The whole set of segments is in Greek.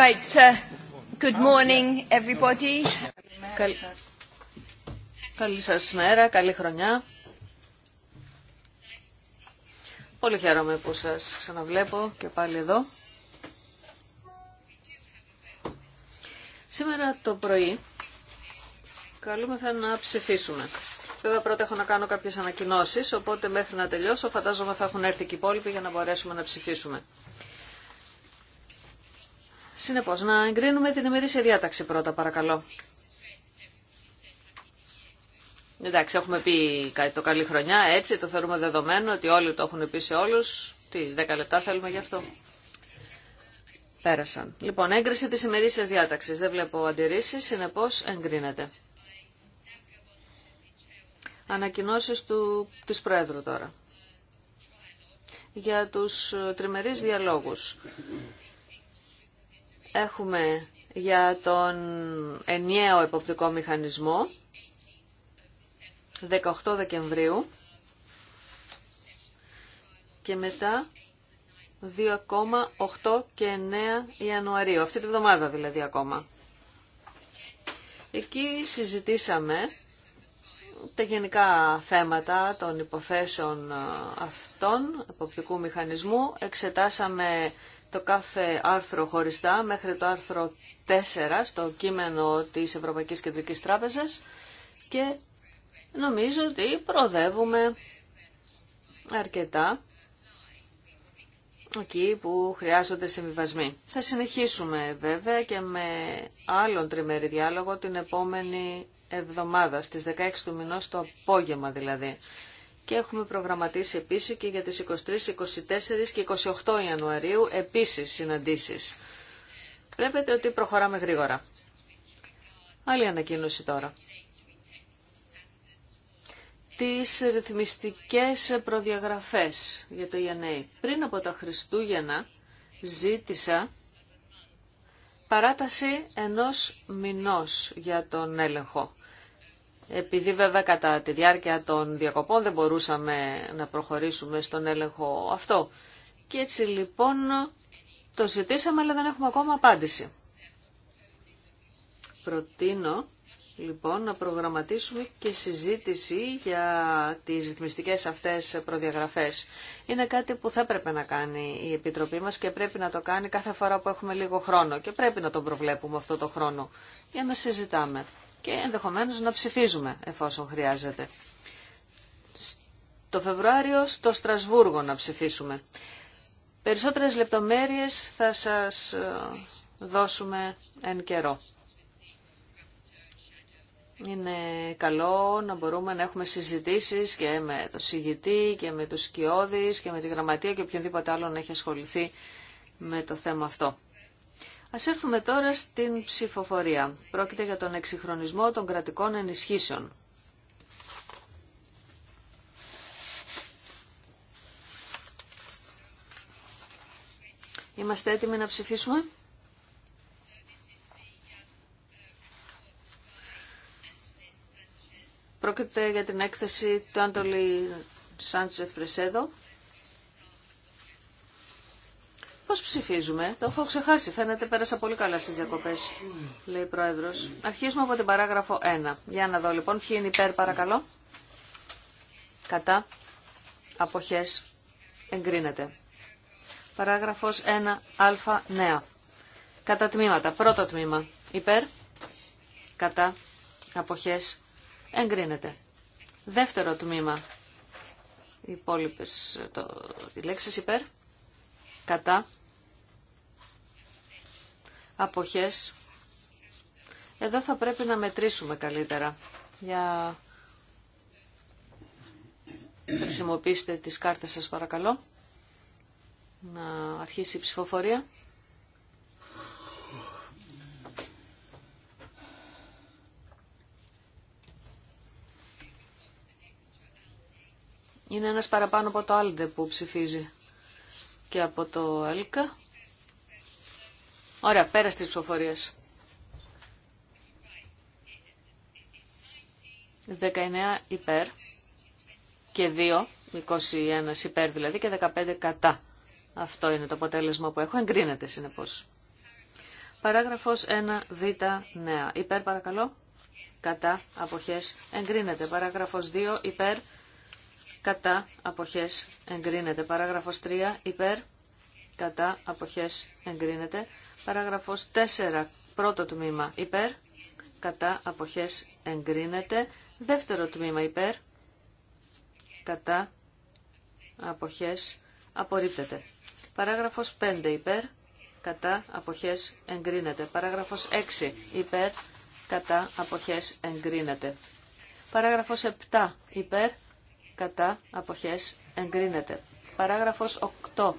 Right, uh, good Καλή σας μέρα, καλή χρονιά. Πολύ χαίρομαι που σας ξαναβλέπω και πάλι εδώ. Σήμερα το πρωί καλούμεθα να ψηφίσουμε. Βέβαια πρώτα έχω να κάνω κάποιες ανακοινώσεις, οπότε μέχρι να τελειώσω φαντάζομαι θα έχουν έρθει και οι υπόλοιποι για να μπορέσουμε να ψηφίσουμε. Συνεπώς, να εγκρίνουμε την ημερήσια διάταξη πρώτα, παρακαλώ. Εντάξει, έχουμε πει το καλή χρονιά, έτσι, το θεωρούμε δεδομένο, ότι όλοι το έχουν πει σε όλους. Τι, δέκα λεπτά θέλουμε γι' αυτό. Πέρασαν. Λοιπόν, έγκριση της ημερήσιας διάταξης. Δεν βλέπω αντιρρήσεις, συνεπώς εγκρίνεται. Ανακοινώσεις του, της Πρόεδρου τώρα. Για τους τριμερείς διαλόγους έχουμε για τον ενιαίο εποπτικό μηχανισμό 18 Δεκεμβρίου και μετά 2,8 και 9 Ιανουαρίου, αυτή τη βδομάδα δηλαδή ακόμα. Εκεί συζητήσαμε τα γενικά θέματα των υποθέσεων ε, αυτών, εποπτικού μηχανισμού. Εξετάσαμε το κάθε άρθρο χωριστά μέχρι το άρθρο 4 στο κείμενο της Ευρωπαϊκής Κεντρικής Τράπεζας και νομίζω ότι προοδεύουμε αρκετά εκεί που χρειάζονται συμβιβασμοί. Θα συνεχίσουμε βέβαια και με άλλον τριμερή διάλογο την επόμενη εβδομάδα, στις 16 του μηνός το απόγευμα δηλαδή και έχουμε προγραμματίσει επίσης και για τις 23, 24 και 28 Ιανουαρίου επίσης συναντήσεις. Βλέπετε ότι προχωράμε γρήγορα. Άλλη ανακοίνωση τώρα. Τις ρυθμιστικές προδιαγραφές για το ENA. Πριν από τα Χριστούγεννα ζήτησα παράταση ενός μηνός για τον έλεγχο. Επειδή βέβαια κατά τη διάρκεια των διακοπών δεν μπορούσαμε να προχωρήσουμε στον έλεγχο αυτό. Και έτσι λοιπόν το ζητήσαμε αλλά δεν έχουμε ακόμα απάντηση. Προτείνω λοιπόν να προγραμματίσουμε και συζήτηση για τις ρυθμιστικές αυτές προδιαγραφές. Είναι κάτι που θα έπρεπε να κάνει η Επιτροπή μας και πρέπει να το κάνει κάθε φορά που έχουμε λίγο χρόνο και πρέπει να τον προβλέπουμε αυτό το χρόνο για να συζητάμε και ενδεχομένως να ψηφίζουμε εφόσον χρειάζεται. Το Φεβρουάριο στο Στρασβούργο να ψηφίσουμε. Περισσότερες λεπτομέρειες θα σας ε, δώσουμε εν καιρό. Είναι καλό να μπορούμε να έχουμε συζητήσεις και με το συγητή και με τους σκιώδεις και με τη γραμματεία και οποιονδήποτε να έχει ασχοληθεί με το θέμα αυτό. Ας έρθουμε τώρα στην ψηφοφορία. Πρόκειται για τον εξυγχρονισμό των κρατικών ενισχύσεων. Είμαστε έτοιμοι να ψηφίσουμε. Πρόκειται για την έκθεση του Άντολη Σάντσεφ Πρεσέδο. Πώ ψηφίζουμε, το έχω ξεχάσει, φαίνεται πέρασα πολύ καλά στι διακοπέ, λέει η Πρόεδρος. Αρχίζουμε από την παράγραφο 1. Για να δω λοιπόν ποιοι είναι υπέρ παρακαλώ. απόχέ. Αποχές. Παράγραφο Παράγραφος 1α νέα. Κατά τμήματα. Πρώτο τμήμα. Υπέρ. Κατά. αποχέ. Εγκρίνεται. Δεύτερο τμήμα. Οι το... οι υπέρ. Κατά αποχές. Εδώ θα πρέπει να μετρήσουμε καλύτερα για χρησιμοποιήστε τις κάρτες σας παρακαλώ. Να αρχίσει η ψηφοφορία. Είναι ένας παραπάνω από το Άλντε που ψηφίζει και από το ΕΛΚΑ. Ωραία, πέρα στις ψηφοφορίες. 19 υπέρ και 2, 21 υπέρ δηλαδή και 15 κατά. Αυτό είναι το αποτέλεσμα που έχω. Εγκρίνεται συνεπώς. Παράγραφος 1β νέα. Υπέρ παρακαλώ. Κατά αποχές εγκρίνεται. Παράγραφος 2 υπέρ. Κατά αποχές εγκρίνεται. Παράγραφος 3 υπέρ. Κατά αποχές εγκρίνεται. Παράγραφος 4. Πρώτο τμήμα υπέρ. Κατά αποχές εγκρίνεται. Δεύτερο τμήμα υπέρ. Κατά αποχές απορρίπτεται. Παράγραφος 5 υπέρ. Κατά αποχές εγκρίνεται. Παράγραφος 6 υπέρ. Κατά αποχές εγκρίνεται. Παράγραφος 7 υπέρ. Κατά αποχές εγκρίνεται. Παράγραφος 8.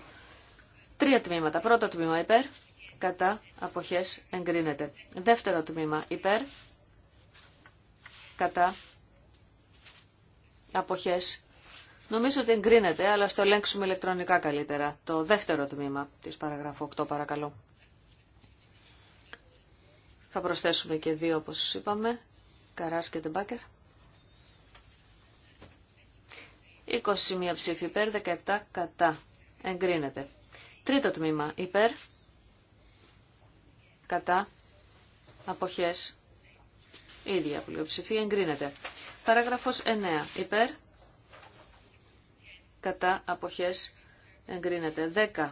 Τρία τμήματα. Πρώτο τμήμα υπέρ κατά αποχές εγκρίνεται. Δεύτερο τμήμα υπέρ κατά αποχές. Νομίζω ότι εγκρίνεται, αλλά στο ελέγξουμε ηλεκτρονικά καλύτερα. Το δεύτερο τμήμα της παραγράφου 8 παρακαλώ. Θα προσθέσουμε και δύο όπως είπαμε. Καράς και Τεμπάκερ. 21 ψήφι υπέρ, 17 κατά. Εγκρίνεται. Τρίτο τμήμα υπέρ, κατά αποχές ίδια πλειοψηφία εγκρίνεται. Παράγραφος 9 υπέρ κατά αποχές εγκρίνεται. 10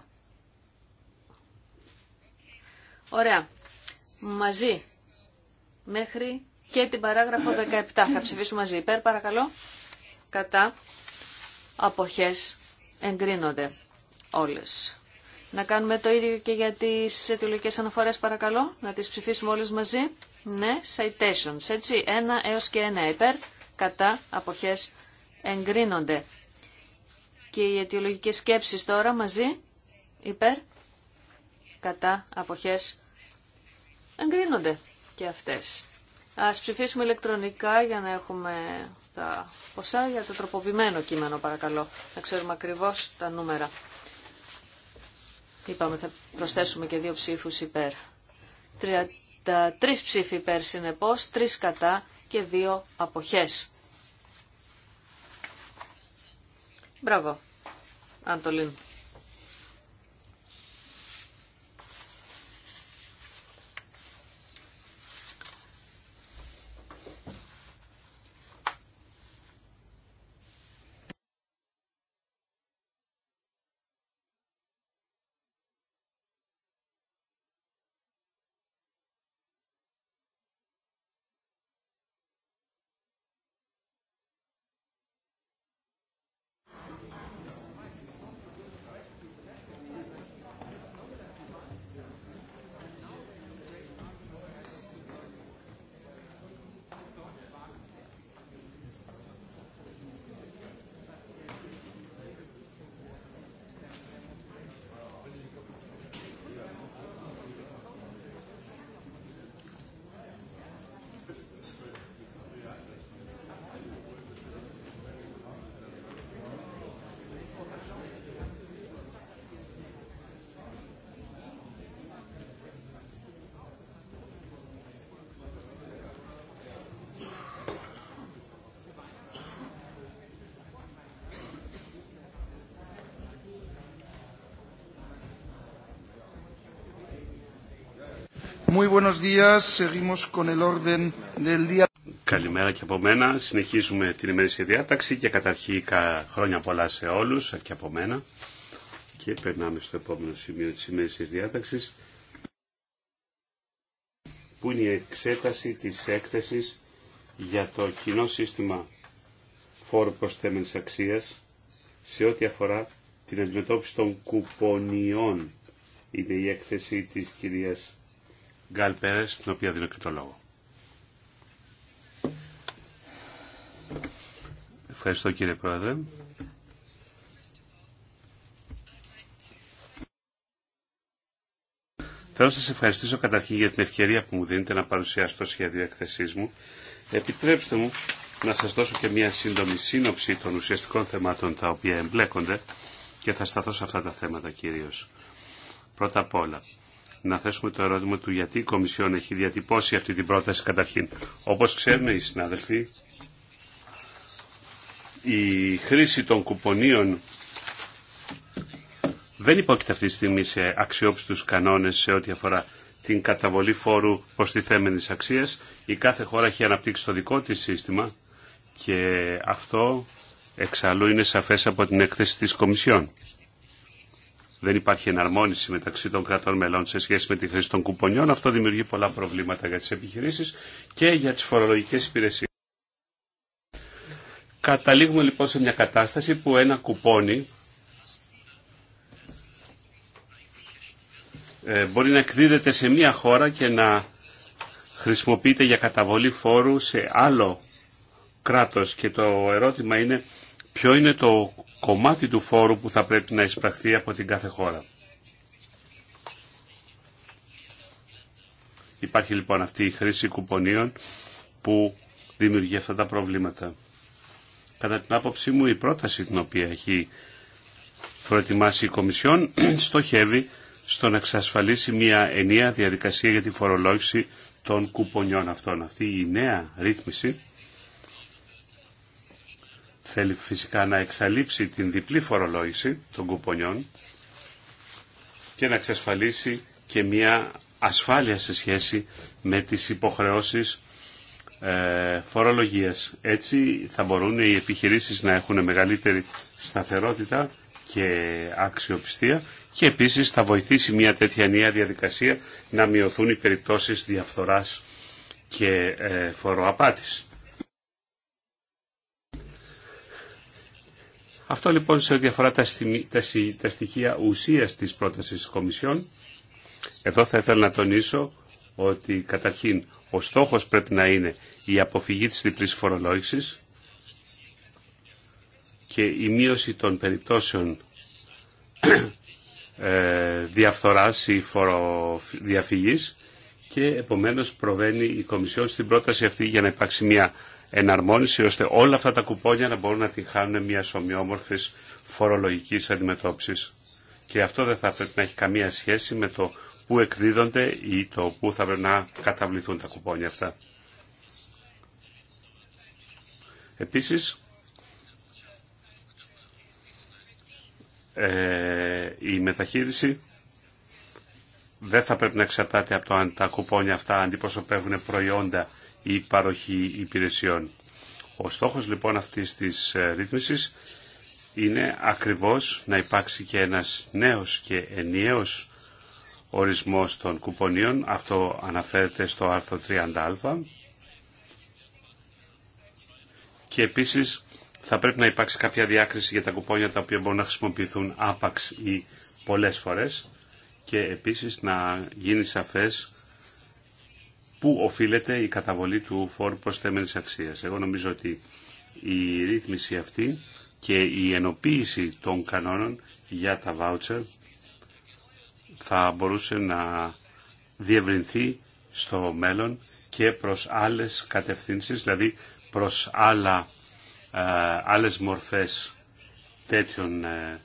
Ωραία. Μαζί μέχρι και την παράγραφο 17. Θα ψηφίσουμε μαζί υπέρ, παρακαλώ. Κατά αποχές εγκρίνονται όλες. Να κάνουμε το ίδιο και για τις αιτιολογικές αναφορές παρακαλώ, να τις ψηφίσουμε όλες μαζί. Ναι, citations, έτσι, ένα έως και ένα υπέρ, κατά, αποχές, εγκρίνονται. Και οι αιτιολογικές σκέψεις τώρα μαζί, υπέρ, κατά, αποχές, εγκρίνονται και αυτές. Ας ψηφίσουμε ηλεκτρονικά για να έχουμε τα ποσά για το τροποποιημένο κείμενο παρακαλώ. Να ξέρουμε ακριβώς τα νούμερα. Είπαμε θα προσθέσουμε και δύο ψήφους υπέρ. Τρεις ψήφοι υπέρ συνεπώς, 3 κατά και δύο αποχές. Μπράβο, Αντολίν. Καλημέρα και από μένα. Συνεχίζουμε την ημέρηση διάταξη και καταρχήκα χρόνια πολλά σε όλους και από μένα. Και περνάμε στο επόμενο σημείο της ημέρηση διάταξης που είναι η εξέταση της έκθεσης για το κοινό σύστημα φόρου προσθέμενης αξίας σε ό,τι αφορά την αντιμετώπιση των κουπονιών. Είναι η έκθεση της κυρίας Γκάλ Πέρες, στην οποία δίνω και το λόγο. Ευχαριστώ κύριε Πρόεδρε. Θέλω να σας ευχαριστήσω καταρχήν για την ευκαιρία που μου δίνετε να παρουσιάσω το σχέδιο εκθεσής μου. Επιτρέψτε μου να σας δώσω και μια σύντομη σύνοψη των ουσιαστικών θεμάτων τα οποία εμπλέκονται και θα σταθώ σε αυτά τα θέματα κυρίως. Πρώτα απ' όλα, να θέσουμε το ερώτημα του γιατί η Κομισιόν έχει διατυπώσει αυτή την πρόταση καταρχήν. Όπως ξέρουμε οι συνάδελφοι, η χρήση των κουπονίων δεν υπόκειται αυτή τη στιγμή σε αξιόπιστους κανόνες σε ό,τι αφορά την καταβολή φόρου προς τη θέμενη αξίας. Η κάθε χώρα έχει αναπτύξει το δικό της σύστημα και αυτό εξαλλού είναι σαφές από την έκθεση της Κομισιόν δεν υπάρχει εναρμόνιση μεταξύ των κρατών μελών σε σχέση με τη χρήση των κουπονιών. Αυτό δημιουργεί πολλά προβλήματα για τις επιχειρήσεις και για τις φορολογικές υπηρεσίες. Καταλήγουμε λοιπόν σε μια κατάσταση που ένα κουπόνι ε, μπορεί να εκδίδεται σε μια χώρα και να χρησιμοποιείται για καταβολή φόρου σε άλλο κράτος. Και το ερώτημα είναι ποιο είναι το κομμάτι του φόρου που θα πρέπει να εισπραχθεί από την κάθε χώρα. Υπάρχει λοιπόν αυτή η χρήση κουπονίων που δημιουργεί αυτά τα προβλήματα. Κατά την άποψή μου η πρόταση την οποία έχει προετοιμάσει η Κομισιόν στοχεύει στο να εξασφαλίσει μια ενιαία διαδικασία για τη φορολόγηση των κουπονιών αυτών. Αυτή η νέα ρύθμιση Θέλει φυσικά να εξαλείψει την διπλή φορολόγηση των κουπονιών και να εξασφαλίσει και μια ασφάλεια σε σχέση με τις υποχρεώσεις ε, φορολογίας. Έτσι θα μπορούν οι επιχειρήσεις να έχουν μεγαλύτερη σταθερότητα και αξιοπιστία και επίσης θα βοηθήσει μια τέτοια νέα διαδικασία να μειωθούν οι περιπτώσεις διαφθοράς και ε, φοροαπάτης. Αυτό λοιπόν σε ό,τι αφορά τα, στοιχεία ουσίας της πρότασης της Κομισιόν, εδώ θα ήθελα να τονίσω ότι καταρχήν ο στόχος πρέπει να είναι η αποφυγή της διπλής φορολόγησης και η μείωση των περιπτώσεων ε, διαφθοράς ή φοροδιαφυγής και επομένως προβαίνει η Κομισιόν στην πρόταση αυτή για να υπάρξει μια εναρμόνιση ώστε όλα αυτά τα κουπόνια να μπορούν να την χάνουν μια ομοιόμορφη φορολογική αντιμετώπιση. Και αυτό δεν θα πρέπει να έχει καμία σχέση με το πού εκδίδονται ή το πού θα πρέπει να καταβληθούν τα κουπόνια αυτά. Επίσης, ε, η μεταχείριση δεν θα πρέπει να εξαρτάται από το αν τα κουπόνια αυτά αντιπροσωπεύουν προϊόντα η παροχή υπηρεσιών. Ο στόχος λοιπόν αυτής της ε, ρύθμισης είναι ακριβώς να υπάρξει και ένας νέος και ενιαίος ορισμός των κουπονίων. Αυτό αναφέρεται στο άρθρο 30α. Και επίσης θα πρέπει να υπάρξει κάποια διάκριση για τα κουπόνια τα οποία μπορούν να χρησιμοποιηθούν άπαξ ή πολλές φορές και επίσης να γίνει σαφές πού οφείλεται η καταβολή του φόρου προστέμενης αξίας. Εγώ νομίζω ότι η ρύθμιση αυτή και η ενοποίηση των κανόνων για τα βάουτσερ θα μπορούσε να διευρυνθεί στο μέλλον και προς άλλες κατευθύνσεις, δηλαδή προς άλλα, ε, άλλες μορφές τέτοιων ε,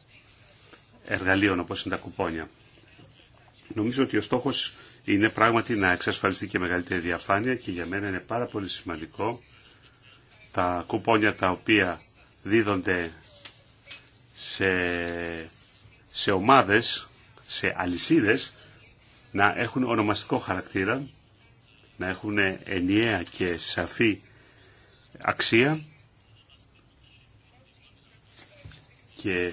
εργαλείων όπως είναι τα κουπόνια. Νομίζω ότι ο στόχος είναι πράγματι να εξασφαλιστεί και μεγαλύτερη διαφάνεια και για μένα είναι πάρα πολύ σημαντικό τα κουπόνια τα οποία δίδονται σε, σε ομάδες, σε αλυσίδες, να έχουν ονομαστικό χαρακτήρα, να έχουν ενιαία και σαφή αξία και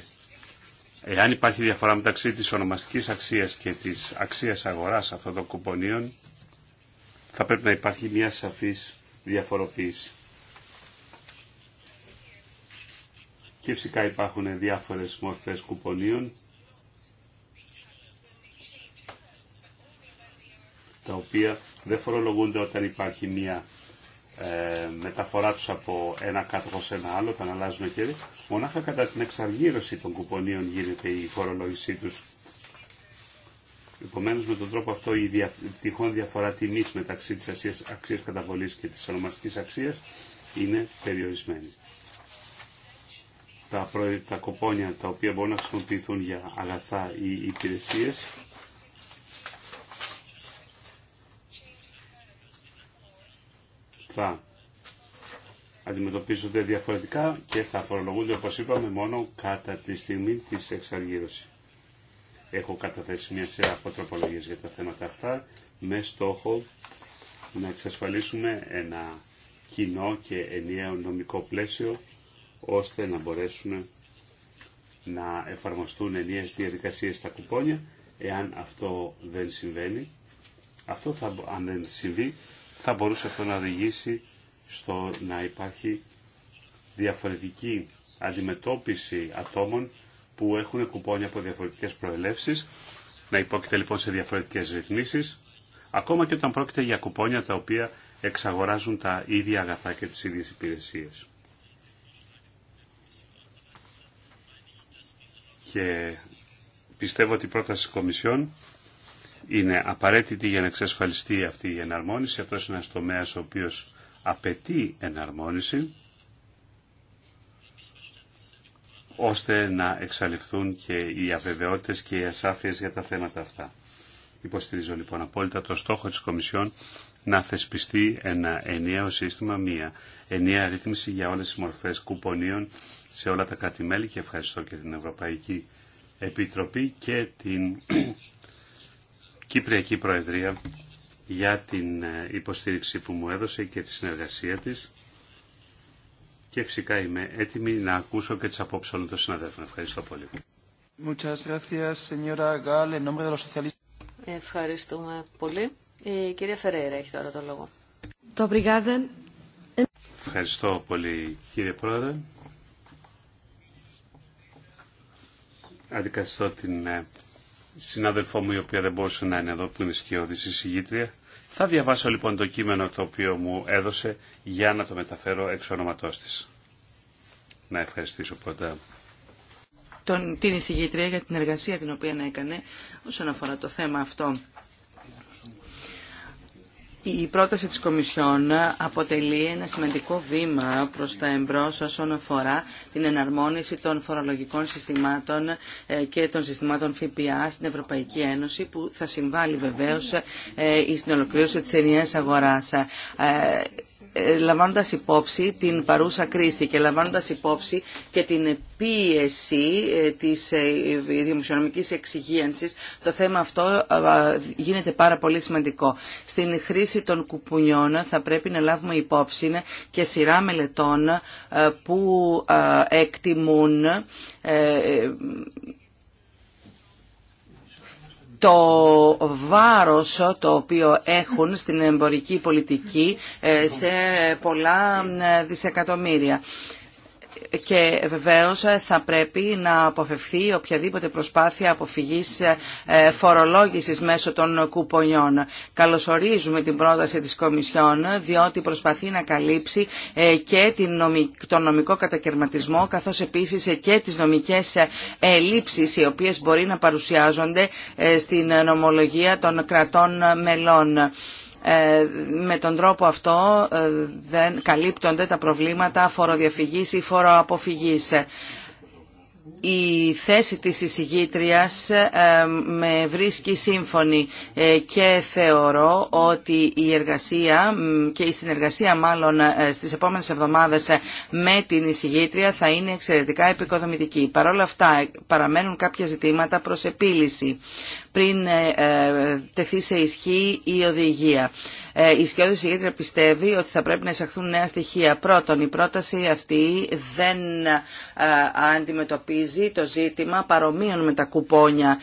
Εάν υπάρχει διαφορά μεταξύ της ονομαστικής αξίας και της αξίας αγοράς αυτών των κουπονίων, θα πρέπει να υπάρχει μια σαφής διαφοροποίηση. Και φυσικά υπάρχουν διάφορες μορφές κουπονίων, τα οποία δεν φορολογούνται όταν υπάρχει μια ε, μεταφορά τους από ένα κάτω σε ένα άλλο, όταν αλλάζουν χέρι, Μονάχα κατά την εξαργύρωση των κουπονίων γίνεται η φορολόγησή τους. Επομένως, με τον τρόπο αυτό η δια... τυχόν διαφορά τιμή μεταξύ τη αξίας καταβολής και τη ονομαστικής αξία είναι περιορισμένη. Τα, προ... τα τα οποία μπορούν να χρησιμοποιηθούν για αγαθά ή υπηρεσίε θα αντιμετωπίζονται διαφορετικά και θα φορολογούνται, όπως είπαμε, μόνο κατά τη στιγμή της εξαργύρωσης. Έχω καταθέσει μια σειρά από τροπολογίες για τα θέματα αυτά, με στόχο να εξασφαλίσουμε ένα κοινό και ενιαίο νομικό πλαίσιο, ώστε να μπορέσουν να εφαρμοστούν ενιαίες διαδικασίες στα κουπόνια, εάν αυτό δεν συμβαίνει. Αυτό θα, αν δεν συμβεί, θα μπορούσε αυτό να οδηγήσει στο να υπάρχει διαφορετική αντιμετώπιση ατόμων που έχουν κουπόνια από διαφορετικές προελεύσεις, να υπόκειται λοιπόν σε διαφορετικές ρυθμίσεις, ακόμα και όταν πρόκειται για κουπόνια τα οποία εξαγοράζουν τα ίδια αγαθά και τις ίδιες υπηρεσίες. Και πιστεύω ότι η πρόταση της Κομισιόν είναι απαραίτητη για να εξασφαλιστεί αυτή η εναρμόνιση. Αυτός είναι ένας τομέας ο οποίος απαιτεί εναρμόνιση ώστε να εξαλειφθούν και οι αβεβαιότητες και οι ασάφειες για τα θέματα αυτά. Υποστηρίζω λοιπόν απόλυτα το στόχο της Κομισιόν να θεσπιστεί ένα ενιαίο σύστημα, μία ενιαία ρύθμιση για όλες τις μορφές κουπονίων σε όλα τα κράτη-μέλη και ευχαριστώ και την Ευρωπαϊκή Επιτροπή και την Κυπριακή Προεδρία για την ε, υποστήριξη που μου έδωσε και τη συνεργασία της και φυσικά είμαι έτοιμη να ακούσω και τις απόψεις όλων των συναδέλφων. Ευχαριστώ πολύ. Ευχαριστούμε πολύ. Η κυρία Φερέιρα έχει τώρα το λόγο. Ευχαριστώ πολύ κύριε Πρόεδρε. Αντικαθιστώ την ε, συνάδελφό μου η οποία δεν μπορούσε να είναι εδώ που είναι σκιώδης συγγήτρια θα διαβάσω λοιπόν το κείμενο το οποίο μου έδωσε για να το μεταφέρω εξ ονοματός της. Να ευχαριστήσω πρώτα τον, την εισηγήτρια για την εργασία την οποία έκανε όσον αφορά το θέμα αυτό. Η πρόταση της Κομισιόν αποτελεί ένα σημαντικό βήμα προς τα εμπρός όσον αφορά την εναρμόνιση των φορολογικών συστημάτων ε, και των συστημάτων ΦΠΑ στην Ευρωπαϊκή Ένωση που θα συμβάλλει βεβαίως ε, στην ολοκλήρωση της ενιαίας αγοράς. Ε, ε, λαμβάνοντας υπόψη την παρούσα κρίση και λαμβάνοντας υπόψη και την πίεση ε, της ε, δημοσιονομικής εξυγίανσης, το θέμα αυτό γίνεται πάρα πολύ σημαντικό. Στην χρήση των κουπουνιών θα πρέπει να λάβουμε υπόψη και σειρά μελετών που εκτιμούν το βάρος το οποίο έχουν στην εμπορική πολιτική ε, σε πολλά ε, δισεκατομμύρια και βεβαίως θα πρέπει να αποφευθεί οποιαδήποτε προσπάθεια αποφυγής ε, φορολόγησης μέσω των κουπονιών. Καλωσορίζουμε την πρόταση της Κομισιόν διότι προσπαθεί να καλύψει ε, και τον νομικό κατακαιρματισμό καθώς επίσης ε, και τις νομικές ελλείψεις οι οποίες μπορεί να παρουσιάζονται στην νομολογία των κρατών μελών. Ε, με τον τρόπο αυτό ε, δεν καλύπτονται τα προβλήματα φοροδιαφυγής ή φοροαποφυγής. Η θέση της εισηγήτριας ε, με βρίσκει σύμφωνη και θεωρώ ότι η εργασία και η συνεργασία μάλλον στις επόμενες εβδομάδες με την εισηγήτρια θα είναι εξαιρετικά επικοδομητική. Παρ' όλα αυτά παραμένουν κάποια ζητήματα προς επίλυση πριν ε, ε, τεθεί σε ισχύ η οδηγία. Ε, η Σκιώδη Συγήτρια πιστεύει ότι θα πρέπει να εισαχθούν νέα στοιχεία. Πρώτον, η πρόταση αυτή δεν αντιμετωπίζει το ζήτημα παρομοίων με τα κουπόνια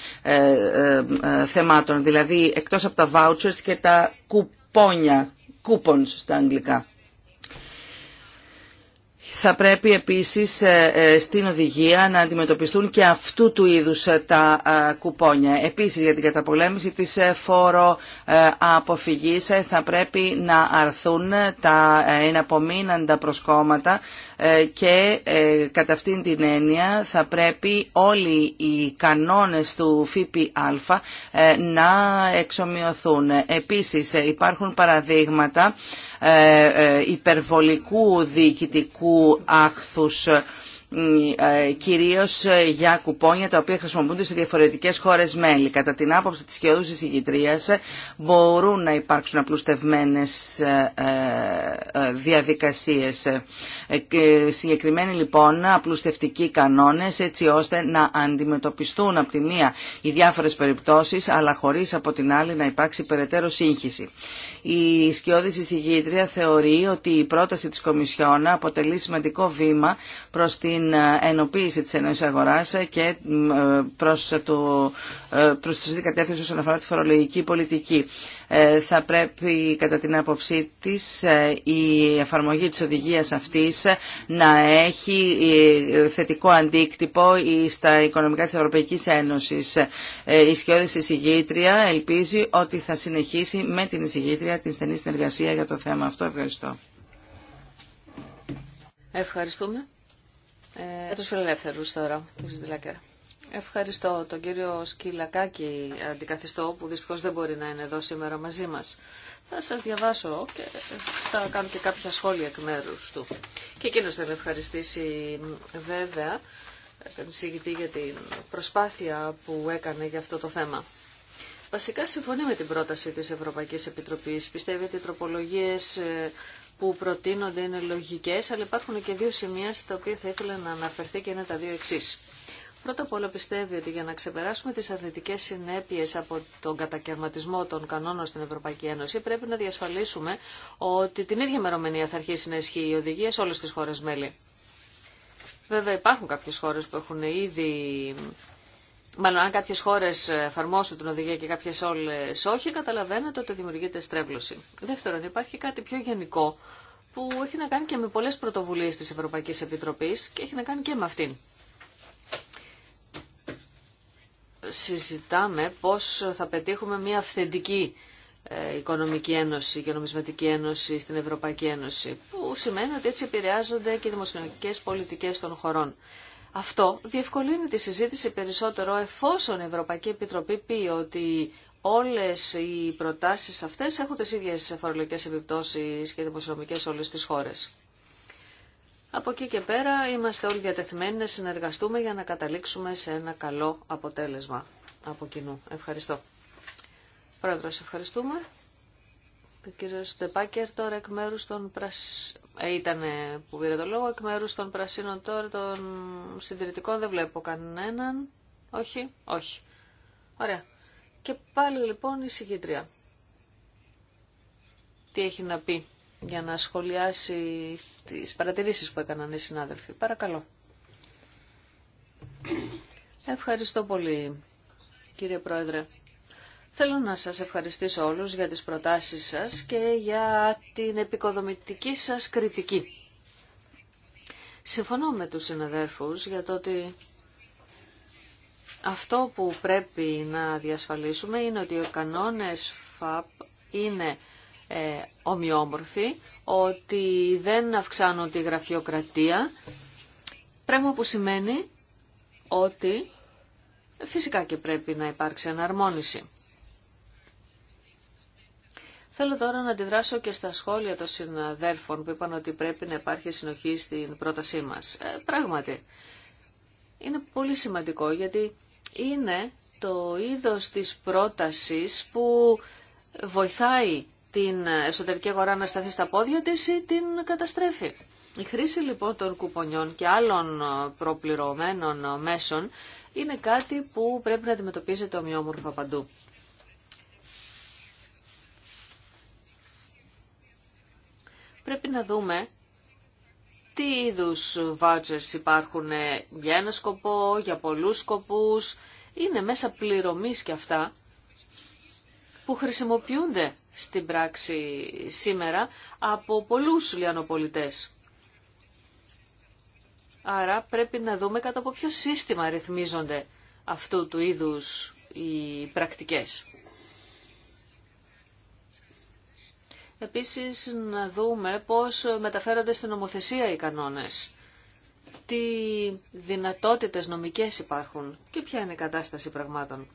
θεμάτων, δηλαδή εκτός από τα vouchers και τα κουπόνια, coupons στα αγγλικά. Θα πρέπει επίσης ε, ε, στην οδηγία να αντιμετωπιστούν και αυτού του είδους ε, τα κουπόνια. Επίσης για την καταπολέμηση της φόρο αποφυγής θα πρέπει να αρθούν τα εναπομείναντα προσκόμματα ε, και ε, κατά αυτήν την έννοια θα πρέπει όλοι οι κανόνες του ΦΠΑ ε, να εξομοιωθούν. Επίσης υπάρχουν παραδείγματα υπερβολικού διοικητικού άχθους ε, κυρίως ε, για κουπόνια τα οποία χρησιμοποιούνται σε διαφορετικές χώρες μέλη. Κατά την άποψη της σχεδούς εισηγητρίας μπορούν να υπάρξουν απλουστευμένες ε, διαδικασίες. Συγκεκριμένοι λοιπόν απλουστευτικοί κανόνες έτσι ώστε να αντιμετωπιστούν από τη μία οι διάφορες περιπτώσεις αλλά χωρίς από την άλλη να υπάρξει περαιτέρω σύγχυση. Η σκιώδη εισηγήτρια θεωρεί ότι η πρόταση της Κομισιόνα αποτελεί σημαντικό βήμα προς την την ενοποίηση της ενός αγοράς και ε, προς, το, ε, προς τη κατεύθυνση όσον αφορά τη φορολογική πολιτική. Ε, θα πρέπει κατά την άποψή της η εφαρμογή της οδηγίας αυτής να έχει θετικό αντίκτυπο στα οικονομικά της Ευρωπαϊκής Ένωσης. Η σκιώδης εισηγήτρια ελπίζει ότι θα συνεχίσει με την εισηγήτρια την στενή συνεργασία για το θέμα αυτό. Ευχαριστώ. Ευχαριστούμε. Ε, τους τώρα, κύριε Δηλάκερα. Ευχαριστώ τον κύριο Σκυλακάκη, αντικαθιστό, που δυστυχώς δεν μπορεί να είναι εδώ σήμερα μαζί μας. Θα σας διαβάσω και θα κάνω και κάποια σχόλια εκ μέρους του. Και εκείνος θα με ευχαριστήσει βέβαια τον συγκητή για την προσπάθεια που έκανε για αυτό το θέμα. Βασικά συμφωνεί με την πρόταση της Ευρωπαϊκής Επιτροπής. Πιστεύει ότι οι τροπολογίες ε, που προτείνονται είναι λογικέ, αλλά υπάρχουν και δύο σημεία στα οποία θα ήθελα να αναφερθεί και είναι τα δύο εξή. Πρώτα απ' όλα πιστεύει ότι για να ξεπεράσουμε τις αρνητικέ συνέπειες από τον κατακαιρματισμό των κανόνων στην Ευρωπαϊκή Ένωση πρέπει να διασφαλίσουμε ότι την ίδια μερομηνία θα αρχίσει να ισχύει η οδηγία σε όλε τις χώρες μέλη. Βέβαια υπάρχουν κάποιες χώρες που έχουν ήδη Μάλλον αν κάποιες χώρες εφαρμόσουν την οδηγία και κάποιες όλες όχι, καταλαβαίνετε ότι δημιουργείται στρέβλωση. Δεύτερον, υπάρχει κάτι πιο γενικό που έχει να κάνει και με πολλές πρωτοβουλίες της Ευρωπαϊκής Επιτροπής και έχει να κάνει και με αυτήν. Συζητάμε πώς θα πετύχουμε μια αυθεντική ε, οικονομική ένωση και νομισματική ένωση στην Ευρωπαϊκή Ένωση, που σημαίνει ότι έτσι επηρεάζονται και οι δημοσιονομικές πολιτικές των χωρών. Αυτό διευκολύνει τη συζήτηση περισσότερο εφόσον η Ευρωπαϊκή Επιτροπή πει ότι όλες οι προτάσεις αυτές έχουν τις ίδιες φορολογικές επιπτώσεις και δημοσιονομικές σε όλες τις χώρες. Από εκεί και πέρα είμαστε όλοι διατεθειμένοι να συνεργαστούμε για να καταλήξουμε σε ένα καλό αποτέλεσμα από κοινού. Ευχαριστώ. Πρόεδρος, ευχαριστούμε. Ο κύριο Στεπάκερ τώρα εκ μέρου των πρασίνων. Ε, που πήρε το εκ μέρου των πρασίνων τώρα των συντηρητικών. Δεν βλέπω κανέναν. Όχι, όχι. Ωραία. Και πάλι λοιπόν η συγκήτρια. Τι έχει να πει για να σχολιάσει τις παρατηρήσεις που έκαναν οι συνάδελφοι. Παρακαλώ. Ευχαριστώ πολύ κύριε Πρόεδρε. Θέλω να σας ευχαριστήσω όλους για τις προτάσεις σας και για την επικοδομητική σας κριτική. Συμφωνώ με τους συναδέρφους για το ότι αυτό που πρέπει να διασφαλίσουμε είναι ότι οι κανόνες ΦΑΠ είναι ε, ομοιόμορφοι, ότι δεν αυξάνουν τη γραφειοκρατία, πράγμα που σημαίνει ότι φυσικά και πρέπει να υπάρξει αναρμόνιση. Θέλω τώρα να αντιδράσω και στα σχόλια των συναδέλφων που είπαν ότι πρέπει να υπάρχει συνοχή στην πρότασή μας. Ε, πράγματι, είναι πολύ σημαντικό γιατί είναι το είδος της πρότασης που βοηθάει την εσωτερική αγορά να σταθεί στα πόδια της ή την καταστρέφει. Η χρήση λοιπόν των κουπονιών και άλλων ε, προπληρωμένων μέσων είναι κάτι που πρέπει να αντιμετωπίζεται ομοιόμορφα παντού. πρέπει να δούμε τι είδους vouchers υπάρχουν για ένα σκοπό, για πολλούς σκοπούς. Είναι μέσα πληρωμής και αυτά που χρησιμοποιούνται στην πράξη σήμερα από πολλούς λιανοπολιτές. Άρα πρέπει να δούμε κατά ποιο σύστημα ρυθμίζονται αυτού του είδους οι πρακτικές. Επίσης να δούμε πώς μεταφέρονται στην νομοθεσία οι κανόνες. Τι δυνατότητες νομικές υπάρχουν και ποια είναι η κατάσταση πραγμάτων.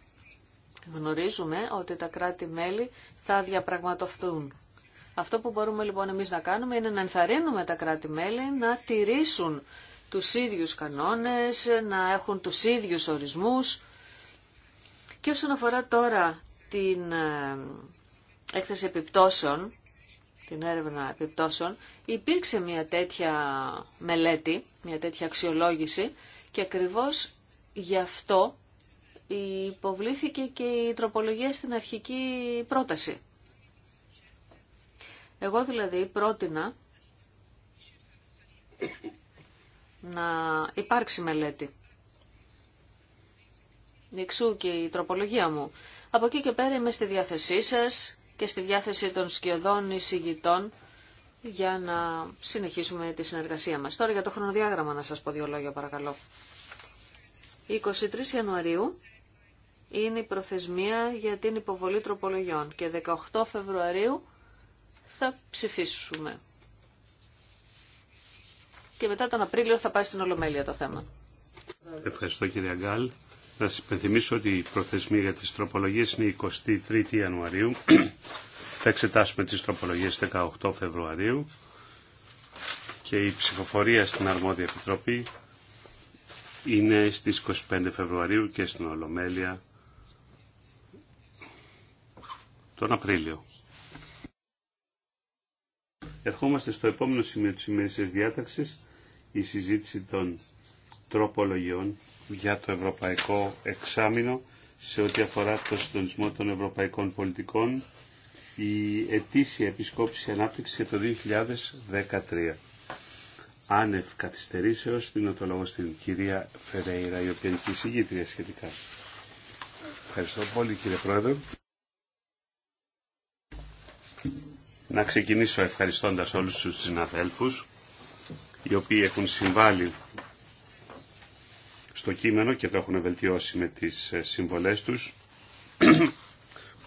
Γνωρίζουμε ότι τα κράτη-μέλη θα διαπραγματοφθούν. Αυτό που μπορούμε λοιπόν εμείς να κάνουμε είναι να ενθαρρύνουμε τα κράτη-μέλη να τηρήσουν τους ίδιους κανόνες, να έχουν τους ίδιους ορισμούς. Και όσον αφορά τώρα την ε, έκθεση επιπτώσεων, την έρευνα επιπτώσεων, υπήρξε μια τέτοια μελέτη, μια τέτοια αξιολόγηση και ακριβώς γι' αυτό υποβλήθηκε και η τροπολογία στην αρχική πρόταση. Εγώ δηλαδή πρότεινα να υπάρξει μελέτη. Εξού και η τροπολογία μου. Από εκεί και πέρα είμαι στη διάθεσή σας και στη διάθεση των σκιωδών εισηγητών για να συνεχίσουμε τη συνεργασία μας. Τώρα για το χρονοδιάγραμμα να σας πω δύο λόγια παρακαλώ. 23 Ιανουαρίου είναι η προθεσμία για την υποβολή τροπολογιών και 18 Φεβρουαρίου θα ψηφίσουμε. Και μετά τον Απρίλιο θα πάει στην Ολομέλεια το θέμα. Ευχαριστώ κύριε Αγκάλ. Να σας υπενθυμίσω ότι η προθεσμία για τις τροπολογίες είναι 23 Ιανουαρίου. Θα εξετάσουμε τις τροπολογίες 18 Φεβρουαρίου και η ψηφοφορία στην Αρμόδια Επιτροπή είναι στις 25 Φεβρουαρίου και στην Ολομέλεια τον Απρίλιο. Ερχόμαστε στο επόμενο σημείο της ημέρησης διάταξης, η συζήτηση των τροπολογιών για το Ευρωπαϊκό Εξάμεινο σε ό,τι αφορά το συντονισμό των ευρωπαϊκών πολιτικών η ετήσια επισκόπηση ανάπτυξη για το 2013. Άνευ καθυστερήσεως δίνω το λόγο στην κυρία Φερέιρα η οποία είναι και σχετικά. Ευχαριστώ πολύ κύριε Πρόεδρε. Να ξεκινήσω ευχαριστώντας όλους τους συναδέλφους οι οποίοι έχουν συμβάλει στο κείμενο και το έχουν βελτιώσει με τις ε, συμβολές τους.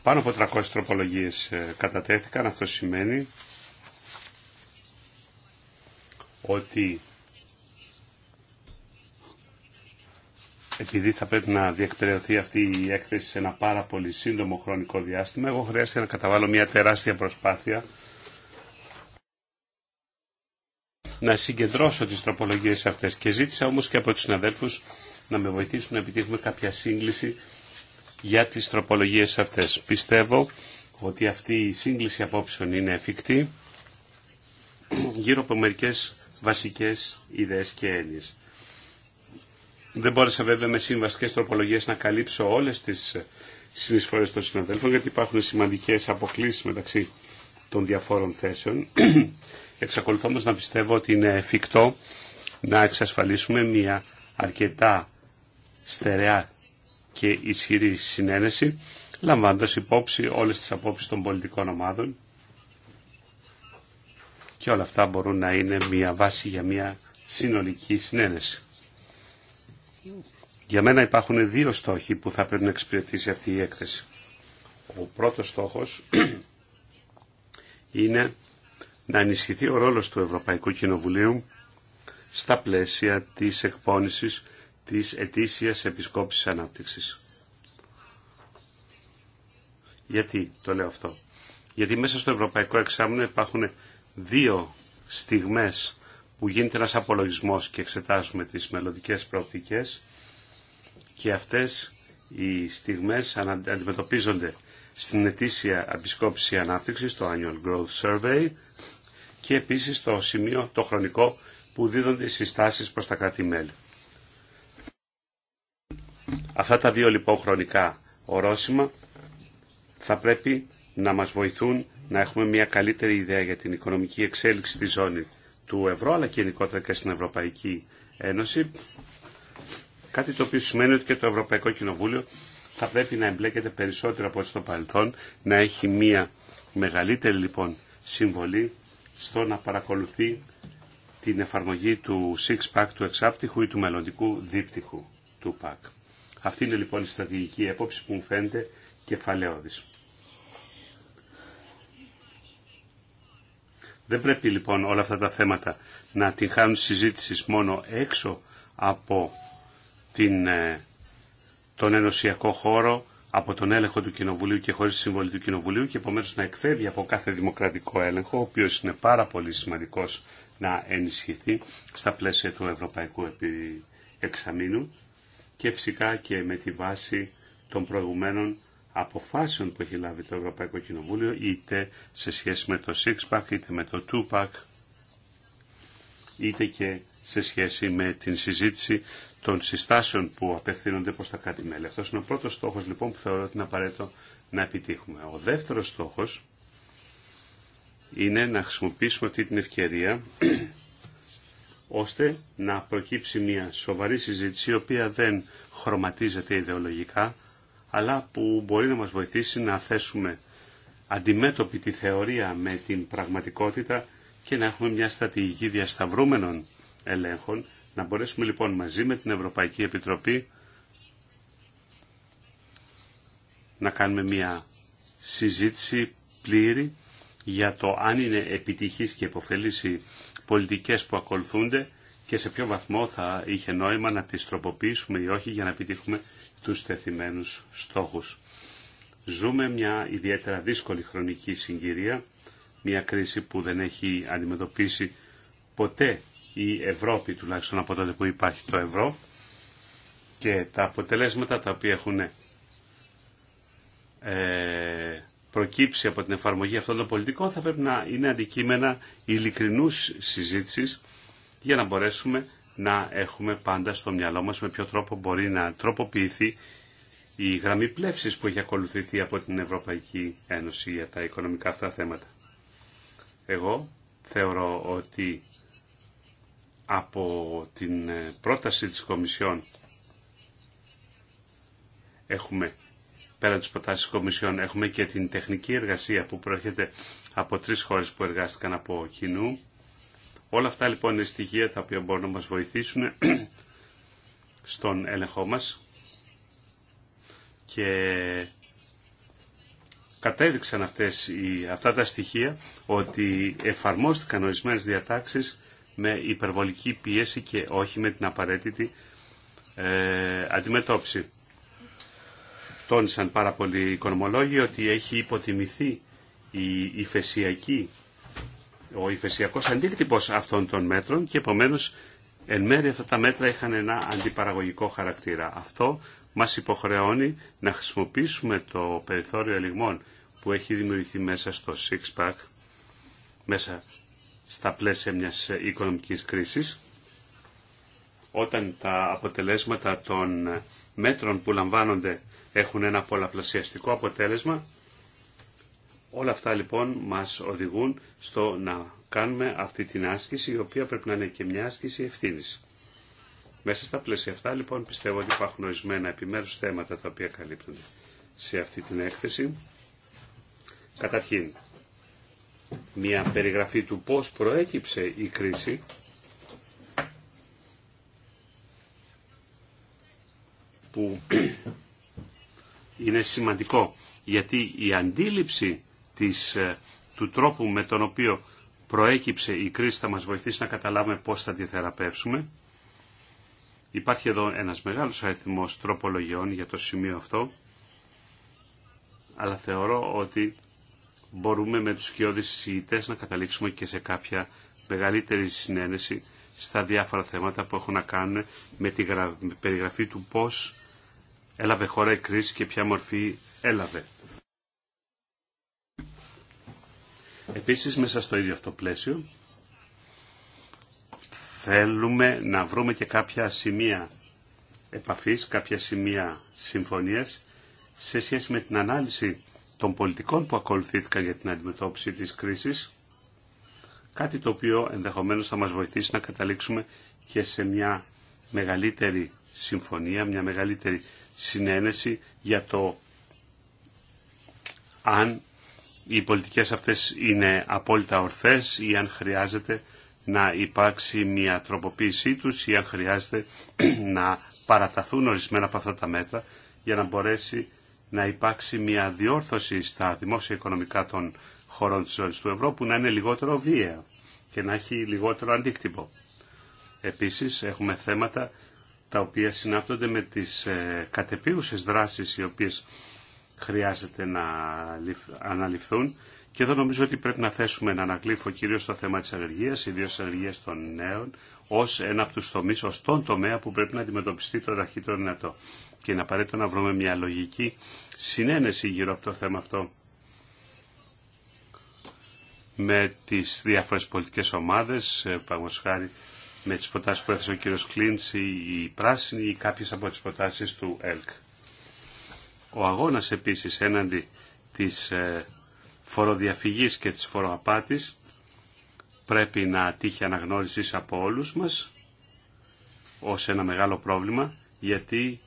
Πάνω από 300 τροπολογίες ε, κατατέθηκαν. Αυτό σημαίνει ότι επειδή θα πρέπει να διεκπαιρεωθεί αυτή η έκθεση σε ένα πάρα πολύ σύντομο χρονικό διάστημα, εγώ χρειάζεται να καταβάλω μια τεράστια προσπάθεια να συγκεντρώσω τις τροπολογίες αυτές και ζήτησα όμως και από τους συναδέλφους να με βοηθήσουν να επιτύχουμε κάποια σύγκληση για τις τροπολογίες αυτές. Πιστεύω ότι αυτή η σύγκληση απόψεων είναι εφικτή γύρω από μερικές βασικές ιδέες και έννοιες. Δεν μπόρεσα βέβαια με συμβαστικές τροπολογίες να καλύψω όλες τις συνεισφορές των συναδέλφων γιατί υπάρχουν σημαντικές αποκλήσεις μεταξύ των διαφόρων θέσεων. Εξακολουθώ όμως να πιστεύω ότι είναι εφικτό να εξασφαλίσουμε μια αρκετά στερεά και ισχυρή συνένεση, λαμβάνοντας υπόψη όλες τις απόψεις των πολιτικών ομάδων και όλα αυτά μπορούν να είναι μια βάση για μια συνολική συνένεση. Για μένα υπάρχουν δύο στόχοι που θα πρέπει να εξυπηρετήσει αυτή η έκθεση. Ο πρώτος στόχος είναι να ενισχυθεί ο ρόλος του Ευρωπαϊκού Κοινοβουλίου στα πλαίσια της εκπόνησης της ετήσιας επισκόπησης ανάπτυξης. Γιατί το λέω αυτό. Γιατί μέσα στο Ευρωπαϊκό Εξάμεινο υπάρχουν δύο στιγμές που γίνεται ένας απολογισμός και εξετάζουμε τις μελλοντικές προοπτικές και αυτές οι στιγμές αντιμετωπίζονται στην ετήσια επισκόπηση ανάπτυξης, το Annual Growth Survey και επίσης το σημείο το χρονικό που δίδονται οι συστάσεις προς τα κράτη-μέλη. Αυτά τα δύο λοιπόν χρονικά ορόσημα θα πρέπει να μας βοηθούν να έχουμε μια καλύτερη ιδέα για την οικονομική εξέλιξη στη ζώνη του ευρώ αλλά και γενικότερα και στην Ευρωπαϊκή Ένωση. Κάτι το οποίο σημαίνει ότι και το Ευρωπαϊκό Κοινοβούλιο θα πρέπει να εμπλέκεται περισσότερο από ό,τι στο παρελθόν, να έχει μια μεγαλύτερη λοιπόν συμβολή στο να παρακολουθεί την εφαρμογή του six pack του εξάπτυχου ή του μελλοντικού δίπτυχου του pack. Αυτή είναι λοιπόν η στρατηγική έποψη που μου φαίνεται κεφαλαίωδης. Δεν πρέπει λοιπόν όλα αυτά τα θέματα να την χάνουν συζήτησης μόνο έξω από την, ε, τον ενωσιακό χώρο, από τον έλεγχο του Κοινοβουλίου και χωρίς συμβολή του Κοινοβουλίου και επομένως να εκφεύγει από κάθε δημοκρατικό έλεγχο, ο οποίος είναι πάρα πολύ σημαντικός να ενισχυθεί στα πλαίσια του Ευρωπαϊκού Εξαμήνου και φυσικά και με τη βάση των προηγουμένων αποφάσεων που έχει λάβει το Ευρωπαϊκό Κοινοβούλιο είτε σε σχέση με το Six Pack είτε με το Two Pack είτε και σε σχέση με την συζήτηση των συστάσεων που απευθύνονται προς τα κάτι μέλη. Αυτός είναι ο πρώτος στόχος λοιπόν που θεωρώ ότι είναι απαραίτητο να επιτύχουμε. Ο δεύτερος στόχος είναι να χρησιμοποιήσουμε αυτή την ευκαιρία ώστε να προκύψει μια σοβαρή συζήτηση η οποία δεν χρωματίζεται ιδεολογικά αλλά που μπορεί να μας βοηθήσει να θέσουμε αντιμέτωπη τη θεωρία με την πραγματικότητα και να έχουμε μια στρατηγική διασταυρούμενων ελέγχων, να μπορέσουμε λοιπόν μαζί με την Ευρωπαϊκή Επιτροπή να κάνουμε μια συζήτηση πλήρη για το αν είναι επιτυχής και υποφελής πολιτικές που ακολουθούνται και σε ποιο βαθμό θα είχε νόημα να τις τροποποιήσουμε ή όχι για να επιτύχουμε τους τεθειμένους στόχους. Ζούμε μια ιδιαίτερα δύσκολη χρονική συγκυρία, μια κρίση που δεν έχει αντιμετωπίσει ποτέ η Ευρώπη, τουλάχιστον από τότε που υπάρχει το ευρώ, και τα αποτελέσματα τα οποία έχουν ε, προκύψει από την εφαρμογή αυτών των πολιτικών θα πρέπει να είναι αντικείμενα ειλικρινού συζήτηση για να μπορέσουμε να έχουμε πάντα στο μυαλό μας με ποιο τρόπο μπορεί να τροποποιηθεί η γραμμή πλεύσης που έχει ακολουθηθεί από την Ευρωπαϊκή Ένωση για τα οικονομικά αυτά θέματα. Εγώ θεωρώ ότι από την πρόταση της Κομισιόν έχουμε πέραν της τη Κομισιόν έχουμε και την τεχνική εργασία που προέρχεται από τρεις χώρες που εργάστηκαν από κοινού. Όλα αυτά λοιπόν είναι στοιχεία τα οποία μπορούν να μας βοηθήσουν στον έλεγχό μα, και κατέδειξαν αυτές οι, αυτά τα στοιχεία ότι εφαρμόστηκαν ορισμένε διατάξεις με υπερβολική πίεση και όχι με την απαραίτητη ε, αντιμετώπιση τόνισαν πάρα πολλοί οικονομολόγοι ότι έχει υποτιμηθεί η ο υφεσιακός αντίκτυπος αυτών των μέτρων και επομένως εν μέρει αυτά τα μέτρα είχαν ένα αντιπαραγωγικό χαρακτήρα. Αυτό μας υποχρεώνει να χρησιμοποιήσουμε το περιθώριο ελιγμών που έχει δημιουργηθεί μέσα στο six μέσα στα πλαίσια μιας οικονομικής κρίσης, όταν τα αποτελέσματα των μέτρων που λαμβάνονται έχουν ένα πολλαπλασιαστικό αποτέλεσμα. Όλα αυτά λοιπόν μας οδηγούν στο να κάνουμε αυτή την άσκηση η οποία πρέπει να είναι και μια άσκηση ευθύνης. Μέσα στα πλαίσια αυτά λοιπόν πιστεύω ότι υπάρχουν ορισμένα επιμέρους θέματα τα οποία καλύπτονται σε αυτή την έκθεση. Καταρχήν, μια περιγραφή του πώς προέκυψε η κρίση που είναι σημαντικό γιατί η αντίληψη της, ε, του τρόπου με τον οποίο προέκυψε η κρίση θα μας βοηθήσει να καταλάβουμε πώς θα τη θεραπεύσουμε. Υπάρχει εδώ ένας μεγάλος αριθμός τροπολογιών για το σημείο αυτό, αλλά θεωρώ ότι μπορούμε με τους κοιόδης συζητητές να καταλήξουμε και σε κάποια μεγαλύτερη συνένεση στα διάφορα θέματα που έχουν να κάνουν με τη περιγραφή του πώς έλαβε χώρα η κρίση και ποια μορφή έλαβε. Επίσης μέσα στο ίδιο αυτό πλαίσιο θέλουμε να βρούμε και κάποια σημεία επαφής, κάποια σημεία συμφωνίας σε σχέση με την ανάλυση των πολιτικών που ακολουθήθηκαν για την αντιμετώπιση της κρίσης, κάτι το οποίο ενδεχομένως θα μας βοηθήσει να καταλήξουμε και σε μια μεγαλύτερη συμφωνία, μια μεγαλύτερη συνένεση για το αν οι πολιτικές αυτές είναι απόλυτα ορθές ή αν χρειάζεται να υπάρξει μια τροποποίησή τους ή αν χρειάζεται να παραταθούν ορισμένα από αυτά τα μέτρα για να μπορέσει να υπάρξει μια διόρθωση στα δημόσια οικονομικά των χωρών της ζώνης του ευρώ που να είναι λιγότερο βία και να έχει λιγότερο αντίκτυπο. Επίσης έχουμε θέματα τα οποία συνάπτονται με τις ε, κατεπίγουσες δράσεις οι οποίες χρειάζεται να αναλυφθούν. Και εδώ νομίζω ότι πρέπει να θέσουμε να ανακλήφο κυρίως στο θέμα της ανεργίας, ιδίως της ανεργίας των νέων, ως ένα από τους τομείς, ως τον τομέα που πρέπει να αντιμετωπιστεί το ταχύτερο δυνατό. Και είναι απαραίτητο να βρούμε μια λογική συνένεση γύρω από το θέμα αυτό με τις διάφορες πολιτικές ομάδες, ε, παραγωγός με τις προτάσεις που έθεσε ο κύριος Κλίντς ή η Πράσινη ή κάποιες από τις προτάσεις του ΕΛΚ. Ο αγώνας επίσης έναντι της ε, φοροδιαφυγής και της φοροαπάτης πρέπει να τύχει αναγνώριση από όλους μας ως ένα μεγάλο πρόβλημα γιατί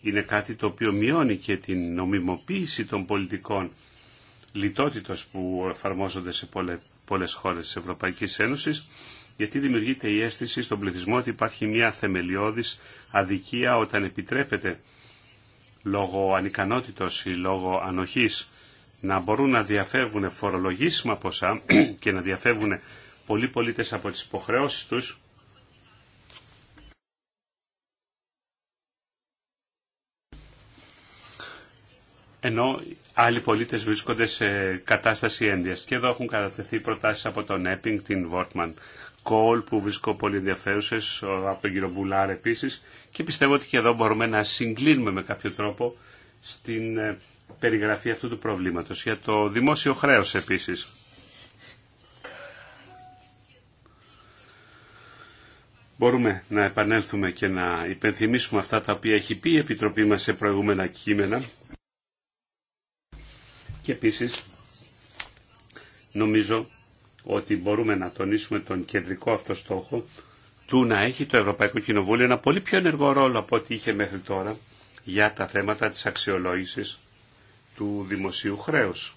είναι κάτι το οποίο μειώνει και την νομιμοποίηση των πολιτικών λιτότητος που εφαρμόζονται σε πολλές χώρες της Ευρωπαϊκής Ένωσης γιατί δημιουργείται η αίσθηση στον πληθυσμό ότι υπάρχει μια θεμελιώδης αδικία όταν επιτρέπεται λόγω ανικανότητος ή λόγω ανοχής να μπορούν να διαφεύγουν φορολογήσιμα ποσά και να διαφεύγουν πολλοί πολίτες από τις υποχρεώσεις τους ενώ άλλοι πολίτες βρίσκονται σε κατάσταση ένδυας. Και εδώ έχουν κατατεθεί προτάσεις από τον Έπινγκ, την Βόρτμαν, Κόλ που βρίσκω πολύ ενδιαφέρουσε, από τον κύριο Μπουλάρ επίση και πιστεύω ότι και εδώ μπορούμε να συγκλίνουμε με κάποιο τρόπο στην ε, περιγραφή αυτού του προβλήματος. Για το δημόσιο χρέος επίση. Μπορούμε να επανέλθουμε και να υπενθυμίσουμε αυτά τα οποία έχει πει η Επιτροπή μας σε προηγούμενα κείμενα. Και επίσης νομίζω ότι μπορούμε να τονίσουμε τον κεντρικό αυτό στόχο του να έχει το Ευρωπαϊκό Κοινοβούλιο ένα πολύ πιο ενεργό ρόλο από ό,τι είχε μέχρι τώρα για τα θέματα της αξιολόγησης του δημοσίου χρέους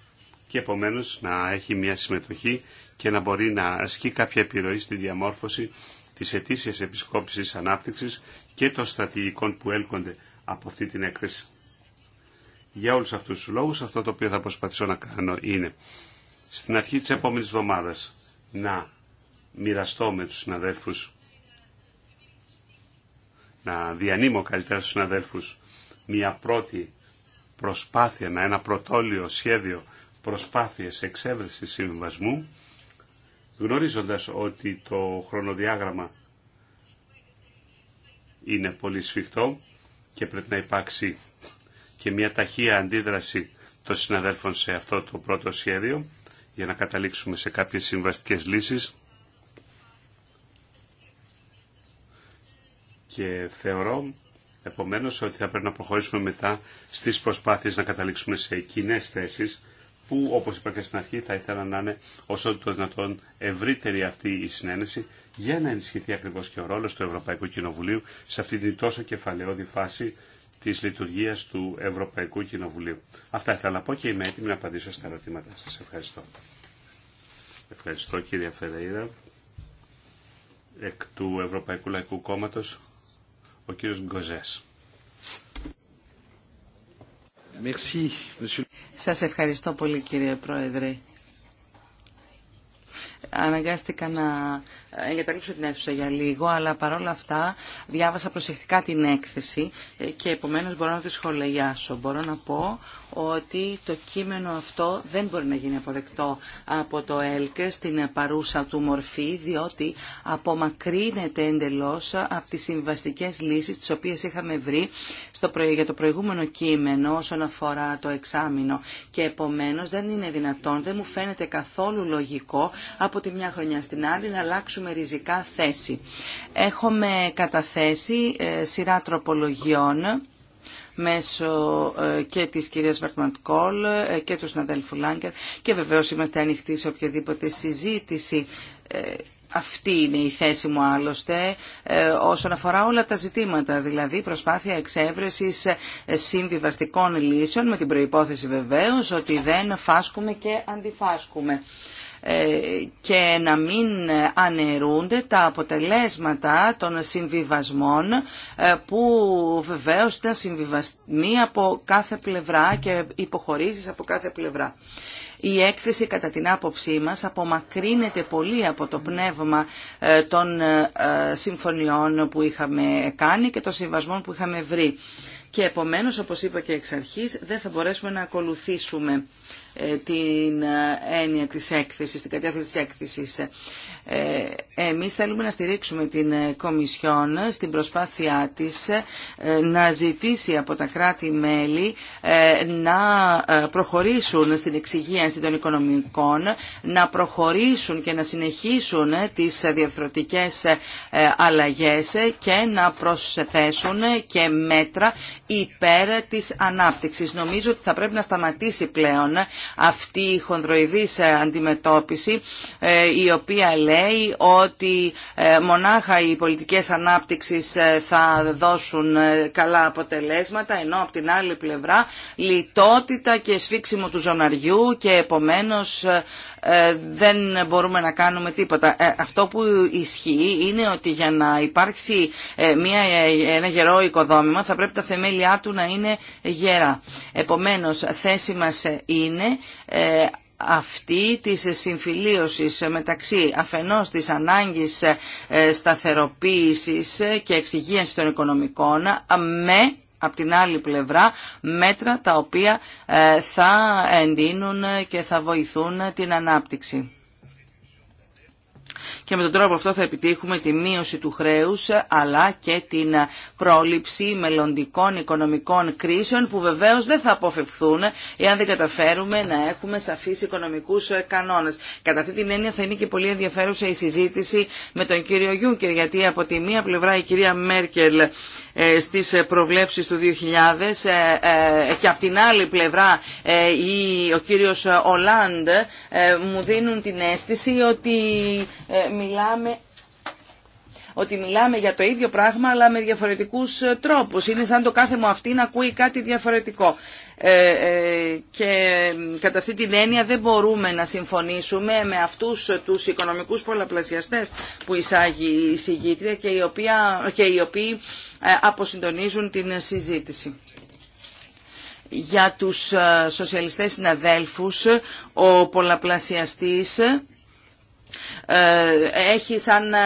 και επομένως να έχει μια συμμετοχή και να μπορεί να ασκεί κάποια επιρροή στη διαμόρφωση της ετήσιας επισκόπησης ανάπτυξης και των στρατηγικών που έλκονται από αυτή την έκθεση. Για όλους αυτούς τους λόγους αυτό το οποίο θα προσπαθήσω να κάνω είναι στην αρχή της επόμενης εβδομάδας να μοιραστώ με τους συναδέλφους, να διανύμω καλύτερα στους συναδέλφους μια πρώτη προσπάθεια, ένα πρωτόλιο σχέδιο προσπάθειες εξέβρεσης συμβασμού, γνωρίζοντας ότι το χρονοδιάγραμμα είναι πολύ σφιχτό και πρέπει να υπάρξει και μια ταχεία αντίδραση των συναδέλφων σε αυτό το πρώτο σχέδιο για να καταλήξουμε σε κάποιες συμβαστικές λύσεις και θεωρώ επομένως ότι θα πρέπει να προχωρήσουμε μετά στις προσπάθειες να καταλήξουμε σε κοινέ θέσεις που όπως είπα και στην αρχή θα ήθελα να είναι όσο το δυνατόν ευρύτερη αυτή η συνένεση για να ενισχυθεί ακριβώς και ο ρόλος του Ευρωπαϊκού Κοινοβουλίου σε αυτή την τόσο κεφαλαιόδη φάση τη λειτουργία του Ευρωπαϊκού Κοινοβουλίου. Αυτά ήθελα να πω και είμαι έτοιμη να απαντήσω στα ερωτήματα Σα Ευχαριστώ. Ευχαριστώ κύριε Φεραίρα. Εκ του Ευρωπαϊκού Λαϊκού Κόμματο, ο κύριο Γκοζές. Σα ευχαριστώ πολύ κύριε Πρόεδρε αναγκάστηκα να εγκαταλείψω την αίθουσα για λίγο, αλλά παρόλα αυτά διάβασα προσεκτικά την έκθεση και επομένως μπορώ να τη σχολιάσω. Μπορώ να πω ότι το κείμενο αυτό δεν μπορεί να γίνει αποδεκτό από το ΕΛΚΕ στην παρούσα του μορφή, διότι απομακρύνεται εντελώς από τις συμβαστικές λύσεις τις οποίες είχαμε βρει στο, για το προηγούμενο κείμενο όσον αφορά το εξάμεινο και επομένως δεν είναι δυνατόν, δεν μου φαίνεται καθόλου λογικό από τη μια χρονιά στην άλλη να αλλάξουμε ριζικά θέση. Έχουμε καταθέσει ε, σειρά τροπολογιών μέσω ε, και της κυρίας Βαρτμαντ Κόλ ε, και του συναδέλφου Λάγκερ και βεβαίως είμαστε ανοιχτοί σε οποιαδήποτε συζήτηση ε, αυτή είναι η θέση μου άλλωστε όσον αφορά όλα τα ζητήματα, δηλαδή προσπάθεια εξέβρεσης συμβιβαστικών λύσεων με την προϋπόθεση βεβαίως ότι δεν φάσκουμε και αντιφάσκουμε. Ε, και να μην αναιρούνται τα αποτελέσματα των συμβιβασμών ε, που βεβαίως ήταν συμβιβασμοί από κάθε πλευρά και υποχωρήσεις από κάθε πλευρά. Η έκθεση κατά την άποψή μας απομακρύνεται πολύ από το πνεύμα ε, των συμφωνιών που είχαμε κάνει και των συμβασμών που είχαμε βρει. Και επομένως, όπως είπα και εξ αρχής, δεν θα μπορέσουμε να ακολουθήσουμε ε, την ε, έννοια της έκθεσης, την κατεύθυνση της έκθεσης. Ε, εμείς θέλουμε να στηρίξουμε την ε, Κομισιόν στην προσπάθειά της ε, να ζητήσει από τα κράτη-μέλη να προχωρήσουν στην εξυγίανση των οικονομικών, να προχωρήσουν και να συνεχίσουν τις διαφορετικές αλλαγές και να προσθέσουν και μέτρα υπέρ της ανάπτυξης. Νομίζω ότι θα πρέπει να σταματήσει πλέον αυτή η χονδροειδής αντιμετώπιση η οποία λέει λέει ότι ε, μονάχα οι πολιτικές ανάπτυξης ε, θα δώσουν ε, καλά αποτελέσματα, ενώ από την άλλη πλευρά λιτότητα και σφίξιμο του ζωναριού και επομένως δεν μπορούμε να κάνουμε τίποτα. Αυτό που ισχύει είναι ότι για να υπάρξει μια, ένα γερό οικοδόμημα θα πρέπει τα θεμέλια του να είναι γερά. Επομένως θέση μας είναι αυτή της συμφιλίωσης μεταξύ αφενός της ανάγκης ε, σταθεροποίησης ε, και εξυγίανσης των οικονομικών ε, με από την άλλη πλευρά μέτρα τα οποία θα εντείνουν και θα βοηθούν την ανάπτυξη και με τον τρόπο αυτό θα επιτύχουμε τη μείωση του χρέους αλλά και την πρόληψη μελλοντικών οικονομικών κρίσεων που βεβαίως δεν θα αποφευθούν εάν δεν καταφέρουμε να έχουμε σαφείς οικονομικούς κανόνες. Κατά αυτή την έννοια θα είναι και πολύ ενδιαφέρουσα η συζήτηση με τον κύριο Γιούγκερ γιατί από τη μία πλευρά η κυρία Μέρκελ ε, στις ε, προβλέψεις του 2000 ε, και από την άλλη πλευρά ο κύριος Ολάντ μου δίνουν την αίσθηση ότι μιλάμε ότι μιλάμε για το ίδιο πράγμα αλλά με διαφορετικούς ε, τρόπους. Είναι σαν το κάθε μου αυτή να ακούει κάτι διαφορετικό. Ε, ε, και κατά αυτή την έννοια δεν μπορούμε να συμφωνήσουμε με αυτούς τους οικονομικούς πολλαπλασιαστές που εισάγει η συγγήτρια και οι, οποία, και οι οποίοι αποσυντονίζουν την συζήτηση για τους σοσιαλιστές συναδέλφους ο πολλαπλασιαστής ε, έχει σαν ε,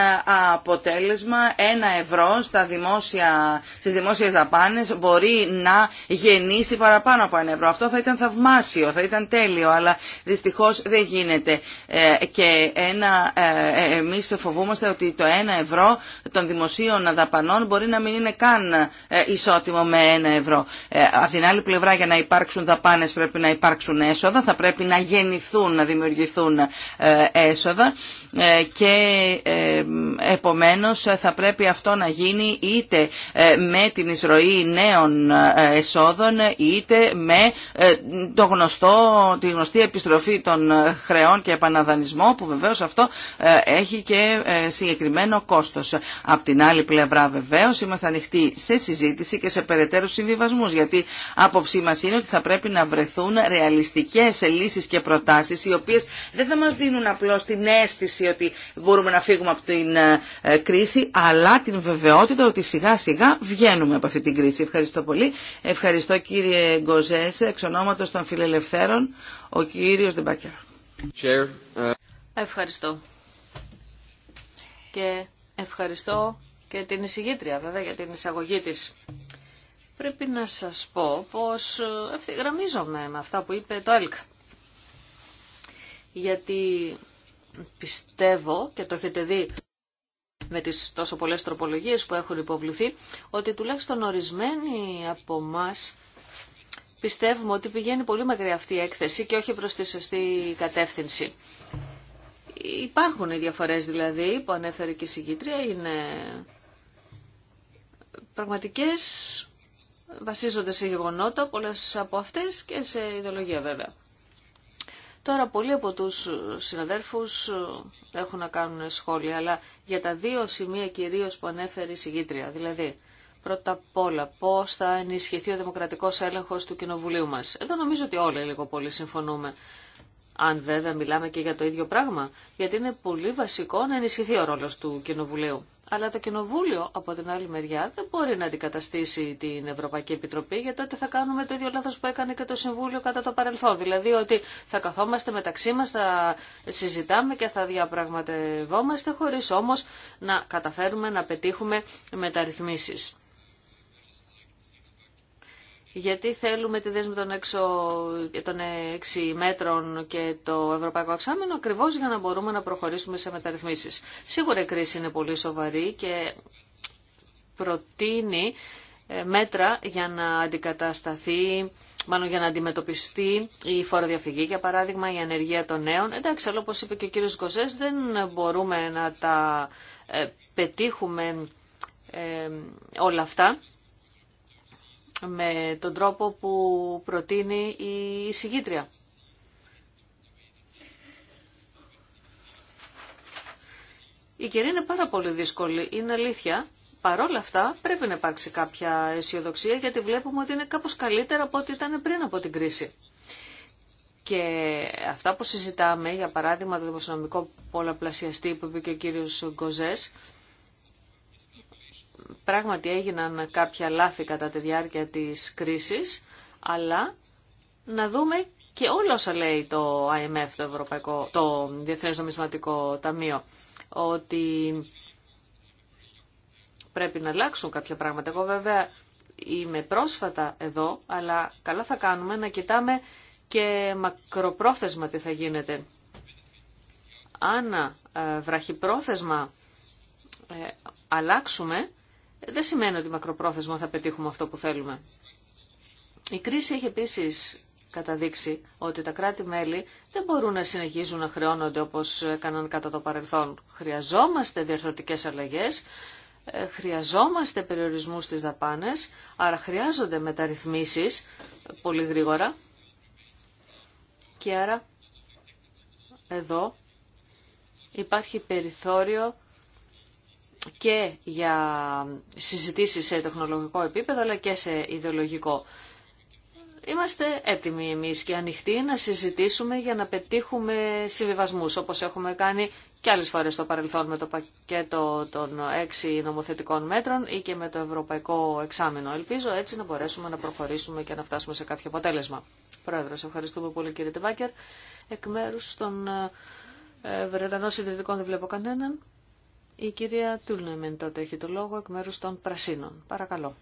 αποτέλεσμα ένα ευρώ στα δημόσια, στις δημόσιες δαπάνες μπορεί να γεννήσει παραπάνω από ένα ευρώ. Αυτό θα ήταν θαυμάσιο, θα ήταν τέλειο, αλλά δυστυχώς δεν γίνεται. Ε, και ένα, εμείς φοβούμαστε ότι το ένα ευρώ των δημοσίων δαπανών μπορεί να μην είναι καν ισότιμο με ένα ευρώ. Από την άλλη πλευρά για να υπάρξουν δαπάνες πρέπει να υπάρξουν έσοδα, θα πρέπει να γεννηθούν, να δημιουργηθούν έσοδα ε, και ε, επομένως θα πρέπει αυτό να γίνει είτε ε, με την εισρωή νέων εσόδων είτε με το γνωστό, τη γνωστή επιστροφή των χρεών και επαναδανισμό που βεβαίως αυτό έχει και συγκεκριμένο κόστος. Απ' την άλλη πλευρά βεβαίως είμαστε ανοιχτοί σε συζήτηση και σε περαιτέρω συμβιβασμού, γιατί άποψή μας είναι ότι θα πρέπει να βρεθούν ρεαλιστικές λύσεις και προτάσεις οι οποίες δεν θα μας δίνουν απλώς την αίσθηση αίσθηση ότι μπορούμε να φύγουμε από την ε, ε, κρίση, αλλά την βεβαιότητα ότι σιγά σιγά βγαίνουμε από αυτή την κρίση. Ευχαριστώ πολύ. Ευχαριστώ κύριε Γκοζέσε εξ ονόματος των φιλελευθέρων, ο κύριος Δεμπακιά ε. Ευχαριστώ. Και ευχαριστώ και την εισηγήτρια βέβαια για την εισαγωγή της. Πρέπει να σας πω πως ευθυγραμμίζομαι με αυτά που είπε το ΕΛΚ. Γιατί Πιστεύω και το έχετε δει με τις τόσο πολλές τροπολογίες που έχουν υποβληθεί, ότι τουλάχιστον ορισμένοι από εμά πιστεύουμε ότι πηγαίνει πολύ μακριά αυτή η έκθεση και όχι προς τη σωστή κατεύθυνση. Υπάρχουν οι διαφορές δηλαδή που ανέφερε και η συγκήτρια, είναι πραγματικές, βασίζονται σε γεγονότα, πολλές από αυτές και σε ιδεολογία βέβαια. Τώρα πολλοί από τους συναδέρφους ε, έχουν να κάνουν σχόλια, αλλά για τα δύο σημεία κυρίως που ανέφερε η συγγήτρια, δηλαδή πρώτα απ' όλα πώς θα ενισχυθεί ο δημοκρατικός έλεγχος του Κοινοβουλίου μας. Εδώ νομίζω ότι όλοι λίγο πολύ συμφωνούμε. Αν βέβαια μιλάμε και για το ίδιο πράγμα, γιατί είναι πολύ βασικό να ενισχυθεί ο ρόλος του Κοινοβουλίου. Αλλά το Κοινοβούλιο από την άλλη μεριά δεν μπορεί να αντικαταστήσει την Ευρωπαϊκή Επιτροπή γιατί τότε θα κάνουμε το ίδιο λάθο που έκανε και το Συμβούλιο κατά το παρελθόν. Δηλαδή ότι θα καθόμαστε μεταξύ μα θα συζητάμε και θα διαπραγματευόμαστε χωρίς όμως να καταφέρουμε να πετύχουμε μεταρρυθμίσει γιατί θέλουμε τη δέσμη των 6, των 6 μέτρων και το ευρωπαϊκό εξάμενο ακριβώ για να μπορούμε να προχωρήσουμε σε μεταρρυθμίσεις. Σίγουρα η κρίση είναι πολύ σοβαρή και προτείνει ε, μέτρα για να αντικατασταθεί, μάλλον για να αντιμετωπιστεί η φοροδιαφυγή, για παράδειγμα η ανεργία των νέων. Εντάξει, αλλά όπως είπε και ο κύριος Γκοζές, δεν μπορούμε να τα ε, πετύχουμε ε, όλα αυτά με τον τρόπο που προτείνει η συγγήτρια. Η καιρή είναι πάρα πολύ δύσκολη, είναι αλήθεια. Παρ' όλα αυτά πρέπει να υπάρξει κάποια αισιοδοξία γιατί βλέπουμε ότι είναι κάπως καλύτερα από ό,τι ήταν πριν από την κρίση. Και αυτά που συζητάμε, για παράδειγμα το δημοσιονομικό πολλαπλασιαστή που είπε και ο κύριος Γκοζές, πράγματι έγιναν κάποια λάθη κατά τη διάρκεια της κρίσης, αλλά να δούμε και όλα όσα λέει το IMF, το, Ευρωπαϊκό, το Διεθνές Νομισματικό Ταμείο, ότι πρέπει να αλλάξουν κάποια πράγματα. Εγώ βέβαια είμαι πρόσφατα εδώ, αλλά καλά θα κάνουμε να κοιτάμε και μακροπρόθεσμα τι θα γίνεται. Αν ε, βραχυπρόθεσμα ε, αλλάξουμε, δεν σημαίνει ότι μακροπρόθεσμα θα πετύχουμε αυτό που θέλουμε. Η κρίση έχει επίσης καταδείξει ότι τα κράτη-μέλη δεν μπορούν να συνεχίζουν να χρεώνονται όπως έκαναν κατά το παρελθόν. Χρειαζόμαστε διαρθρωτικές αλλαγές, ε, χρειαζόμαστε περιορισμούς στις δαπάνες, άρα χρειάζονται μεταρρυθμίσεις πολύ γρήγορα και άρα εδώ υπάρχει περιθώριο και για συζητήσεις σε τεχνολογικό επίπεδο αλλά και σε ιδεολογικό. Είμαστε έτοιμοι εμείς και ανοιχτοί να συζητήσουμε για να πετύχουμε συμβιβασμούς όπως έχουμε κάνει και άλλες φορές στο παρελθόν με το πακέτο των έξι νομοθετικών μέτρων ή και με το ευρωπαϊκό εξάμεινο. Ελπίζω έτσι να μπορέσουμε να προχωρήσουμε και να φτάσουμε σε κάποιο αποτέλεσμα. Πρόεδρος, ευχαριστούμε πολύ κύριε Τεβάκερ. Εκ μέρους των ε, Βρετανών Συντηρητικών δεν βλέπω κανέναν. Η κυρία Τούλνεμεν τότε έχει το λόγο εκ μέρους των Πρασίνων. Παρακαλώ.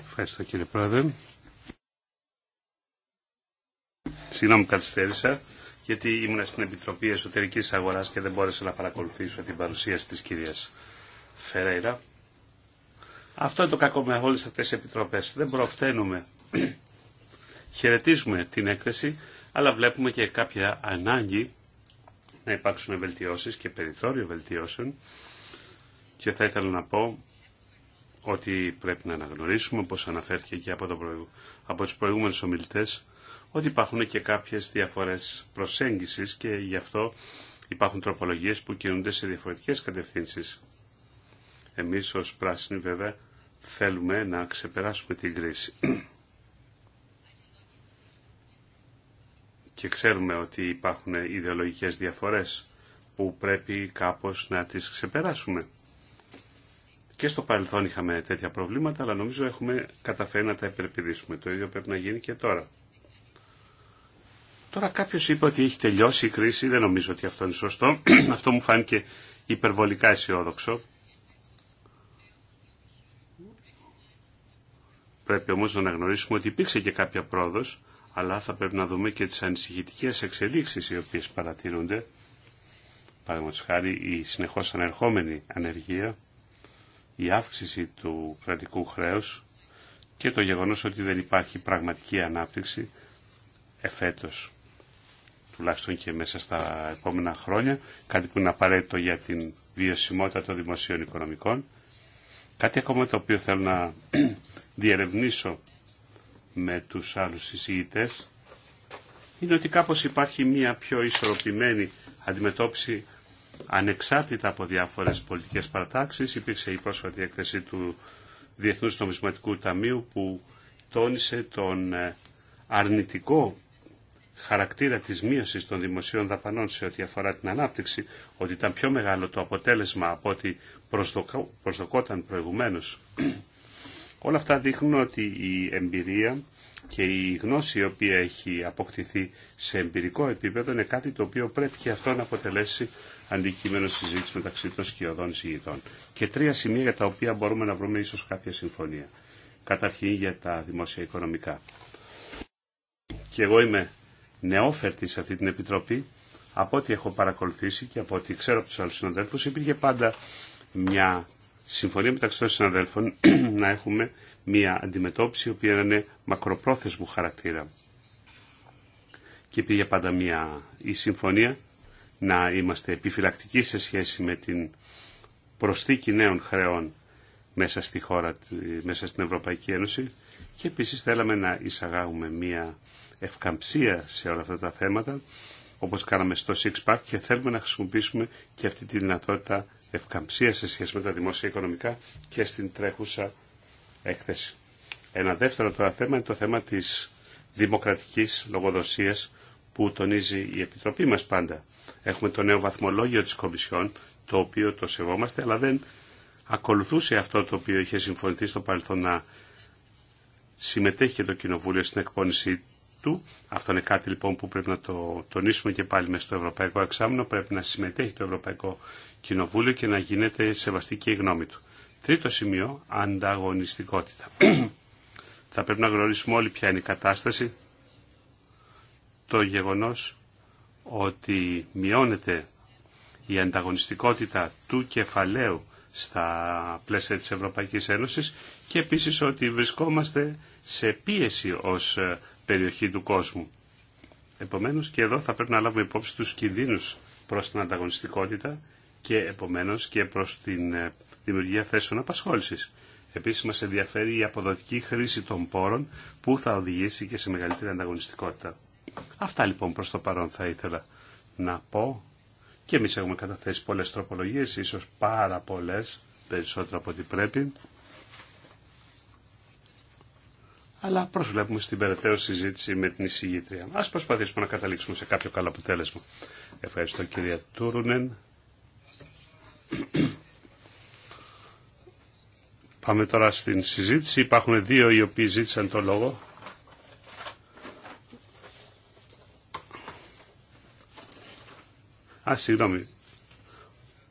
Ευχαριστώ κύριε Πρόεδρε. Συγγνώμη που καθυστέρησα, γιατί ήμουν στην Επιτροπή Εσωτερικής Αγοράς και δεν μπόρεσα να παρακολουθήσω την παρουσίαση της κυρίας Φερέιρα. Αυτό είναι το κακό με όλες αυτές τις επιτροπές. Δεν προφταίνουμε. Χαιρετίζουμε την έκθεση, αλλά βλέπουμε και κάποια ανάγκη να υπάρξουν βελτιώσεις και περιθώριο βελτιώσεων και θα ήθελα να πω ότι πρέπει να αναγνωρίσουμε, όπως αναφέρθηκε και από, το προηγου... από τους προηγούμενους ομιλητές, ότι υπάρχουν και κάποιες διαφορές προσέγγισης και γι' αυτό υπάρχουν τροπολογίες που κινούνται σε διαφορετικές κατευθύνσεις. Εμείς ως πράσινοι βέβαια θέλουμε να ξεπεράσουμε την κρίση. και ξέρουμε ότι υπάρχουν ιδεολογικές διαφορές που πρέπει κάπως να τις ξεπεράσουμε. Και στο παρελθόν είχαμε τέτοια προβλήματα, αλλά νομίζω έχουμε καταφέρει να τα υπερπηδήσουμε. Το ίδιο πρέπει να γίνει και τώρα. Τώρα κάποιο είπε ότι έχει τελειώσει η κρίση, δεν νομίζω ότι αυτό είναι σωστό. αυτό μου φάνηκε υπερβολικά αισιόδοξο. Πρέπει όμως να αναγνωρίσουμε ότι υπήρξε και κάποια πρόοδος αλλά θα πρέπει να δούμε και τις ανησυχητικές εξελίξεις οι οποίες παρατηρούνται. Παραδείγματος χάρη η συνεχώς ανερχόμενη ανεργία, η αύξηση του κρατικού χρέους και το γεγονός ότι δεν υπάρχει πραγματική ανάπτυξη εφέτος τουλάχιστον και μέσα στα επόμενα χρόνια, κάτι που είναι απαραίτητο για την βιωσιμότητα των δημοσίων οικονομικών. Κάτι ακόμα το οποίο θέλω να διερευνήσω με τους άλλους συζητητές είναι ότι κάπως υπάρχει μια πιο ισορροπημένη αντιμετώπιση ανεξάρτητα από διάφορες πολιτικές παρατάξεις. Υπήρξε η πρόσφατη έκθεση του Διεθνούς Νομισματικού Ταμείου που τόνισε τον ε, αρνητικό χαρακτήρα της μείωσης των δημοσίων δαπανών σε ό,τι αφορά την ανάπτυξη, ότι ήταν πιο μεγάλο το αποτέλεσμα από ό,τι προσδοκόταν προηγουμένως Όλα αυτά δείχνουν ότι η εμπειρία και η γνώση η οποία έχει αποκτηθεί σε εμπειρικό επίπεδο είναι κάτι το οποίο πρέπει και αυτό να αποτελέσει αντικείμενο συζήτηση μεταξύ των σκιωδών συγητών. Και τρία σημεία για τα οποία μπορούμε να βρούμε ίσως κάποια συμφωνία. Καταρχήν για τα δημόσια οικονομικά. Και εγώ είμαι νεόφερτη σε αυτή την επιτροπή. Από ό,τι έχω παρακολουθήσει και από ό,τι ξέρω από του άλλου συναδέλφου, υπήρχε πάντα μια συμφωνία μεταξύ των συναδέλφων να έχουμε μια αντιμετώπιση η οποία να είναι μακροπρόθεσμου χαρακτήρα. Και πήγε πάντα μια η συμφωνία να είμαστε επιφυλακτικοί σε σχέση με την προσθήκη νέων χρεών μέσα στη χώρα, μέσα στην Ευρωπαϊκή Ένωση και επίσης θέλαμε να εισαγάγουμε μια ευκαμψία σε όλα αυτά τα θέματα όπως κάναμε στο Six και θέλουμε να χρησιμοποιήσουμε και αυτή τη δυνατότητα ευκαμψία σε σχέση με τα δημόσια οικονομικά και στην τρέχουσα έκθεση. Ένα δεύτερο τώρα θέμα είναι το θέμα της δημοκρατικής λογοδοσίας που τονίζει η Επιτροπή μας πάντα. Έχουμε το νέο βαθμολόγιο της Κομισιόν, το οποίο το σεβόμαστε, αλλά δεν ακολουθούσε αυτό το οποίο είχε συμφωνηθεί στο παρελθόν να συμμετέχει το Κοινοβούλιο στην εκπόνηση του. Αυτό είναι κάτι λοιπόν που πρέπει να το τονίσουμε και πάλι με στο Ευρωπαϊκό Εξάμεινο. Πρέπει να συμμετέχει το Ευρωπαϊκό κοινοβούλιο και να γίνεται σεβαστή και η γνώμη του. Τρίτο σημείο, ανταγωνιστικότητα. Θα πρέπει να γνωρίσουμε όλοι ποια είναι η κατάσταση. Το γεγονός ότι μειώνεται η ανταγωνιστικότητα του κεφαλαίου στα πλαίσια της Ευρωπαϊκής Ένωσης και επίσης ότι βρισκόμαστε σε πίεση ως ε, περιοχή του κόσμου. Επομένως και εδώ θα πρέπει να λάβουμε υπόψη τους κινδύνους προς την ανταγωνιστικότητα και επομένως και προς την ε, δημιουργία θέσεων απασχόλησης. Επίσης μας ενδιαφέρει η αποδοτική χρήση των πόρων που θα οδηγήσει και σε μεγαλύτερη ανταγωνιστικότητα. Αυτά λοιπόν προς το παρόν θα ήθελα να πω και εμείς έχουμε καταθέσει πολλές τροπολογίες, ίσως πάρα πολλές, περισσότερο από ό,τι πρέπει. Αλλά προσβλέπουμε στην περαιτέρω συζήτηση με την εισηγήτρια. Ας προσπαθήσουμε να καταλήξουμε σε κάποιο καλό αποτέλεσμα. Ευχαριστώ κυρία Τούρουνεν. Πάμε τώρα στην συζήτηση. Υπάρχουν δύο οι οποίοι ζήτησαν το λόγο. Α, συγγνώμη.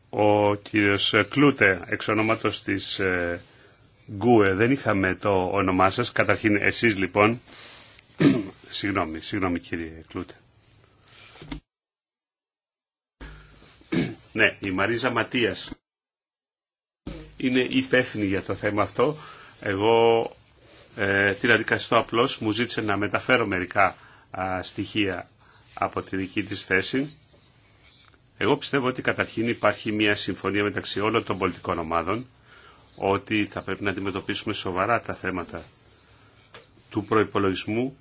Ο κύριος Κλούτε, εξ ονόματος της ε, Γκουε, δεν είχαμε το όνομά σας. Καταρχήν εσείς λοιπόν, συγγνώμη, συγγνώμη κύριε Κλούτε. Ναι, η Μαρίζα Ματίας είναι υπεύθυνη για το θέμα αυτό. Εγώ ε, την αντικαστώ απλώς, μου ζήτησε να μεταφέρω μερικά α, στοιχεία από τη δική της θέση. Εγώ πιστεύω ότι καταρχήν υπάρχει μια συμφωνία μεταξύ όλων των πολιτικών ομάδων ότι θα πρέπει να αντιμετωπίσουμε σοβαρά τα θέματα του προϋπολογισμού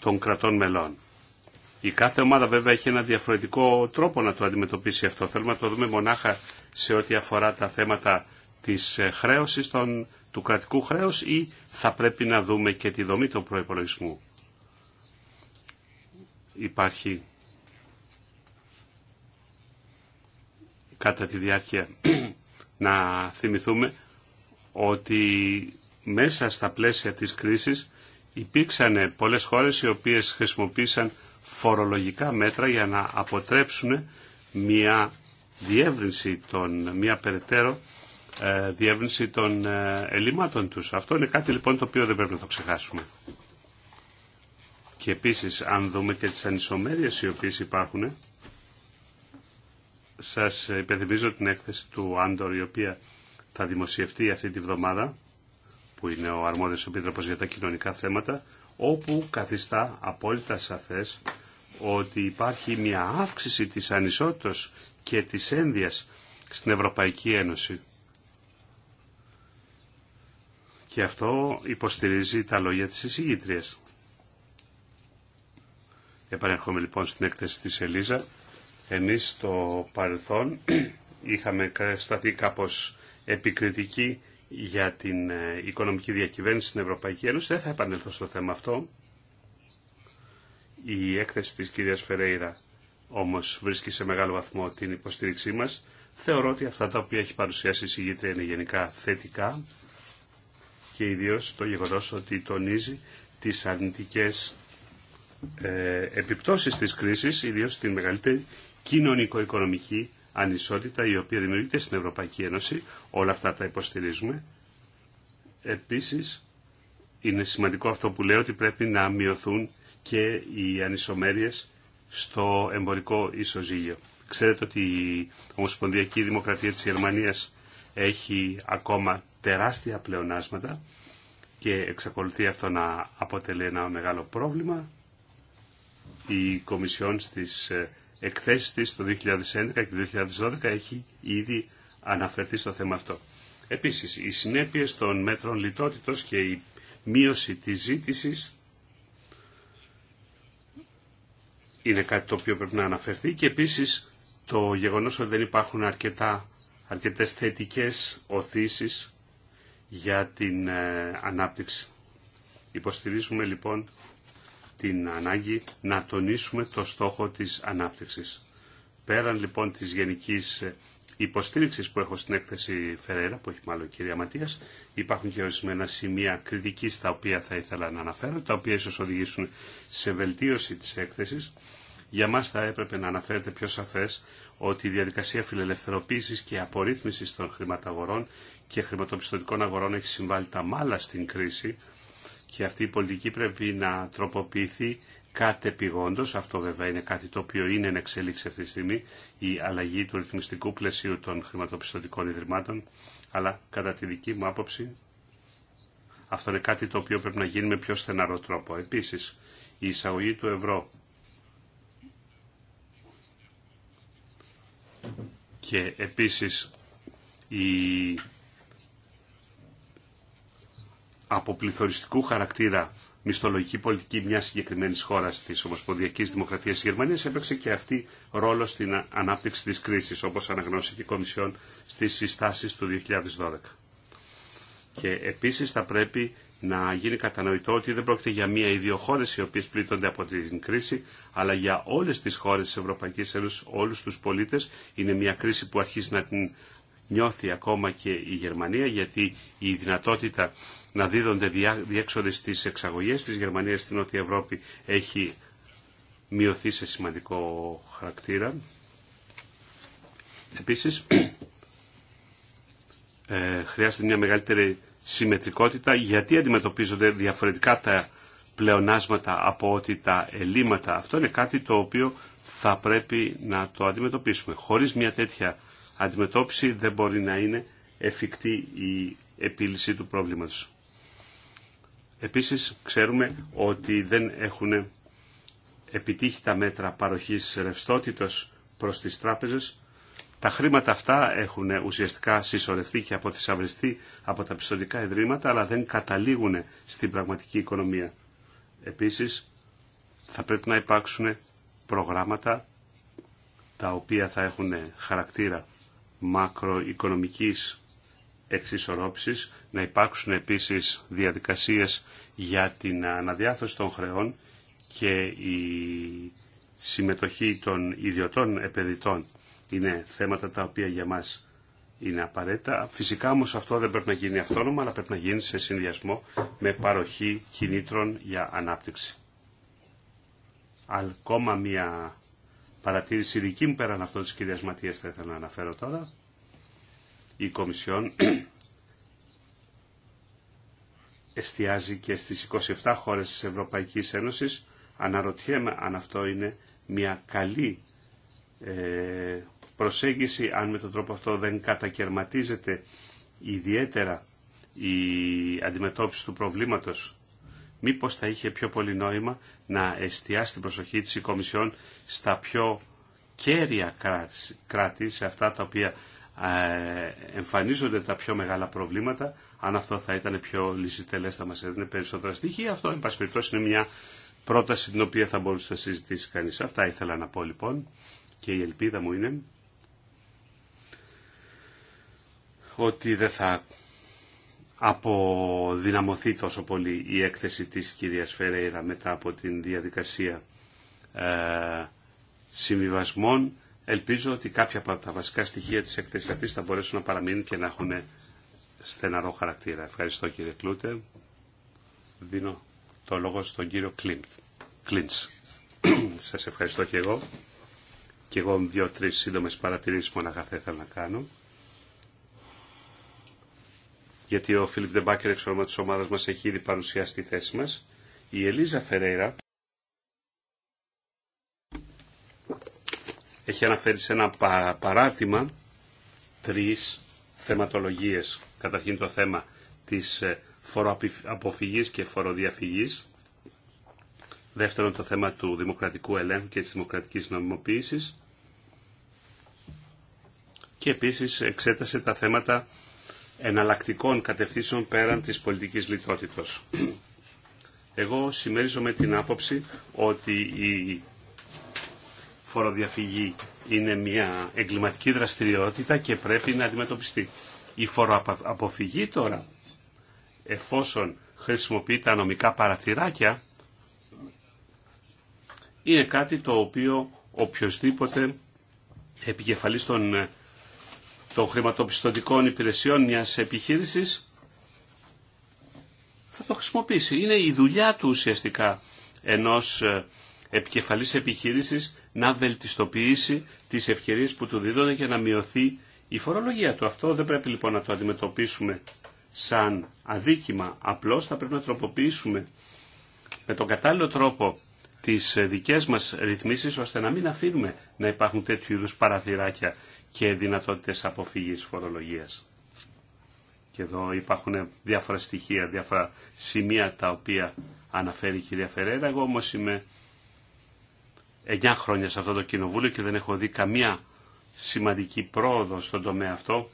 των κρατών μελών. Η κάθε ομάδα βέβαια έχει ένα διαφορετικό τρόπο να το αντιμετωπίσει αυτό. Θέλουμε να το δούμε μονάχα σε ό,τι αφορά τα θέματα της ε, χρέωσης του κρατικού χρέους ή θα πρέπει να δούμε και τη δομή του προϋπολογισμού. Υπάρχει κατά τη διάρκεια να θυμηθούμε ότι μέσα στα πλαίσια της κρίσης υπήρξαν πολλές χώρες οι οποίες χρησιμοποίησαν φορολογικά μέτρα για να αποτρέψουν μια διεύρυνση των, μια περαιτέρω ε, διεύρυνση των ε, ελλημάτων τους. Αυτό είναι κάτι λοιπόν το οποίο δεν πρέπει να το ξεχάσουμε. Και επίσης αν δούμε και τις ανισομέρειες οι οποίες υπάρχουν, σας υπενθυμίζω την έκθεση του Άντορ η οποία θα δημοσιευτεί αυτή τη βδομάδα, που είναι ο αρμόδιος επίτροπος για τα κοινωνικά θέματα, όπου καθιστά απόλυτα σαφές ότι υπάρχει μια αύξηση της ανισότητας και της ένδειας στην Ευρωπαϊκή Ένωση. Και αυτό υποστηρίζει τα λόγια της εισηγήτριας. Επανέρχομαι λοιπόν στην έκθεση της Ελίζα. Εμείς στο παρελθόν είχαμε σταθεί κάπως επικριτικοί για την ε, οικονομική διακυβέρνηση στην Ευρωπαϊκή Ένωση. Δεν θα επανέλθω στο θέμα αυτό. Η έκθεση της κυρίας Φερέιρα όμως βρίσκει σε μεγάλο βαθμό την υποστήριξή μας. Θεωρώ ότι αυτά τα οποία έχει παρουσιάσει η συγγήτρια είναι γενικά θετικά και ιδίως το γεγονός ότι τονίζει τις αρνητικές ε, επιπτώσεις της κρίσης, ιδίως την μεγαλύτερη κοινωνικο-οικονομική ανισότητα η οποία δημιουργείται στην Ευρωπαϊκή Ένωση. Όλα αυτά τα υποστηρίζουμε. Επίσης, είναι σημαντικό αυτό που λέω ότι πρέπει να μειωθούν και οι ανισομέρειες στο εμπορικό ισοζύγιο. Ξέρετε ότι η Ομοσπονδιακή Δημοκρατία της Γερμανίας έχει ακόμα τεράστια πλεονάσματα και εξακολουθεί αυτό να αποτελεί ένα μεγάλο πρόβλημα. Η Κομισιόν στις ε, εκθέσεις της το 2011 και το 2012 έχει ήδη αναφερθεί στο θέμα αυτό. Επίσης, οι συνέπειες των μέτρων λιτότητος και η μείωση της ζήτησης είναι κάτι το οποίο πρέπει να αναφερθεί και επίσης το γεγονός ότι δεν υπάρχουν αρκετά, αρκετές θετικές οθήσεις για την ε, ανάπτυξη. Υποστηρίζουμε λοιπόν την ανάγκη να τονίσουμε το στόχο της ανάπτυξης. Πέραν λοιπόν της γενικής υποστήριξης που έχω στην έκθεση Φερέρα, που έχει μάλλον η κυρία Ματίας, υπάρχουν και ορισμένα σημεία κριτικής τα οποία θα ήθελα να αναφέρω, τα οποία ίσως οδηγήσουν σε βελτίωση της έκθεσης. Για μας θα έπρεπε να αναφέρετε πιο σαφές ότι η διαδικασία φιλελευθερωποίησης και απορρίθμισης των χρηματαγορών και χρηματοπιστωτικών αγορών έχει συμβάλει τα μάλα στην κρίση, και αυτή η πολιτική πρέπει να τροποποιηθεί κατεπηγόντως, αυτό βέβαια είναι κάτι το οποίο είναι εν εξέλιξη αυτή τη στιγμή, η αλλαγή του ρυθμιστικού πλαισίου των χρηματοπιστωτικών ιδρυμάτων, αλλά κατά τη δική μου άποψη αυτό είναι κάτι το οποίο πρέπει να γίνει με πιο στεναρό τρόπο. Επίσης, η εισαγωγή του ευρώ και επίσης η από πληθωριστικού χαρακτήρα μισθολογική πολιτική μια συγκεκριμένη χώρα τη Ομοσπονδιακή Δημοκρατία τη Γερμανία έπαιξε και αυτή ρόλο στην ανάπτυξη τη κρίση, όπω αναγνώρισε η Κομισιόν στι συστάσει του 2012. Και επίση θα πρέπει να γίνει κατανοητό ότι δεν πρόκειται για μία ή δύο χώρε οι οποίε πλήττονται από την κρίση, αλλά για όλε τι χώρε τη Ευρωπαϊκή Ένωση, όλου του πολίτε. Είναι μια κρίση που αρχίζει να την νιώθει ακόμα και η Γερμανία γιατί η δυνατότητα να δίδονται διέξοδες στις εξαγωγέ της Γερμανίας στην Νότια Ευρώπη έχει μειωθεί σε σημαντικό χαρακτήρα. Επίσης, ε, χρειάζεται μια μεγαλύτερη συμμετρικότητα γιατί αντιμετωπίζονται διαφορετικά τα πλεονάσματα από ότι τα ελλείμματα. Αυτό είναι κάτι το οποίο θα πρέπει να το αντιμετωπίσουμε. Χωρίς μια τέτοια αντιμετώπιση δεν μπορεί να είναι εφικτή η επίλυση του πρόβληματος. Επίσης ξέρουμε ότι δεν έχουν επιτύχει τα μέτρα παροχής ρευστότητος προς τις τράπεζες. Τα χρήματα αυτά έχουν ουσιαστικά συσσωρευτεί και αποθυσαυριστεί από τα πιστοτικά ιδρύματα, αλλά δεν καταλήγουν στην πραγματική οικονομία. Επίσης, θα πρέπει να υπάρξουν προγράμματα τα οποία θα έχουν χαρακτήρα μακροοικονομικής εξισορρόψης, να υπάρξουν επίσης διαδικασίες για την αναδιάθρωση των χρεών και η συμμετοχή των ιδιωτών επενδυτών είναι θέματα τα οποία για μας είναι απαραίτητα. Φυσικά όμως αυτό δεν πρέπει να γίνει αυτόνομα, αλλά πρέπει να γίνει σε συνδυασμό με παροχή κινήτρων για ανάπτυξη. Ακόμα μία παρατήρηση δική μου πέραν αυτό της κυρίας Ματίας θα ήθελα να αναφέρω τώρα. Η Κομισιόν εστιάζει και στις 27 χώρες της Ευρωπαϊκής Ένωσης. Αναρωτιέμαι αν αυτό είναι μια καλή ε, προσέγγιση, αν με τον τρόπο αυτό δεν κατακαιρματίζεται ιδιαίτερα η αντιμετώπιση του προβλήματος μήπως θα είχε πιο πολύ νόημα να εστιάσει την προσοχή της η Κομισιόν στα πιο κέρια κράτη, σε αυτά τα οποία ε, εμφανίζονται τα πιο μεγάλα προβλήματα. Αν αυτό θα ήταν πιο λυσιτελές θα μας έδινε περισσότερα στοιχεία. Αυτό, εν πάση περιπτώσει, είναι μια πρόταση την οποία θα μπορούσε να συζητήσει κανείς. Αυτά ήθελα να πω λοιπόν και η ελπίδα μου είναι ότι δεν θα αποδυναμωθεί τόσο πολύ η έκθεση της κυρίας Φερέιρα μετά από την διαδικασία ε, συμβιβασμών. Ελπίζω ότι κάποια από τα βασικά στοιχεία της έκθεσης αυτής θα μπορέσουν να παραμείνουν και να έχουν στεναρό χαρακτήρα. Ευχαριστώ κύριε Κλούτε. Δίνω το λόγο στον κύριο Κλίντς. Σας ευχαριστώ και εγώ. Και εγώ δύο-τρεις σύντομες παρατηρήσεις μόνο θα να κάνω γιατί ο Φίλιπ Ντεμπάκερ εξ όνομα της ομάδας μας έχει ήδη παρουσιάσει τη θέση μας. Η Ελίζα Φερέιρα έχει αναφέρει σε ένα παράρτημα τρεις θεματολογίες. Καταρχήν το θέμα της ε, φοροαποφυγής και φοροδιαφυγής. Δεύτερον το θέμα του δημοκρατικού ελέγχου και της δημοκρατικής νομιμοποίησης. Και επίσης εξέτασε τα θέματα εναλλακτικών κατευθύνσεων πέραν της πολιτικής λιτότητος. Εγώ συμμερίζομαι την άποψη ότι η φοροδιαφυγή είναι μια εγκληματική δραστηριότητα και πρέπει να αντιμετωπιστεί. Η φοροαποφυγή τώρα, εφόσον χρησιμοποιεί τα νομικά παραθυράκια, είναι κάτι το οποίο οποιοδήποτε επικεφαλής των των χρηματοπιστωτικών υπηρεσιών μιας επιχείρησης θα το χρησιμοποιήσει. Είναι η δουλειά του ουσιαστικά ενός ε, επικεφαλής επιχείρησης να βελτιστοποιήσει τις ευκαιρίες που του δίδονται για να μειωθεί η φορολογία του. Αυτό δεν πρέπει λοιπόν να το αντιμετωπίσουμε σαν αδίκημα. Απλώς θα πρέπει να τροποποιήσουμε με τον κατάλληλο τρόπο τις ε, δικές μας ρυθμίσεις ώστε να μην αφήνουμε να υπάρχουν τέτοιου είδους παραθυράκια και δυνατότητες αποφύγης φορολογίας. Και εδώ υπάρχουν διάφορα στοιχεία, διάφορα σημεία τα οποία αναφέρει η κυρία Φερέρα. Εγώ όμως είμαι 9 χρόνια σε αυτό το κοινοβούλιο και δεν έχω δει καμία σημαντική πρόοδο στον τομέα αυτό.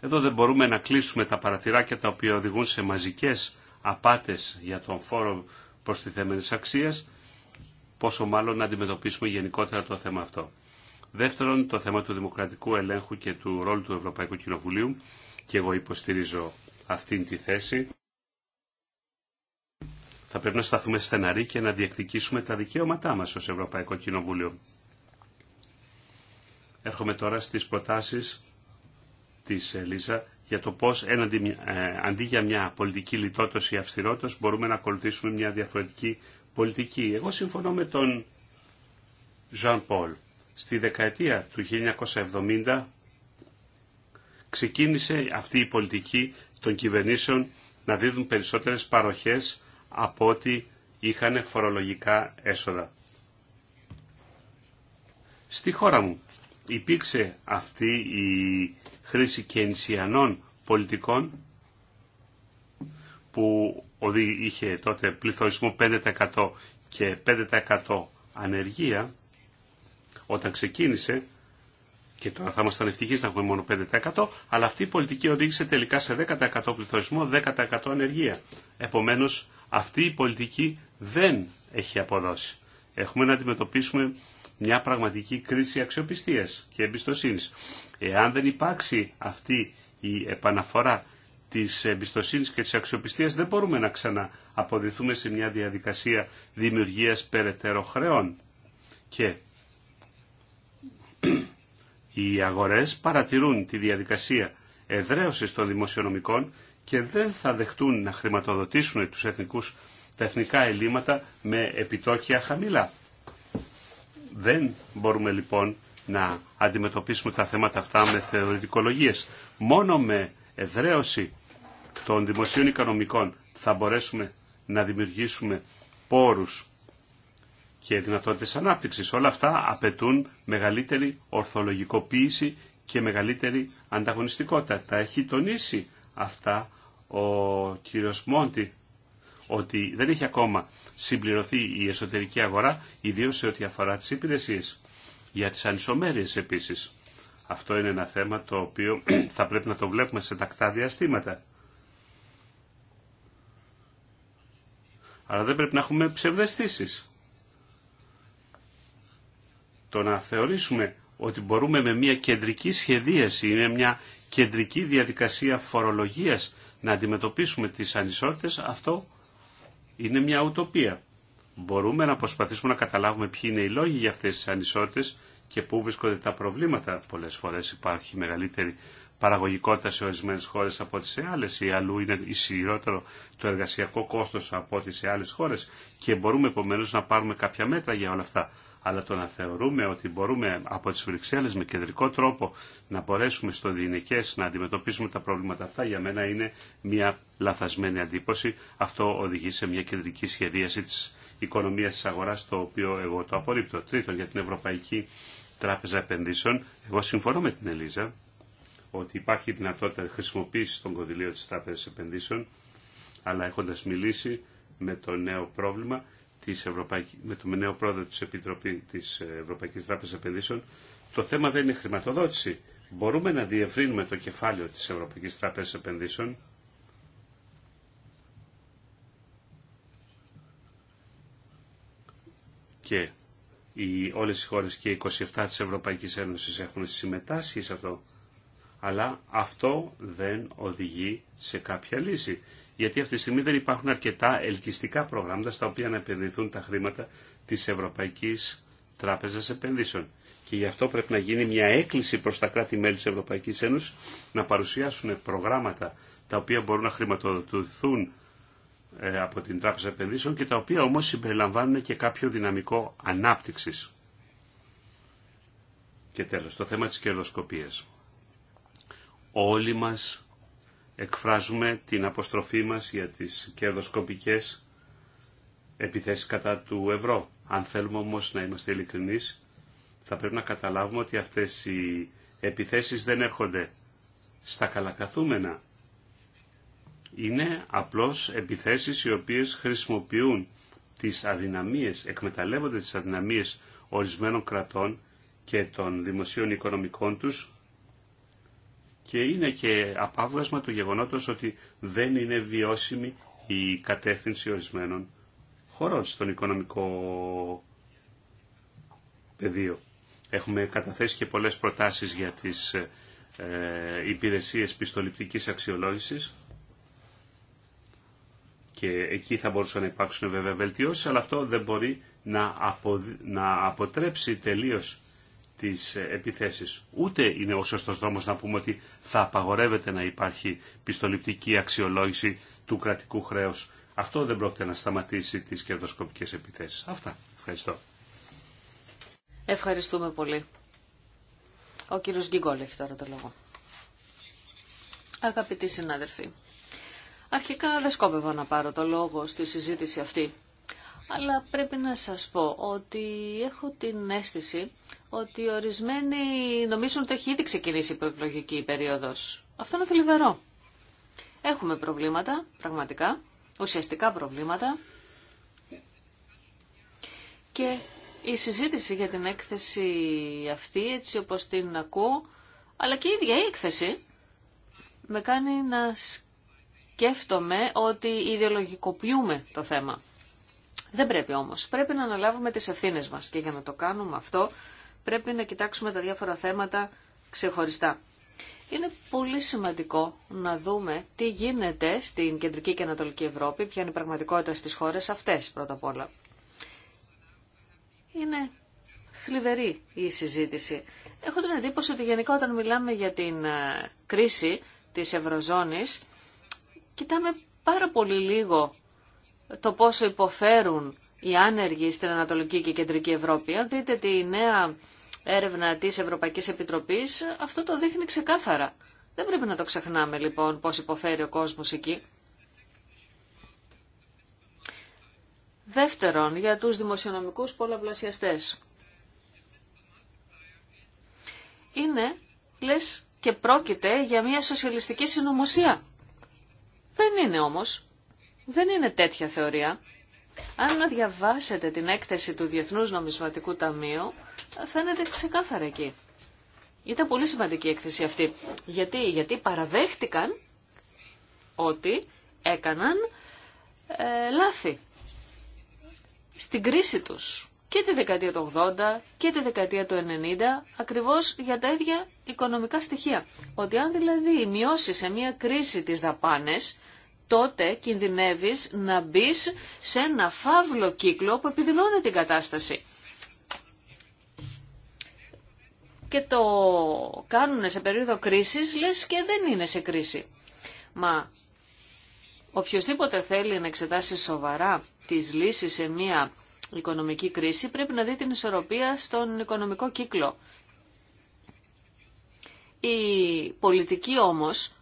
Εδώ δεν μπορούμε να κλείσουμε τα παραθυράκια τα οποία οδηγούν σε μαζικές απάτες για τον φόρο προστιθέμενης αξίας, πόσο μάλλον να αντιμετωπίσουμε γενικότερα το θέμα αυτό. Δεύτερον, το θέμα του δημοκρατικού ελέγχου και του ρόλου του Ευρωπαϊκού Κοινοβουλίου και εγώ υποστηρίζω αυτήν τη θέση. Θα πρέπει να σταθούμε στεναροί και να διεκδικήσουμε τα δικαιώματά μας ως Ευρωπαϊκό Κοινοβούλιο. Έρχομαι τώρα στις προτάσεις της Ελίζα για το πώ ε, αντί για μια πολιτική λιτότητα ή αυστηρότητα μπορούμε να ακολουθήσουμε μια διαφορετική πολιτική. Εγώ συμφωνώ με τον Ζαν Πολ. Στη δεκαετία του 1970 ξεκίνησε αυτή η πολιτική των κυβερνήσεων να δίδουν περισσότερες παροχές από ό,τι είχαν φορολογικά έσοδα. Στη χώρα μου υπήρξε αυτή η χρήση κενσιανών πολιτικών που είχε τότε πληθωρισμό 5% και 5% ανεργία όταν ξεκίνησε και τώρα θα ήμασταν ευτυχεί να έχουμε μόνο 5%, αλλά αυτή η πολιτική οδήγησε τελικά σε 10% πληθωρισμό, 10% ανεργία. Επομένω, αυτή η πολιτική δεν έχει αποδώσει. Έχουμε να αντιμετωπίσουμε μια πραγματική κρίση αξιοπιστία και εμπιστοσύνη. Εάν δεν υπάρξει αυτή η επαναφορά της εμπιστοσύνη και της αξιοπιστίας δεν μπορούμε να ξανααποδηθούμε σε μια διαδικασία δημιουργίας περαιτέρω χρεών. Και οι αγορές παρατηρούν τη διαδικασία εδραίωσης των δημοσιονομικών και δεν θα δεχτούν να χρηματοδοτήσουν τους εθνικούς, τα εθνικά ελλείμματα με επιτόκια χαμηλά. Δεν μπορούμε λοιπόν να αντιμετωπίσουμε τα θέματα αυτά με θεωρητικολογίες. Μόνο με εδραίωση των δημοσίων οικονομικών θα μπορέσουμε να δημιουργήσουμε πόρους και δυνατότητες ανάπτυξης. Όλα αυτά απαιτούν μεγαλύτερη ορθολογικοποίηση και μεγαλύτερη ανταγωνιστικότητα. Τα έχει τονίσει αυτά ο κύριος Μόντι ότι δεν έχει ακόμα συμπληρωθεί η εσωτερική αγορά, ιδίως σε ό,τι αφορά τις υπηρεσίες για τις ανισομέρειες επίσης. Αυτό είναι ένα θέμα το οποίο θα πρέπει να το βλέπουμε σε τακτά διαστήματα. Αλλά δεν πρέπει να έχουμε ψευδεστήσεις. Το να θεωρήσουμε ότι μπορούμε με μια κεντρική σχεδίαση, με μια κεντρική διαδικασία φορολογίας να αντιμετωπίσουμε τις ανισότητες, αυτό είναι μια ουτοπία μπορούμε να προσπαθήσουμε να καταλάβουμε ποιοι είναι οι λόγοι για αυτές τις ανισότητες και πού βρίσκονται τα προβλήματα. Πολλές φορές υπάρχει μεγαλύτερη παραγωγικότητα σε ορισμένες χώρες από ό,τι σε άλλες ή αλλού είναι ισχυρότερο το εργασιακό κόστος από ό,τι σε άλλες χώρες και μπορούμε επομένω να πάρουμε κάποια μέτρα για όλα αυτά. Αλλά το να θεωρούμε ότι μπορούμε από τις Βρυξέλλες με κεντρικό τρόπο να μπορέσουμε στον διηνικές να αντιμετωπίσουμε τα προβλήματα αυτά για μένα είναι μια λαθασμένη αντίποση. Αυτό οδηγεί σε μια κεντρική σχεδίαση της Οικονομία τη αγορά, το οποίο εγώ το απορρίπτω. Τρίτον, για την Ευρωπαϊκή Τράπεζα Επενδύσεων, εγώ συμφωνώ με την Ελίζα ότι υπάρχει δυνατότητα χρησιμοποίηση των κονδυλίων τη Τράπεζα Επενδύσεων, αλλά έχοντα μιλήσει με το νέο πρόβλημα, της με το νέο πρόεδρο τη Επιτροπή, της Ευρωπαϊκής Τράπεζα Επενδύσεων, το θέμα δεν είναι χρηματοδότηση. Μπορούμε να διευρύνουμε το κεφάλαιο της Ευρωπαϊκής τραπεζα Επενδύσεων και οι, όλες οι χώρες και οι 27 της Ευρωπαϊκής Ένωσης έχουν συμμετάσχει σε αυτό. Αλλά αυτό δεν οδηγεί σε κάποια λύση. Γιατί αυτή τη στιγμή δεν υπάρχουν αρκετά ελκυστικά προγράμματα στα οποία να επενδυθούν τα χρήματα της Ευρωπαϊκής Τράπεζας Επενδύσεων. Και γι' αυτό πρέπει να γίνει μια έκκληση προς τα κράτη-μέλη της Ευρωπαϊκής Ένωσης να παρουσιάσουν προγράμματα τα οποία μπορούν να χρηματοδοτηθούν ε, από την Τράπεζα Επενδύσεων και τα οποία όμως συμπεριλαμβάνουν και κάποιο δυναμικό ανάπτυξης. Και τέλος, το θέμα της κερδοσκοπίας. Όλοι μας εκφράζουμε την αποστροφή μας για τις κερδοσκοπικές επιθέσεις κατά του ευρώ. Αν θέλουμε όμως να είμαστε ειλικρινείς, θα πρέπει να καταλάβουμε ότι αυτές οι επιθέσεις δεν έρχονται στα καλακαθούμενα είναι απλώς επιθέσεις οι οποίες χρησιμοποιούν τις αδυναμίες, εκμεταλλεύονται τις αδυναμίες ορισμένων κρατών και των δημοσίων οικονομικών τους και είναι και απάβγασμα του γεγονότος ότι δεν είναι βιώσιμη η κατεύθυνση ορισμένων χωρών στον οικονομικό πεδίο. Έχουμε καταθέσει και πολλές προτάσεις για τις ε, υπηρεσίες πιστοληπτικής αξιολόγησης και εκεί θα μπορούσαν να υπάρξουν βέβαια βελτιώσεις, αλλά αυτό δεν μπορεί να, να αποτρέψει τελείως τις επιθέσεις. Ούτε είναι ο σωστός δρόμος να πούμε ότι θα απαγορεύεται να υπάρχει πιστοληπτική αξιολόγηση του κρατικού χρέους. Αυτό δεν πρόκειται να σταματήσει τις κερδοσκοπικές επιθέσεις. Αυτά. Ευχαριστώ. Ευχαριστούμε πολύ. Ο κύριος Γκίγκολ έχει τώρα το λόγο. Αγαπητοί συνάδελφοι, Αρχικά δεν σκόπευα να πάρω το λόγο στη συζήτηση αυτή. Αλλά πρέπει να σας πω ότι έχω την αίσθηση ότι ορισμένοι νομίζουν ότι έχει ήδη ξεκινήσει η προεκλογική περίοδος. Αυτό είναι θλιβερό. Έχουμε προβλήματα, πραγματικά, ουσιαστικά προβλήματα. Και η συζήτηση για την έκθεση αυτή, έτσι όπως την ακούω, αλλά και η ίδια η έκθεση, με κάνει να σκέφτομαι σκέφτομαι ότι ιδεολογικοποιούμε το θέμα. Δεν πρέπει όμως. Πρέπει να αναλάβουμε τις ευθύνες μας και για να το κάνουμε αυτό πρέπει να κοιτάξουμε τα διάφορα θέματα ξεχωριστά. Είναι πολύ σημαντικό να δούμε τι γίνεται στην Κεντρική και Ανατολική Ευρώπη, ποια είναι η πραγματικότητα στις χώρες αυτές πρώτα απ' όλα. Είναι θλιβερή η συζήτηση. Έχω την εντύπωση ότι γενικά όταν μιλάμε για την ε, κρίση της Ευρωζώνης, κοιτάμε πάρα πολύ λίγο το πόσο υποφέρουν οι άνεργοι στην Ανατολική και Κεντρική Ευρώπη. Αν δείτε τη νέα έρευνα της Ευρωπαϊκής Επιτροπής, αυτό το δείχνει ξεκάθαρα. Δεν πρέπει να το ξεχνάμε λοιπόν πώς υποφέρει ο κόσμος εκεί. Δεύτερον, για τους δημοσιονομικούς πολλαπλασιαστές. Είναι, λες, και πρόκειται για μια σοσιαλιστική συνωμοσία. Δεν είναι όμως. Δεν είναι τέτοια θεωρία. Αν να διαβάσετε την έκθεση του Διεθνούς Νομισματικού Ταμείου, φαίνεται ξεκάθαρα εκεί. Ήταν πολύ σημαντική η έκθεση αυτή. Γιατί, γιατί παραδέχτηκαν ότι έκαναν ε, λάθη στην κρίση τους και τη δεκαετία του 80 και τη δεκαετία του 90 ακριβώς για τα ίδια οικονομικά στοιχεία. Ότι αν δηλαδή μειώσει σε μια κρίση τις δαπάνες, τότε κινδυνεύεις να μπει σε ένα φαύλο κύκλο που επιδεινώνει την κατάσταση. Και το κάνουν σε περίοδο κρίσης, λες και δεν είναι σε κρίση. Μα οποιοδήποτε θέλει να εξετάσει σοβαρά τις λύσεις σε μια οικονομική κρίση, πρέπει να δει την ισορροπία στον οικονομικό κύκλο. Οι πολιτικοί όμως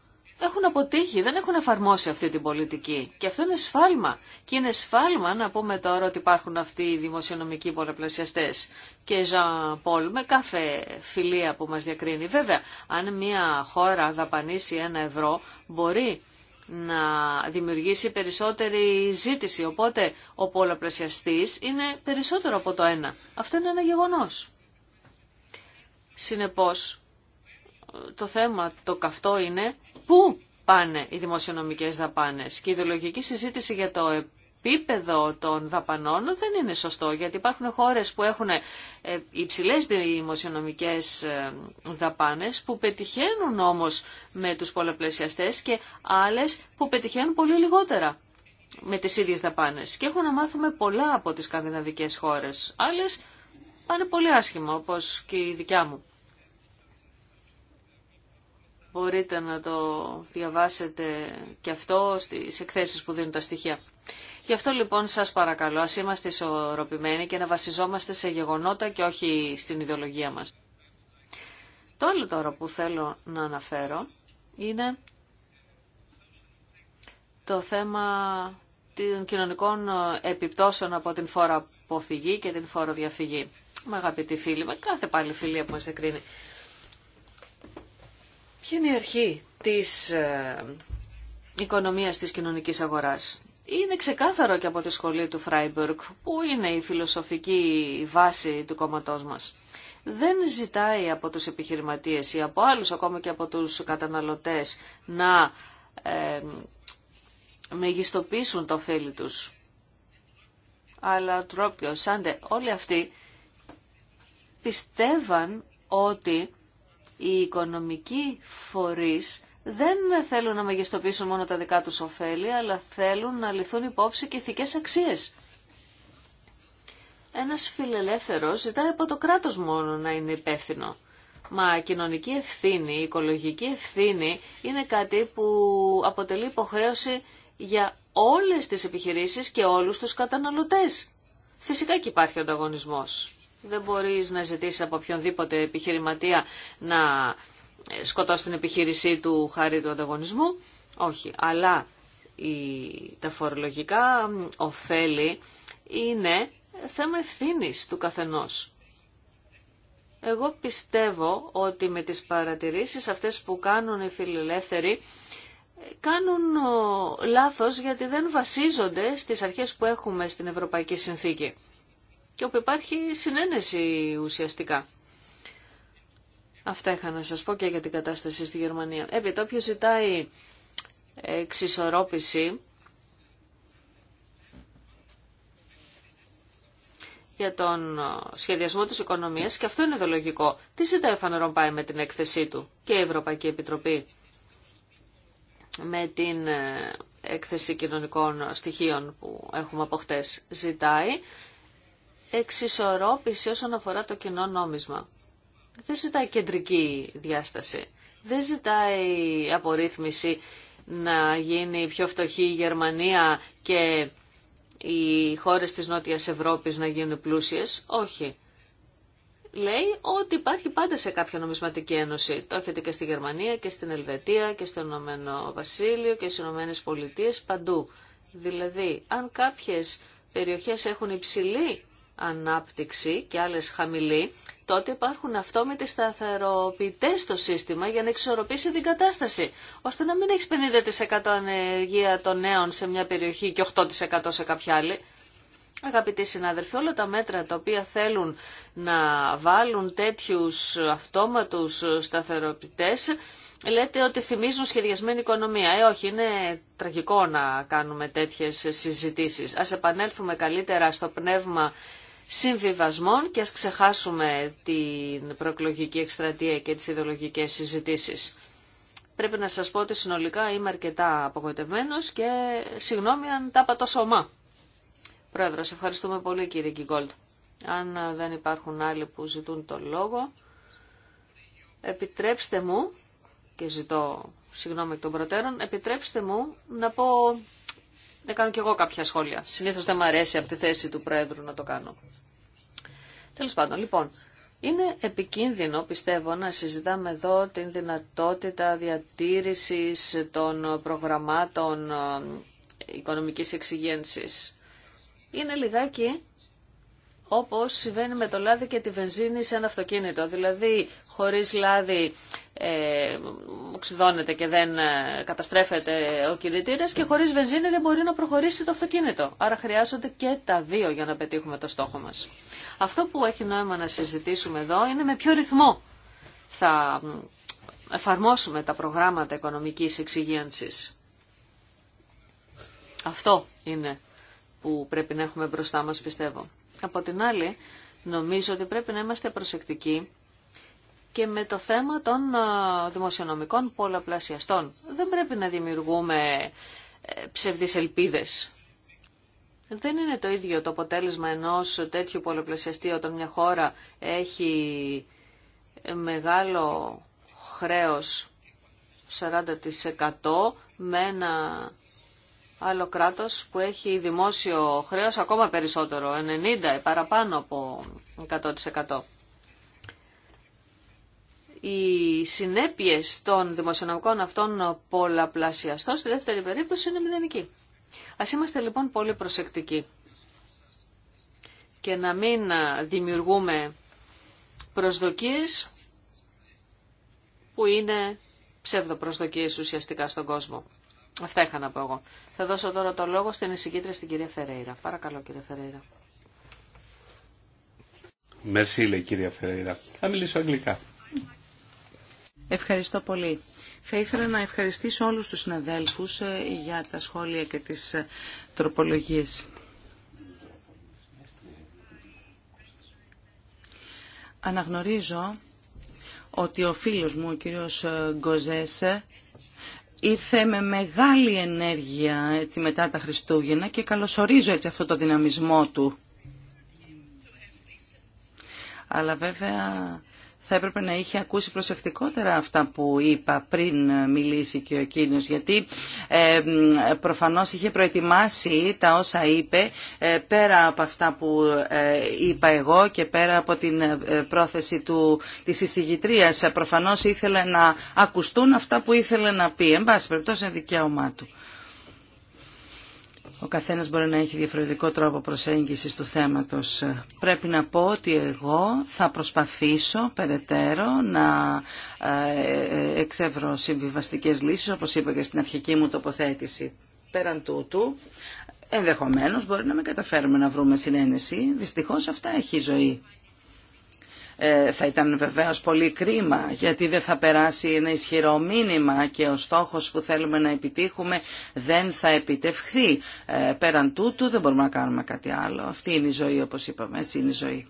έχουν αποτύχει, δεν έχουν εφαρμόσει αυτή την πολιτική. Και αυτό είναι σφάλμα. Και είναι σφάλμα να πούμε τώρα ότι υπάρχουν αυτοί οι δημοσιονομικοί πολλαπλασιαστές. Και Ζαν Πολ με κάθε φιλία που μας διακρίνει. Βέβαια, αν μια χώρα δαπανίσει ένα ευρώ, μπορεί να δημιουργήσει περισσότερη ζήτηση. Οπότε ο πολλαπλασιαστής είναι περισσότερο από το ένα. Αυτό είναι ένα γεγονός. Συνεπώς, το θέμα το καυτό είναι πού πάνε οι δημοσιονομικές δαπάνες και η ιδεολογική συζήτηση για το επίπεδο των δαπανών δεν είναι σωστό, γιατί υπάρχουν χώρες που έχουν ε, υψηλές δημοσιονομικές ε, δαπάνες, που πετυχαίνουν όμως με τους πολλαπλασιαστές και άλλες που πετυχαίνουν πολύ λιγότερα με τις ίδιες δαπάνες. Και έχουμε να μάθουμε πολλά από τις σκανδιναβικές χώρες. Άλλες πάνε πολύ άσχημα, όπως και η δικιά μου. Μπορείτε να το διαβάσετε και αυτό στις εκθέσεις που δίνουν τα στοιχεία. Γι' αυτό λοιπόν σας παρακαλώ, ας είμαστε ισορροπημένοι και να βασιζόμαστε σε γεγονότα και όχι στην ιδεολογία μας. Το άλλο τώρα που θέλω να αναφέρω είναι το θέμα των κοινωνικών επιπτώσεων από την φόρα αποφυγή και την διαφυγή. Με αγαπητοί φίλοι, με κάθε πάλι φιλία που μας δεκρίνει. Ποια είναι η αρχή της ε, οικονομίας της κοινωνικής αγοράς είναι ξεκάθαρο και από τη σχολή του Φράιμπουργκ, που είναι η φιλοσοφική βάση του κόμματός μας. Δεν ζητάει από τους επιχειρηματίες ή από άλλους, ακόμα και από τους καταναλωτές, να μεγιστοποιήσουν το ωφέλη τους. Αλλά Τρόπιο, Σάντε, όλοι αυτοί πιστεύαν ότι η οικονομικη φορείς δεν θέλουν να μεγιστοποιήσουν μόνο τα δικά τους ωφέλη, αλλά θέλουν να λυθούν υπόψη και ηθικές αξίες. Ένας φιλελεύθερος ζητάει από το κράτος μόνο να είναι υπεύθυνο. Μα κοινωνική ευθύνη, οικολογική ευθύνη είναι κάτι που αποτελεί υποχρέωση για όλες τις επιχειρήσεις και όλους τους καταναλωτές. Φυσικά και υπάρχει ανταγωνισμός. Δεν μπορείς να ζητήσεις από οποιονδήποτε επιχειρηματία να σκοτώσει την επιχείρησή του χάρη του ανταγωνισμού. Όχι, αλλά τα φορολογικά ωφέλη είναι θέμα ευθύνη του καθενός. Εγώ πιστεύω ότι με τις παρατηρήσεις αυτές που κάνουν οι φιλελεύθεροι κάνουν λάθος γιατί δεν βασίζονται στις αρχές που έχουμε στην Ευρωπαϊκή Συνθήκη και όπου υπάρχει συνένεση ουσιαστικά. Αυτά είχα να σας πω και για την κατάσταση στη Γερμανία. Έπειτα, όποιος ζητάει εξισορρόπηση για τον σχεδιασμό της οικονομίας, και αυτό είναι το λογικό. Τι ζητάει ο πάει με την έκθεσή του και η Ευρωπαϊκή Επιτροπή με την ε, έκθεση κοινωνικών στοιχείων που έχουμε από χτες ζητάει εξισορρόπηση όσον αφορά το κοινό νόμισμα δεν ζητάει κεντρική διάσταση. Δεν ζητάει απορρίθμιση να γίνει πιο φτωχή η Γερμανία και οι χώρες της Νότιας Ευρώπης να γίνουν πλούσιες. Όχι. Λέει ότι υπάρχει πάντα σε κάποια νομισματική ένωση. Το έχετε και στη Γερμανία και στην Ελβετία και στο Ηνωμένο Βασίλειο και στις Ηνωμένε Πολιτείε παντού. Δηλαδή, αν κάποιες περιοχές έχουν υψηλή ανάπτυξη και άλλες χαμηλή, τότε υπάρχουν αυτόματοι σταθεροποιητέ στο σύστημα για να εξορροπήσει την κατάσταση, ώστε να μην έχει 50% ανεργία των νέων σε μια περιοχή και 8% σε κάποια άλλη. Αγαπητοί συνάδελφοι, όλα τα μέτρα τα οποία θέλουν να βάλουν τέτοιους αυτόματους σταθεροποιητές, λέτε ότι θυμίζουν σχεδιασμένη οικονομία. Ε, όχι, είναι τραγικό να κάνουμε τέτοιες συζητήσεις. Ας επανέλθουμε καλύτερα στο πνεύμα συμβιβασμών και ας ξεχάσουμε την προεκλογική εκστρατεία και τις ιδεολογικές συζητήσεις. Πρέπει να σας πω ότι συνολικά είμαι αρκετά απογοητευμένος και συγγνώμη αν τα είπα σωμά. ομά. σε ευχαριστούμε πολύ κύριε Γκίγκολτ. Αν δεν υπάρχουν άλλοι που ζητούν το λόγο, επιτρέψτε μου, και ζητώ συγγνώμη εκ των προτέρων, επιτρέψτε μου να πω να κάνω κι εγώ κάποια σχόλια. Συνήθως δεν μου αρέσει από τη θέση του Πρόεδρου να το κάνω. Τέλος πάντων, λοιπόν, είναι επικίνδυνο, πιστεύω, να συζητάμε εδώ την δυνατότητα διατήρησης των προγραμμάτων ε, οικονομικής εξυγένσης. Είναι λιγάκι όπως συμβαίνει με το λάδι και τη βενζίνη σε ένα αυτοκίνητο. Δηλαδή, χωρίς λάδι ε, οξυδώνεται και δεν ε, καταστρέφεται ο κινητήρας και χωρίς βενζίνη δεν μπορεί να προχωρήσει το αυτοκίνητο. Άρα χρειάζονται και τα δύο για να πετύχουμε το στόχο μας. Αυτό που έχει νόημα να συζητήσουμε εδώ είναι με ποιο ρυθμό θα εφαρμόσουμε τα προγράμματα οικονομικής εξυγίανσης. Αυτό είναι που πρέπει να έχουμε μπροστά μας πιστεύω. Από την άλλη, νομίζω ότι πρέπει να είμαστε προσεκτικοί και με το θέμα των ε, δημοσιονομικών πολλαπλασιαστών. Δεν πρέπει να δημιουργούμε ε, ψευδείς ελπίδες. Δεν είναι το ίδιο το αποτέλεσμα ενός τέτοιου πολλαπλασιαστή όταν μια χώρα έχει ε, μεγάλο χρέος 40% με ένα άλλο κράτος που έχει δημόσιο χρέος ακόμα περισσότερο, 90% παραπάνω από 100% οι συνέπειες των δημοσιονομικών αυτών πολλαπλασιαστών στη δεύτερη περίπτωση είναι μηδενική. Ας είμαστε λοιπόν πολύ προσεκτικοί και να μην δημιουργούμε προσδοκίες που είναι ψευδοπροσδοκίες ουσιαστικά στον κόσμο. Αυτά είχα να πω εγώ. Θα δώσω τώρα το λόγο στην εισηγήτρια στην κυρία Φερέιρα. Παρακαλώ κύριε Φερέιρα. Μερσή λέει κυρία Φερέιρα. Θα μιλήσω αγγλικά. Ευχαριστώ πολύ. Θα ήθελα να ευχαριστήσω όλους τους συναδέλφους ε, για τα σχόλια και τις ε, τροπολογίες. Αναγνωρίζω ότι ο φίλος μου, ο κύριος ε, Γκοζές, ήρθε με μεγάλη ενέργεια έτσι, μετά τα Χριστούγεννα και καλωσορίζω έτσι, αυτό το δυναμισμό του. Αλλά βέβαια θα έπρεπε να είχε ακούσει προσεκτικότερα αυτά που είπα πριν μιλήσει και ο εκείνος, γιατί ε, προφανώς είχε προετοιμάσει τα όσα είπε ε, πέρα από αυτά που ε, είπα εγώ και πέρα από την ε, πρόθεση του, της εισηγητρίας. Προφανώς ήθελε να ακουστούν αυτά που ήθελε να πει. Εν πάση περιπτώσει δικαίωμά του. Ο καθένας μπορεί να έχει διαφορετικό τρόπο προσέγγισης του θέματος. Πρέπει να πω ότι εγώ θα προσπαθήσω περαιτέρω να ε, ε, εξεύρω συμβιβαστικές λύσεις, όπως είπα και στην αρχική μου τοποθέτηση. Πέραν τούτου, ενδεχομένως μπορεί να μην καταφέρουμε να βρούμε συνένεση. Δυστυχώς αυτά έχει η ζωή. Ε, θα ήταν βεβαίως πολύ κρίμα γιατί δεν θα περάσει ένα ισχυρό μήνυμα και ο στόχος που θέλουμε να επιτύχουμε δεν θα επιτευχθεί. Ε, πέραν τούτου δεν μπορούμε να κάνουμε κάτι άλλο. Αυτή είναι η ζωή όπως είπαμε. Έτσι είναι η ζωή.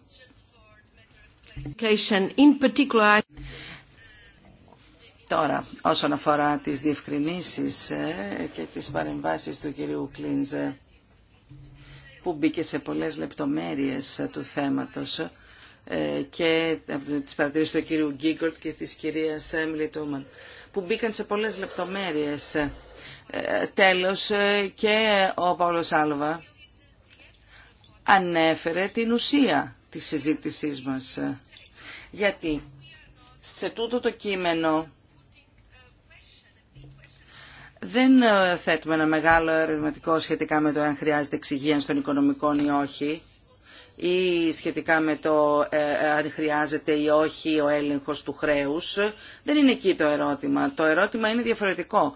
Τώρα, όσον αφορά τις διευκρινήσεις ε, και τις παρεμβάσεις του κυρίου Κλίνζε, που μπήκε σε πολλές λεπτομέρειες του θέματος, ε, και τις παρατηρήσεις του κύριου Γκίγκορτ και της κυρίας Έμιλι Τούμαν που μπήκαν σε πολλές λεπτομέρειες. Ε, τέλος ε, και ο Παύλος Άλβα ανέφερε την ουσία της συζήτησής μας. Γιατί σε τούτο το κείμενο δεν θέτουμε ένα μεγάλο ερωτηματικό σχετικά με το αν χρειάζεται εξυγίανση των οικονομικών ή όχι ή σχετικά με το ε, ε, αν χρειάζεται ή όχι ο έλεγχος του χρέους. Δεν είναι εκεί το ερώτημα. Το ερώτημα είναι διαφορετικό.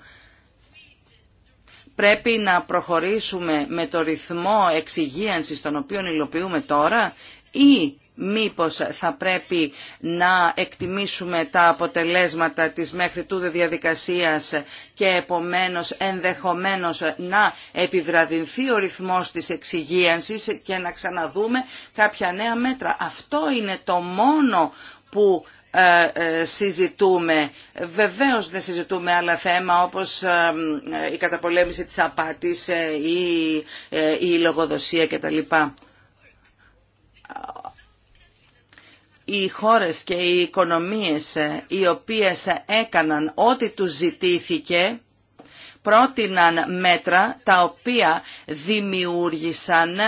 Πρέπει να προχωρήσουμε με το ρυθμό εξυγίανσης τον οποίο υλοποιούμε τώρα ή μήπως θα πρέπει να εκτιμήσουμε τα αποτελέσματα της μέχρι τούδε διαδικασίας και επομένως ενδεχομένως να επιβραδυνθεί ο ρυθμός της εξυγίανσης και να ξαναδούμε κάποια νέα μέτρα. Αυτό είναι το μόνο που ε, ε, συζητούμε. Βεβαίως δεν συζητούμε άλλα θέμα όπως ε, η καταπολέμηση της απάτης ή η λογοδοσία κτλ οι χώρες και οι οικονομίες ε, οι οποίες ε, έκαναν ό,τι τους ζητήθηκε πρότειναν μέτρα τα οποία δημιούργησαν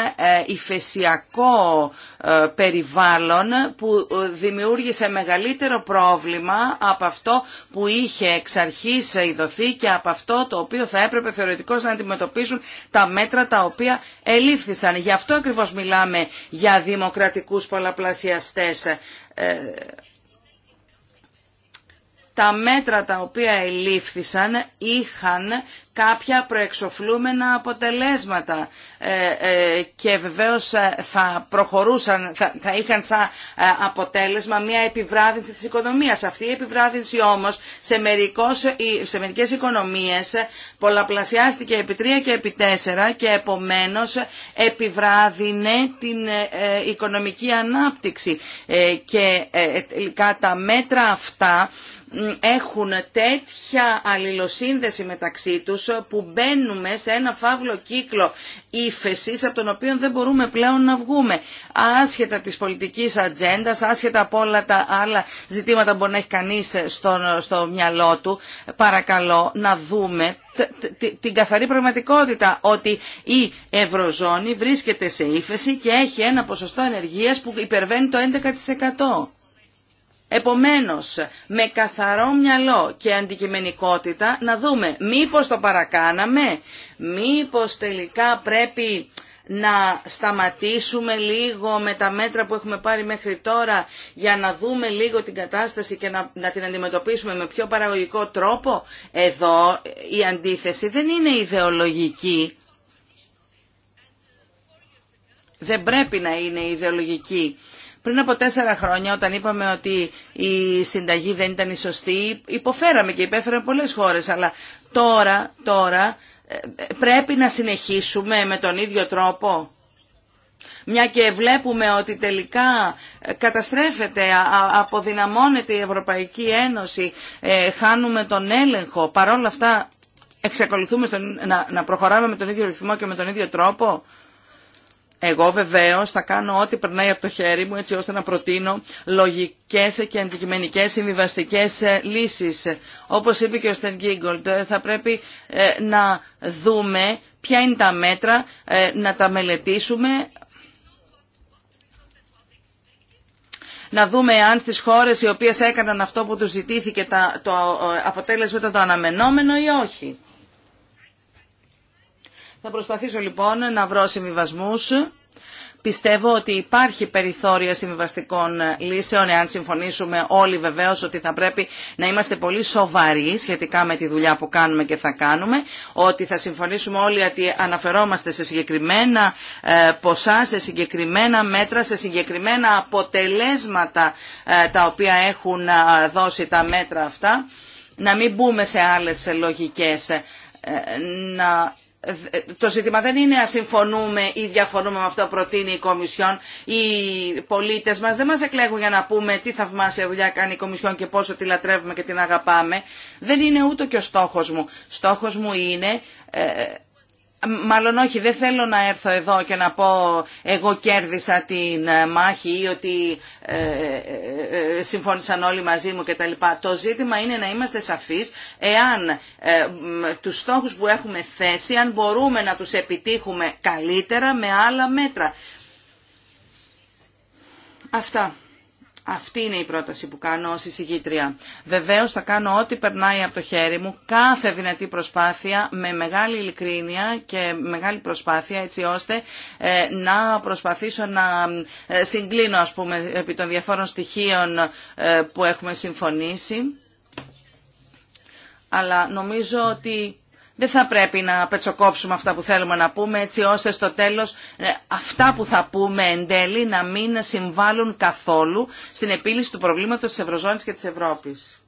ηφεσιακό ε, ε, περιβάλλον που ε, δημιούργησε μεγαλύτερο πρόβλημα από αυτό που είχε εξ αρχής ειδωθεί και από αυτό το οποίο θα έπρεπε θεωρητικώς να αντιμετωπίσουν τα μέτρα τα οποία ελήφθησαν. Γι' αυτό ακριβώς μιλάμε για δημοκρατικούς πολλαπλασιαστές τα μέτρα τα οποία ελήφθησαν είχαν κάποια προεξοφλούμενα αποτελέσματα ε, ε, και βεβαίως ε, θα προχωρούσαν, θα, είχαν σαν αποτέλεσμα μια επιβράδυνση της οικονομίας. Αυτή η επιβράδυνση όμως σε, μερικός σε μερικές οικονομίες πολλαπλασιάστηκε επί τρία και επί τέσσερα και επομένως επιβράδυνε την οικονομική ανάπτυξη και τα μέτρα αυτά έχουν τέτοια αλληλοσύνδεση μεταξύ τους που μπαίνουμε σε ένα φαύλο κύκλο ύφεση από τον οποίο δεν μπορούμε πλέον να βγούμε. Άσχετα της πολιτικής ατζέντα, άσχετα από όλα τα άλλα ζητήματα που μπορεί να έχει κανείς στο, στο μυαλό του, παρακαλώ να δούμε την καθαρή πραγματικότητα ότι η Ευρωζώνη βρίσκεται σε ύφεση και έχει ένα ποσοστό ενεργείας που υπερβαίνει το 11%. Επομένως, με καθαρό μυαλό και αντικειμενικότητα να δούμε μήπως το παρακάναμε, μήπως τελικά πρέπει να σταματήσουμε λίγο με τα μέτρα που έχουμε πάρει μέχρι τώρα για να δούμε λίγο την κατάσταση και να, να την αντιμετωπίσουμε με πιο παραγωγικό τρόπο. Εδώ η αντίθεση δεν είναι ιδεολογική. Δεν πρέπει να είναι ιδεολογική. Πριν από τέσσερα χρόνια όταν είπαμε ότι η συνταγή δεν ήταν η σωστή, υποφέραμε και υπέφεραν πολλές χώρες, αλλά τώρα, τώρα ε, πρέπει να συνεχίσουμε με τον ίδιο τρόπο. Μια και βλέπουμε ότι τελικά ε, καταστρέφεται, αποδυναμώνεται η Ευρωπαϊκή Ένωση, ε, χάνουμε τον έλεγχο. Παρόλα αυτά εξακολουθούμε να προχωράμε με τον ίδιο ρυθμό και με τον ίδιο τρόπο. Εγώ βεβαίω θα κάνω ό,τι περνάει από το χέρι μου έτσι ώστε να προτείνω λογικέ και αντικειμενικέ συμβιβαστικέ ε, λύσει. Όπω είπε και ο Στεν Γκίγκολτ, ε, θα πρέπει ε, να δούμε ποια είναι τα μέτρα, να τα μελετήσουμε. να δούμε αν στις χώρες οι οποίες έκαναν αυτό που τους ζητήθηκε το αποτέλεσμα ήταν το αναμενόμενο ή όχι. Θα προσπαθήσω λοιπόν να βρω συμβιβασμού. Πιστεύω ότι υπάρχει περιθώρια συμβιβαστικών λύσεων, εάν συμφωνήσουμε όλοι βεβαίως ότι θα πρέπει να είμαστε πολύ σοβαροί σχετικά με τη δουλειά που κάνουμε και θα κάνουμε, ότι θα συμφωνήσουμε όλοι ότι αναφερόμαστε σε συγκεκριμένα ε, ποσά, σε συγκεκριμένα μέτρα, σε συγκεκριμένα αποτελέσματα ε, τα οποία έχουν ε, δώσει τα μέτρα αυτά, να μην μπούμε σε άλλες λογικές, να το ζήτημα δεν είναι αν συμφωνούμε ή διαφωνούμε με αυτό που προτείνει η Κομισιόν. Οι πολίτε μα δεν μα εκλέγουν για να πούμε τι θαυμάσια δουλειά κάνει η Κομισιόν και πόσο τη λατρεύουμε και την αγαπάμε. Δεν είναι ούτε και ο στόχο μου. Στόχο μου είναι ε, Μάλλον όχι, δεν θέλω να έρθω εδώ και να πω εγώ κέρδισα την ε, μάχη ή ότι ε, ε, συμφώνησαν όλοι μαζί μου κτλ. Το ζήτημα είναι να είμαστε σαφείς εάν ε, τους στόχους που έχουμε θέσει, αν μπορούμε να τους επιτύχουμε καλύτερα με άλλα μέτρα. Αυτά. Αυτή είναι η πρόταση που κάνω ως εισηγήτρια. Βεβαίως θα κάνω ό,τι περνάει από το χέρι μου, κάθε δυνατή προσπάθεια, με μεγάλη ειλικρίνεια και μεγάλη προσπάθεια, έτσι ώστε ε, να προσπαθήσω να ε, συγκλίνω, ας πούμε, επί των διαφόρων στοιχείων ε, που έχουμε συμφωνήσει. Αλλά νομίζω ότι δεν θα πρέπει να πετσοκόψουμε αυτά που θέλουμε να πούμε έτσι ώστε στο τέλος ε, αυτά που θα πούμε εν τέλει να μην συμβάλλουν καθόλου στην επίλυση του προβλήματος της Ευρωζώνης και της Ευρώπης.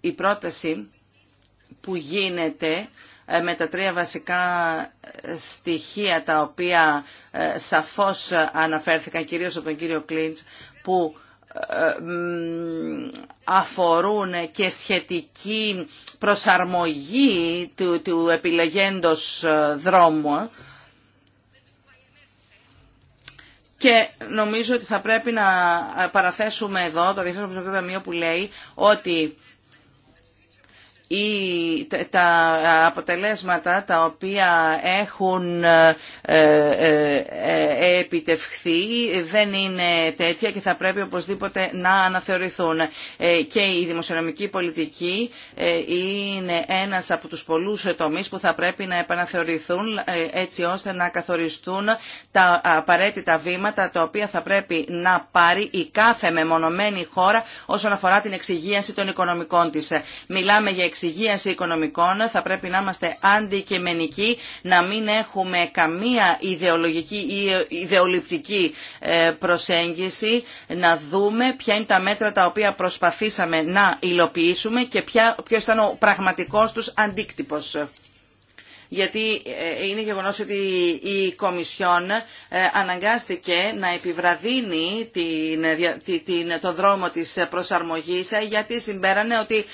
Η πρόταση που γίνεται ε, με τα τρία βασικά ε, στοιχεία τα οποία σαφώς αναφέρθηκαν κυρίως από τον κύριο Κλίντς που αφορούν και σχετική προσαρμογή του, του επιλεγέντος ε, δρόμου και νομίζω ότι θα πρέπει να παραθέσουμε εδώ το Διεθνές Ταμείο που λέει ότι ή τα αποτελέσματα τα οποία έχουν ε, ε, ε, επιτευχθεί δεν είναι τέτοια και θα πρέπει οπωσδήποτε να αναθεωρηθούν. Και η δημοσιονομική πολιτική είναι ένας από τους πολλούς τομείς που θα πρέπει να επαναθεωρηθούν έτσι ώστε να καθοριστούν τα απαραίτητα βήματα τα οποία θα πρέπει να πάρει η κάθε μεμονωμένη χώρα όσον αφορά την εξυγίαση των οικονομικών της. Μιλάμε για εξυγίαση οικονομικών θα πρέπει να είμαστε αντικειμενικοί, να μην έχουμε καμία ιδεολογική ή ιδεολειπτική ε, προσέγγιση, να δούμε ποια είναι τα μέτρα τα οποία προσπαθήσαμε να υλοποιήσουμε και ποιος ήταν ο πραγματικός τους αντίκτυπος γιατί ε, είναι γεγονός ότι η Κομισιόν ε, αναγκάστηκε να επιβραδύνει την, το δρόμο της προσαρμογής ε, γιατί συμπέρανε ότι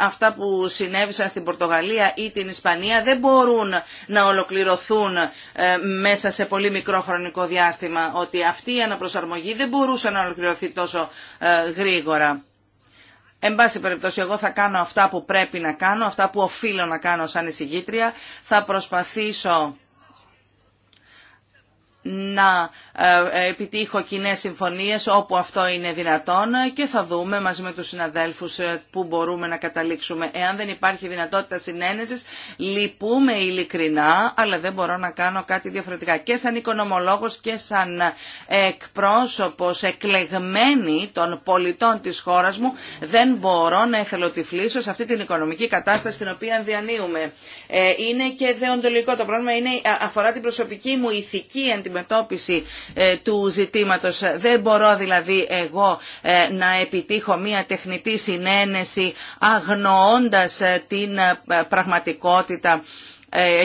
αυτά που συνέβησαν στην Πορτογαλία ή την Ισπανία δεν μπορούν να ολοκληρωθούν μέσα σε πολύ μικρό χρονικό διάστημα, ότι αυτή η αναπροσαρμογή δεν μπορούσε να ολοκληρωθεί τόσο γρήγορα. Εν πάση περιπτώσει, εγώ θα κάνω αυτά που πρέπει να κάνω, αυτά που οφείλω να κάνω σαν εισηγήτρια. Θα προσπαθήσω να ε, ε, επιτύχω κοινέ συμφωνίες όπου αυτό είναι δυνατόν και θα δούμε μαζί με τους συναδέλφους ε, που μπορούμε να καταλήξουμε. Εάν δεν υπάρχει δυνατότητα συνένεσης, λυπούμε ειλικρινά, αλλά δεν μπορώ να κάνω κάτι διαφορετικά. Και σαν οικονομολόγος και σαν εκπρόσωπος εκλεγμένη των πολιτών της χώρας μου, δεν μπορώ να εθελοτυφλήσω σε αυτή την οικονομική κατάσταση την οποία διανύουμε. Είναι και δεοντολογικό το πρόβλημα, είναι, αφορά την προσωπική μου ηθική αντιμετώπιση αντιμετώπιση ε, του ζητήματος. Δεν μπορώ δηλαδή εγώ ε, να επιτύχω μια τεχνητή συνένεση αγνοώντας ε, την πραγματικότητα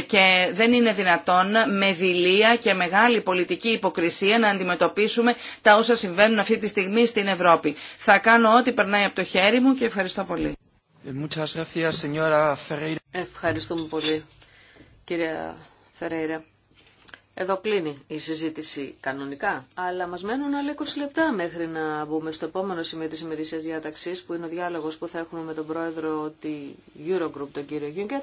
και δεν είναι δυνατόν με δειλία και μεγάλη πολιτική υποκρισία να αντιμετωπίσουμε τα όσα συμβαίνουν αυτή τη στιγμή στην Ευρώπη. Θα κάνω ό,τι περνάει από το χέρι μου και ευχαριστώ πολύ. Ευχαριστούμε πολύ, κυρία Φερέιρα. Εδώ κλείνει η συζήτηση κανονικά, αλλά μας μένουν άλλα 20 λεπτά μέχρι να μπούμε στο επόμενο σημείο της ημερήσιας διάταξης, που είναι ο διάλογος που θα έχουμε με τον πρόεδρο τη Eurogroup, τον κύριο Γιούγκερ.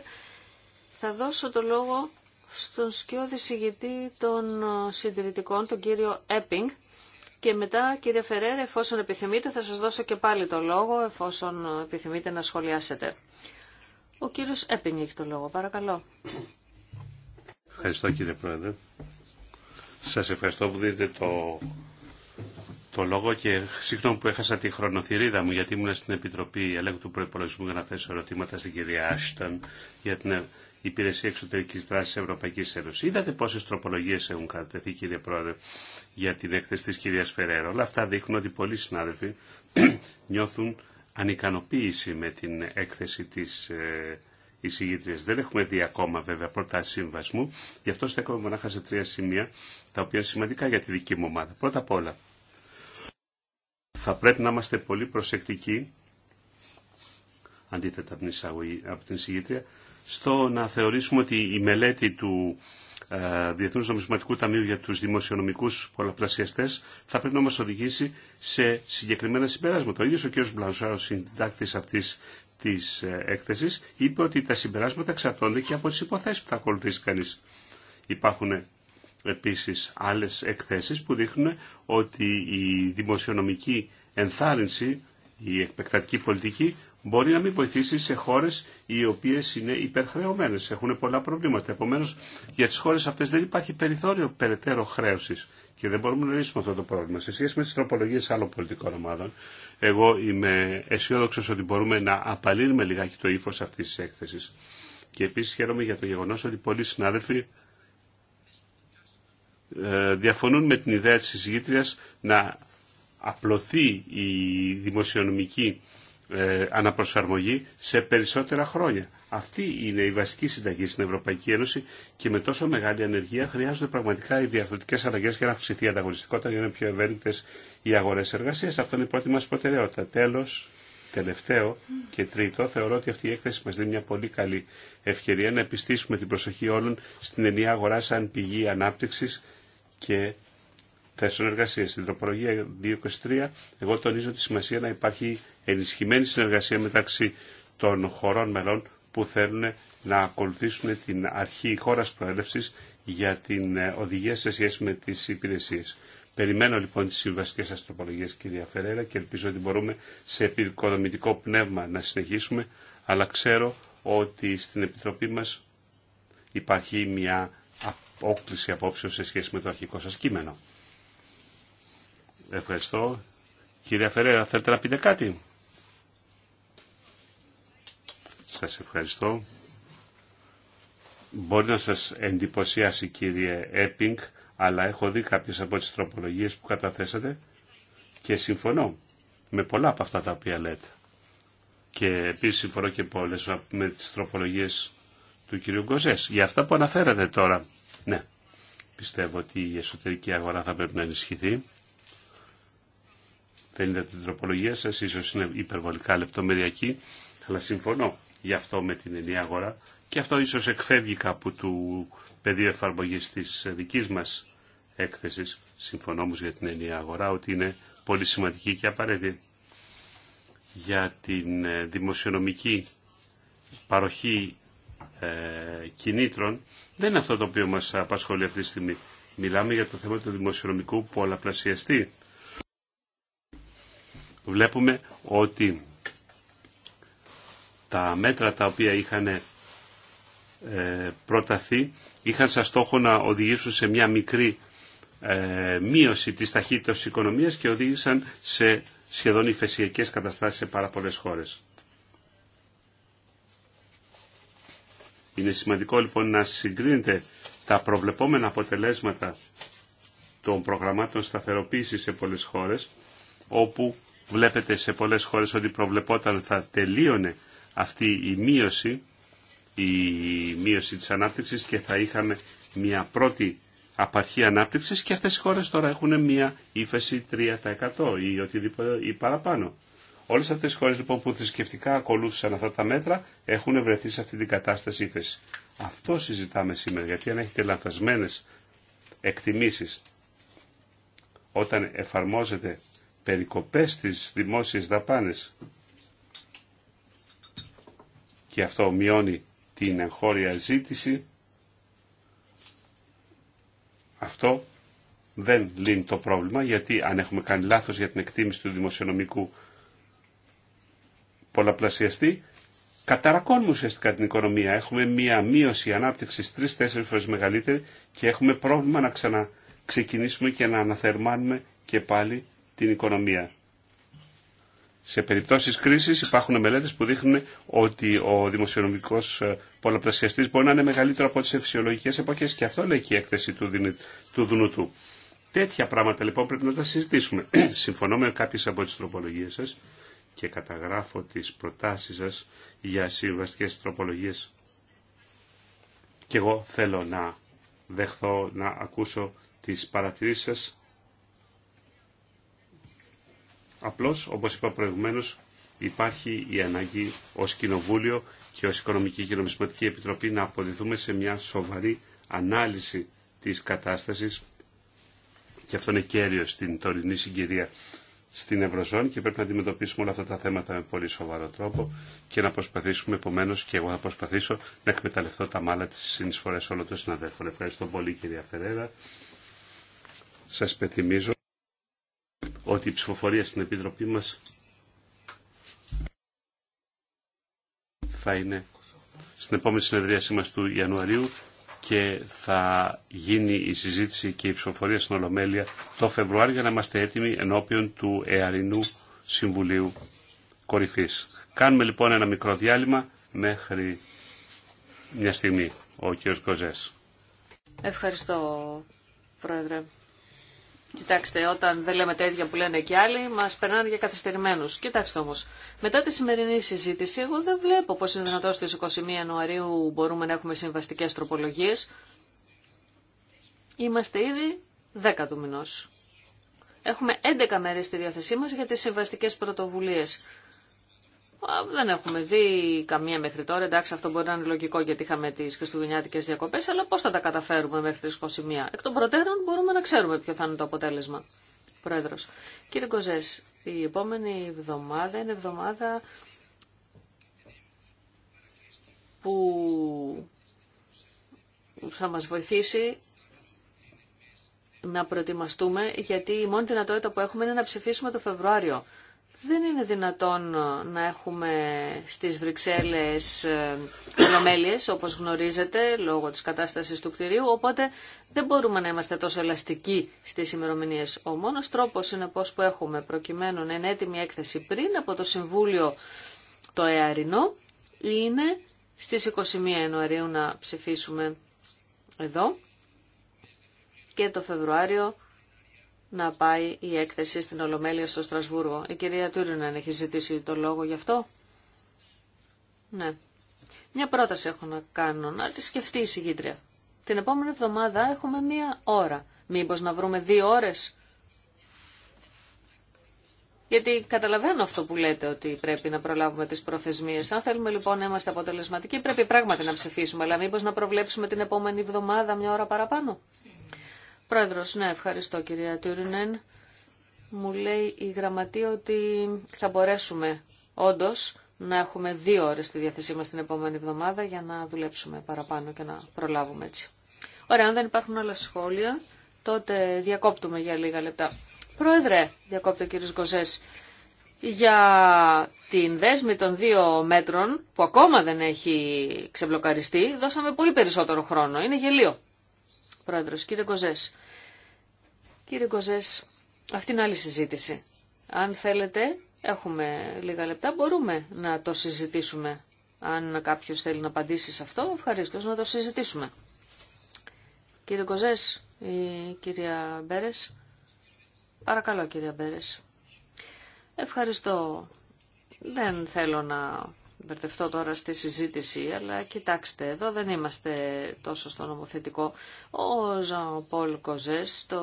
Θα δώσω το λόγο στον σκιώδη συγητή των ε, συντηρητικών, τον κύριο Έπινγκ, και μετά, κύριε Φεραίρε, εφόσον επιθυμείτε, θα σας δώσω και πάλι το λόγο, εφόσον ε, επιθυμείτε να σχολιάσετε. Ο κύριος Έπινγκ έχει το λόγο, παρακαλώ. Ευχαριστώ κύριε Πρόεδρε. Σας ευχαριστώ που δείτε το, το λόγο και συγγνώμη που έχασα τη χρονοθυρίδα μου γιατί ήμουν στην Επιτροπή Ελέγχου του Προπολογισμού για να θέσω ερωτήματα στην κυρία Άσταν για την Υπηρεσία Εξωτερική Δράση Ευρωπαϊκής Ένωση. Είδατε πόσε τροπολογίε έχουν κατατεθεί, κύριε Πρόεδρε, για την έκθεση της κυρίας Φεραίρο. Όλα αυτά δείχνουν ότι πολλοί συνάδελφοι νιώθουν ανικανοποίηση με την έκθεση της ε, δεν έχουμε δει ακόμα βέβαια πρώτα συμβασμού, γι' αυτό στέκομαι μονάχα σε τρία σημεία, τα οποία είναι σημαντικά για τη δική μου ομάδα. Πρώτα απ' όλα, θα πρέπει να είμαστε πολύ προσεκτικοί, αντίθετα από την, εισαγωγή, από την εισηγήτρια, στο να θεωρήσουμε ότι η μελέτη του ε, Διεθνούς Νομισματικού Ταμείου για του δημοσιονομικού πολλαπλασιαστέ, θα πρέπει να μα οδηγήσει σε συγκεκριμένα συμπεράσματα. Ο ο κ. συντάκτη αυτή της ε, έκθεσης είπε ότι τα συμπεράσματα εξαρτώνται και από τις υποθέσεις που θα ακολουθήσει κανείς. Υπάρχουν επίσης άλλες εκθέσεις που δείχνουν ότι η δημοσιονομική ενθάρρυνση, η εκπαικτατική πολιτική μπορεί να μην βοηθήσει σε χώρες οι οποίες είναι υπερχρεωμένες, έχουν πολλά προβλήματα. Επομένως, για τις χώρες αυτές δεν υπάρχει περιθώριο περαιτέρω χρέωσης και δεν μπορούμε να λύσουμε αυτό το πρόβλημα. Σε σχέση με τις τροπολογίες άλλων πολιτικών ομάδων, εγώ είμαι αισιόδοξο ότι μπορούμε να απαλύνουμε λιγάκι το ύφο αυτή τη έκθεση. Και επίση χαίρομαι για το γεγονό ότι πολλοί συνάδελφοι ε, διαφωνούν με την ιδέα της συζήτριας να απλωθεί η δημοσιονομική ε, αναπροσαρμογή σε περισσότερα χρόνια. Αυτή είναι η βασική συνταγή στην Ευρωπαϊκή Ένωση και με τόσο μεγάλη ανεργία χρειάζονται πραγματικά οι διαφορετικέ αλλαγέ για να αυξηθεί η ανταγωνιστικότητα για να είναι πιο ευέλικτε οι αγορέ εργασία. Αυτό είναι η πρώτη μα προτεραιότητα. Τέλο, τελευταίο και τρίτο, θεωρώ ότι αυτή η έκθεση μα δίνει μια πολύ καλή ευκαιρία να επιστήσουμε την προσοχή όλων στην ενιαία αγορά σαν πηγή ανάπτυξη και θέσεων εργασία. Στην τροπολογία 223, εγώ τονίζω τη σημασία να υπάρχει ενισχυμένη συνεργασία μεταξύ των χωρών μελών που θέλουν να ακολουθήσουν την αρχή χώρα προέλευση για την ε, οδηγία σε σχέση με τι υπηρεσίε. Περιμένω λοιπόν τι συμβαστικέ σα τροπολογίε, κυρία Φερέρα, και ελπίζω ότι μπορούμε σε επικοδομητικό πνεύμα να συνεχίσουμε, αλλά ξέρω ότι στην Επιτροπή μα υπάρχει μια όκληση απόψεως σε σχέση με το αρχικό σας κείμενο. Ευχαριστώ. Κυρία Φερέρα, θέλετε να πείτε κάτι. Σας ευχαριστώ. Μπορεί να σας εντυπωσιάσει κύριε Έπινγκ, αλλά έχω δει κάποιες από τις τροπολογίες που καταθέσατε και συμφωνώ με πολλά από αυτά τα οποία λέτε. Και επίσης συμφωνώ και πολλές με τις τροπολογίες του κυρίου Γκοζές. Για αυτά που αναφέρατε τώρα, ναι, πιστεύω ότι η εσωτερική αγορά θα πρέπει να ενισχυθεί δεν την τροπολογία ίσως είναι υπερβολικά λεπτομεριακή, αλλά συμφωνώ γι' αυτό με την ενιαία αγορά και αυτό ίσω εκφεύγει κάπου του πεδίου εφαρμογή τη δική μα έκθεση. Συμφωνώ όμω για την ενιαία αγορά ότι είναι πολύ σημαντική και απαραίτητη για την ε, δημοσιονομική παροχή ε, κινήτρων. Δεν είναι αυτό το οποίο μα απασχολεί αυτή τη στιγμή. Μιλάμε για το θέμα του δημοσιονομικού πολλαπλασιαστή βλέπουμε ότι τα μέτρα τα οποία είχαν ε, προταθεί είχαν σαν στόχο να οδηγήσουν σε μια μικρή ε, μείωση της ταχύτητας της οικονομίας και οδήγησαν σε σχεδόν υφεσιακές καταστάσεις σε πάρα πολλές χώρες. Είναι σημαντικό λοιπόν να συγκρίνετε τα προβλεπόμενα αποτελέσματα των προγραμμάτων σταθεροποίησης σε πολλές χώρες όπου Βλέπετε σε πολλές χώρες ότι προβλεπόταν θα τελείωνε αυτή η μείωση, η μείωση της ανάπτυξης και θα είχαμε μια πρώτη απαρχή ανάπτυξης και αυτές οι χώρες τώρα έχουν μια ύφεση 3% ή οτιδήποτε ή παραπάνω. Όλες αυτές οι χώρες λοιπόν που θρησκευτικά ακολούθησαν αυτά τα μέτρα έχουν βρεθεί σε αυτή την κατάσταση ύφεση. Αυτό συζητάμε σήμερα γιατί αν έχετε λανθασμένες εκτιμήσεις όταν εφαρμόζεται περικοπές στις δημόσιες δαπάνες και αυτό μειώνει την εγχώρια ζήτηση, αυτό δεν λύνει το πρόβλημα, γιατί αν έχουμε κάνει λάθος για την εκτίμηση του δημοσιονομικού πολλαπλασιαστή, καταρακώνουμε ουσιαστικά την οικονομία. Έχουμε μία μείωση ανάπτυξη τρει-τέσσερι φορέ μεγαλύτερη και έχουμε πρόβλημα να ξαναξεκινήσουμε και να αναθερμάνουμε και πάλι την οικονομία. Σε περιπτώσεις κρίσης υπάρχουν μελέτες που δείχνουν ότι ο δημοσιονομικός ε, πολλαπλασιαστής μπορεί να είναι μεγαλύτερο από τις φυσιολογικές εποχές και αυτό λέει και η έκθεση του Δουνουτού. Τέτοια πράγματα λοιπόν πρέπει να τα συζητήσουμε. Συμφωνώ με κάποιες από τις τροπολογίες σας και καταγράφω τις προτάσεις σας για συμβαστικές τροπολογίες. Και εγώ θέλω να δεχθώ να ακούσω τις παρατηρήσεις σας Απλώς, όπως είπα προηγουμένως, υπάρχει η ανάγκη ως Κοινοβούλιο και ως Οικονομική και Νομισματική Επιτροπή να αποδηθούμε σε μια σοβαρή ανάλυση της κατάστασης και αυτό είναι κέριο στην τωρινή συγκυρία στην Ευρωζώνη και πρέπει να αντιμετωπίσουμε όλα αυτά τα θέματα με πολύ σοβαρό τρόπο και να προσπαθήσουμε επομένω και εγώ θα προσπαθήσω να εκμεταλλευτώ τα μάλα τη συνεισφορέ όλων των συναδέλφων. Ευχαριστώ πολύ κυρία Φερέρα. Σα πεθυμίζω ότι η ψηφοφορία στην Επιτροπή μας θα είναι στην επόμενη συνεδρίασή μας του Ιανουαρίου και θα γίνει η συζήτηση και η ψηφοφορία στην Ολομέλεια το Φεβρουάριο για να είμαστε έτοιμοι ενώπιον του Εαρινού Συμβουλίου Κορυφής. Κάνουμε λοιπόν ένα μικρό διάλειμμα μέχρι μια στιγμή ο κ. Κοζές. Ευχαριστώ, Πρόεδρε. Κοιτάξτε, όταν δεν λέμε τα ίδια που λένε και άλλοι, μα περνάνε για καθυστερημένου. Κοιτάξτε όμω, μετά τη σημερινή συζήτηση, εγώ δεν βλέπω πώ είναι δυνατόν στι 21 Ιανουαρίου μπορούμε να έχουμε συμβαστικέ τροπολογίε. Είμαστε ήδη 10 του μηνό. Έχουμε 11 μέρε στη διάθεσή μα για τι συμβαστικέ πρωτοβουλίε δεν έχουμε δει καμία μέχρι τώρα. Εντάξει, αυτό μπορεί να είναι λογικό γιατί είχαμε τι χριστουγεννιάτικε διακοπέ, αλλά πώ θα τα καταφέρουμε μέχρι τι 21. Εκ των προτέρων μπορούμε να ξέρουμε ποιο θα είναι το αποτέλεσμα. Πρόεδρο. Κύριε Κοζέ, η επόμενη εβδομάδα είναι εβδομάδα που θα μας βοηθήσει να προετοιμαστούμε, γιατί η μόνη δυνατότητα που έχουμε είναι να ψηφίσουμε το Φεβρουάριο. Δεν είναι δυνατόν ε, να έχουμε στις Βρυξέλλες ολομέλειες, ε, όπως γνωρίζετε, λόγω της κατάστασης του κτηρίου, οπότε δεν μπορούμε να είμαστε τόσο ελαστικοί στις ημερομηνίε. Ο μόνος τρόπος είναι πώς που έχουμε προκειμένου να είναι έτοιμη έκθεση πριν από το Συμβούλιο το ΕΑΡΙΝΟ, είναι στις 21 Ιανουαρίου να ψηφίσουμε εδώ και το Φεβρουάριο να πάει η έκθεση στην Ολομέλεια στο Στρασβούργο. Η κυρία Τούριναν έχει ζητήσει το λόγο γι' αυτό. Ναι. Μια πρόταση έχω να κάνω, να τη σκεφτεί η συγκήτρια. Την επόμενη εβδομάδα έχουμε μία ώρα. Μήπως να βρούμε δύο ώρες. Γιατί καταλαβαίνω αυτό που λέτε ότι πρέπει να προλάβουμε τις προθεσμίες. Αν θέλουμε λοιπόν να είμαστε αποτελεσματικοί πρέπει πράγματι να ψηφίσουμε, αλλά μήπως να προβλέψουμε την επόμενη εβδομάδα μια ώρα παραπάνω. Πρόεδρος, ναι, ευχαριστώ κυρία Τουρινέν. Μου λέει η γραμματεία ότι θα μπορέσουμε όντως να έχουμε δύο ώρες στη διάθεσή μας την επόμενη εβδομάδα για να δουλέψουμε παραπάνω και να προλάβουμε έτσι. Ωραία, αν δεν υπάρχουν άλλα σχόλια, τότε διακόπτουμε για λίγα λεπτά. Πρόεδρε, διακόπτω κύριος Γκοζές, για την δέσμη των δύο μέτρων που ακόμα δεν έχει ξεμπλοκαριστεί, δώσαμε πολύ περισσότερο χρόνο. Είναι γελίο. Πρόεδρος. Κύριε Κοζές, κύριε αυτή είναι άλλη συζήτηση. Αν θέλετε, έχουμε λίγα λεπτά, μπορούμε να το συζητήσουμε. Αν κάποιος θέλει να απαντήσει σε αυτό, ευχαριστώ, να το συζητήσουμε. Κύριε Κοζές, η κυρία Μπέρες. Παρακαλώ κυρία Μπέρες. Ευχαριστώ. Δεν θέλω να μπερδευτώ τώρα στη συζήτηση, αλλά κοιτάξτε, εδώ δεν είμαστε τόσο στο νομοθετικό. Ο Ζαν Κοζές το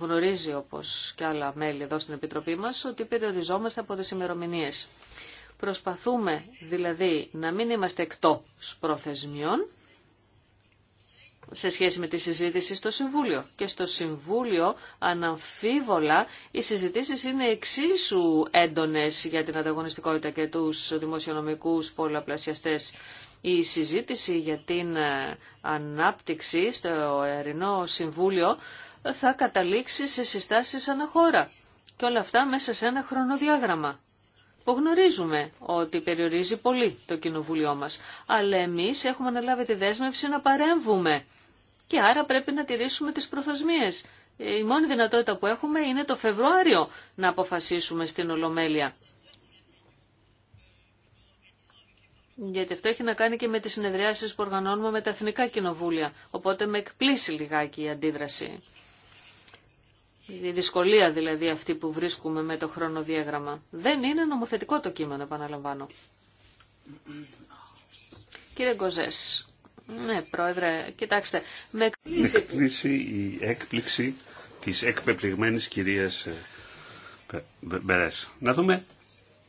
γνωρίζει, όπως και άλλα μέλη εδώ στην Επιτροπή μας, ότι περιοριζόμαστε από τις ημερομηνίε. Προσπαθούμε δηλαδή να μην είμαστε εκτός προθεσμιών, σε σχέση με τη συζήτηση στο Συμβούλιο. Και στο Συμβούλιο, αναμφίβολα, οι συζητήσεις είναι εξίσου έντονες για την ανταγωνιστικότητα και τους δημοσιονομικούς πολλαπλασιαστές. Η συζήτηση για την ε, ανάπτυξη στο Ερεινό Συμβούλιο θα καταλήξει σε συστάσεις αναχώρα. Και όλα αυτά μέσα σε ένα χρονοδιάγραμμα που γνωρίζουμε ότι περιορίζει πολύ το κοινοβούλιο μας. Αλλά εμείς έχουμε αναλάβει τη δέσμευση να παρέμβουμε και άρα πρέπει να τηρήσουμε τις προθεσμίες. Η μόνη δυνατότητα που έχουμε είναι το Φεβρουάριο να αποφασίσουμε στην Ολομέλεια. Γιατί αυτό έχει να κάνει και με τις συνεδριάσεις που οργανώνουμε με τα εθνικά κοινοβούλια. Οπότε με εκπλήσει λιγάκι η αντίδραση. Η δυσκολία δηλαδή αυτή που βρίσκουμε με το χρονοδιάγραμμα. Δεν είναι νομοθετικό το κείμενο, επαναλαμβάνω. Κύριε Γκοζές, ναι, πρόεδρε, κοιτάξτε. Με εκπλήσει η έκπληξη της εκπεπληγμένης κυρίας ε, Μπερές. Να δούμε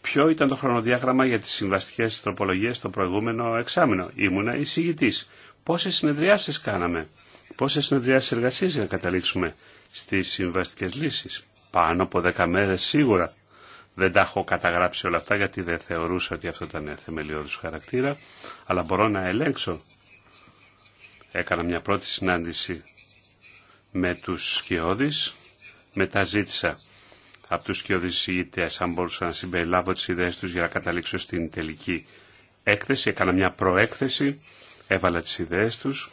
ποιο ήταν το χρονοδιάγραμμα για τις συμβαστικές τροπολογίες στο προηγούμενο εξάμεινο. Ήμουνα εισηγητής. Πόσες συνεδριάσεις κάναμε. Πόσες συνεδριάσεις εργασίε για να καταλήξουμε στις συμβαστικές λύσεις. Πάνω από δέκα μέρες σίγουρα. Δεν τα έχω καταγράψει όλα αυτά γιατί δεν θεωρούσα ότι αυτό ήταν θεμελιώδους χαρακτήρα, αλλά μπορώ να ελέγξω Έκανα μια πρώτη συνάντηση με τους σκιώδεις, μετά ζήτησα από τους σκιώδεις ηγητές αν μπορούσα να συμπεριλάβω τις ιδέες τους για να καταλήξω στην τελική έκθεση. Έκανα μια προέκθεση, έβαλα τις ιδέες τους,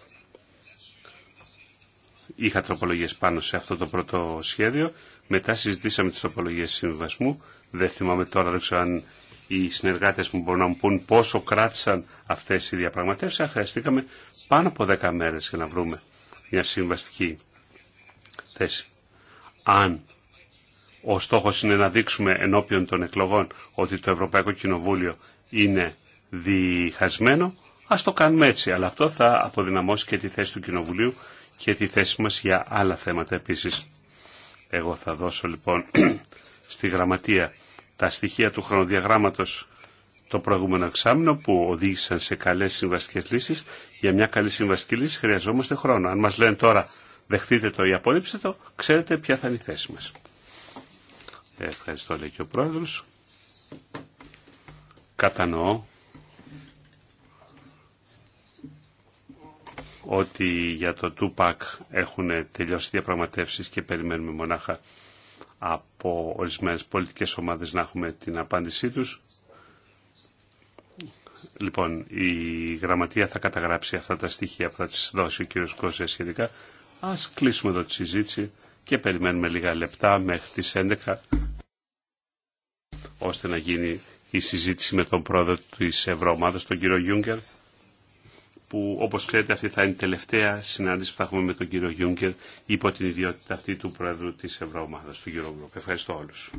είχα τροπολογίες πάνω σε αυτό το πρώτο σχέδιο, μετά συζητήσαμε τις τροπολογίες συμβασμού, δεν θυμάμαι τώρα, δεν ξέρω αν οι συνεργάτες μου μπορούν να μου πούν πόσο κράτησαν αυτές οι διαπραγματεύσεις, αλλά χρειαστήκαμε πάνω από 10 μέρες για να βρούμε μια συμβαστική θέση. Αν ο στόχος είναι να δείξουμε ενώπιον των εκλογών ότι το Ευρωπαϊκό Κοινοβούλιο είναι διχασμένο, ας το κάνουμε έτσι. Αλλά αυτό θα αποδυναμώσει και τη θέση του Κοινοβουλίου και τη θέση μας για άλλα θέματα επίσης. Εγώ θα δώσω λοιπόν στη γραμματεία τα στοιχεία του χρονοδιαγράμματος το προηγούμενο εξάμεινο που οδήγησαν σε καλέ συμβαστικέ λύσει. Για μια καλή συμβαστική λύση χρειαζόμαστε χρόνο. Αν μας λένε τώρα δεχτείτε το ή απορρίψτε το, ξέρετε ποια θα είναι η θέση μα. Ε, ευχαριστώ λέει και ο πρόεδρο. Κατανοώ ότι για το Τούπακ έχουν τελειώσει διαπραγματεύσεις και περιμένουμε μονάχα από ορισμένες πολιτικές ομάδες να έχουμε την απάντησή τους. Λοιπόν, η γραμματεία θα καταγράψει αυτά τα στοιχεία που θα τις δώσει ο κύριος Κώστα σχετικά. Ας κλείσουμε εδώ τη συζήτηση και περιμένουμε λίγα λεπτά μέχρι τις 11 ώστε να γίνει η συζήτηση με τον πρόεδρο της Ευρωομάδας, τον κύριο Γιούγκερ που όπως ξέρετε αυτή θα είναι η τελευταία συνάντηση που θα έχουμε με τον κύριο Γιούγκερ υπό την ιδιότητα αυτή του Πρόεδρου της Ευρωομάδας, του Γκρουπ. Ευχαριστώ όλους.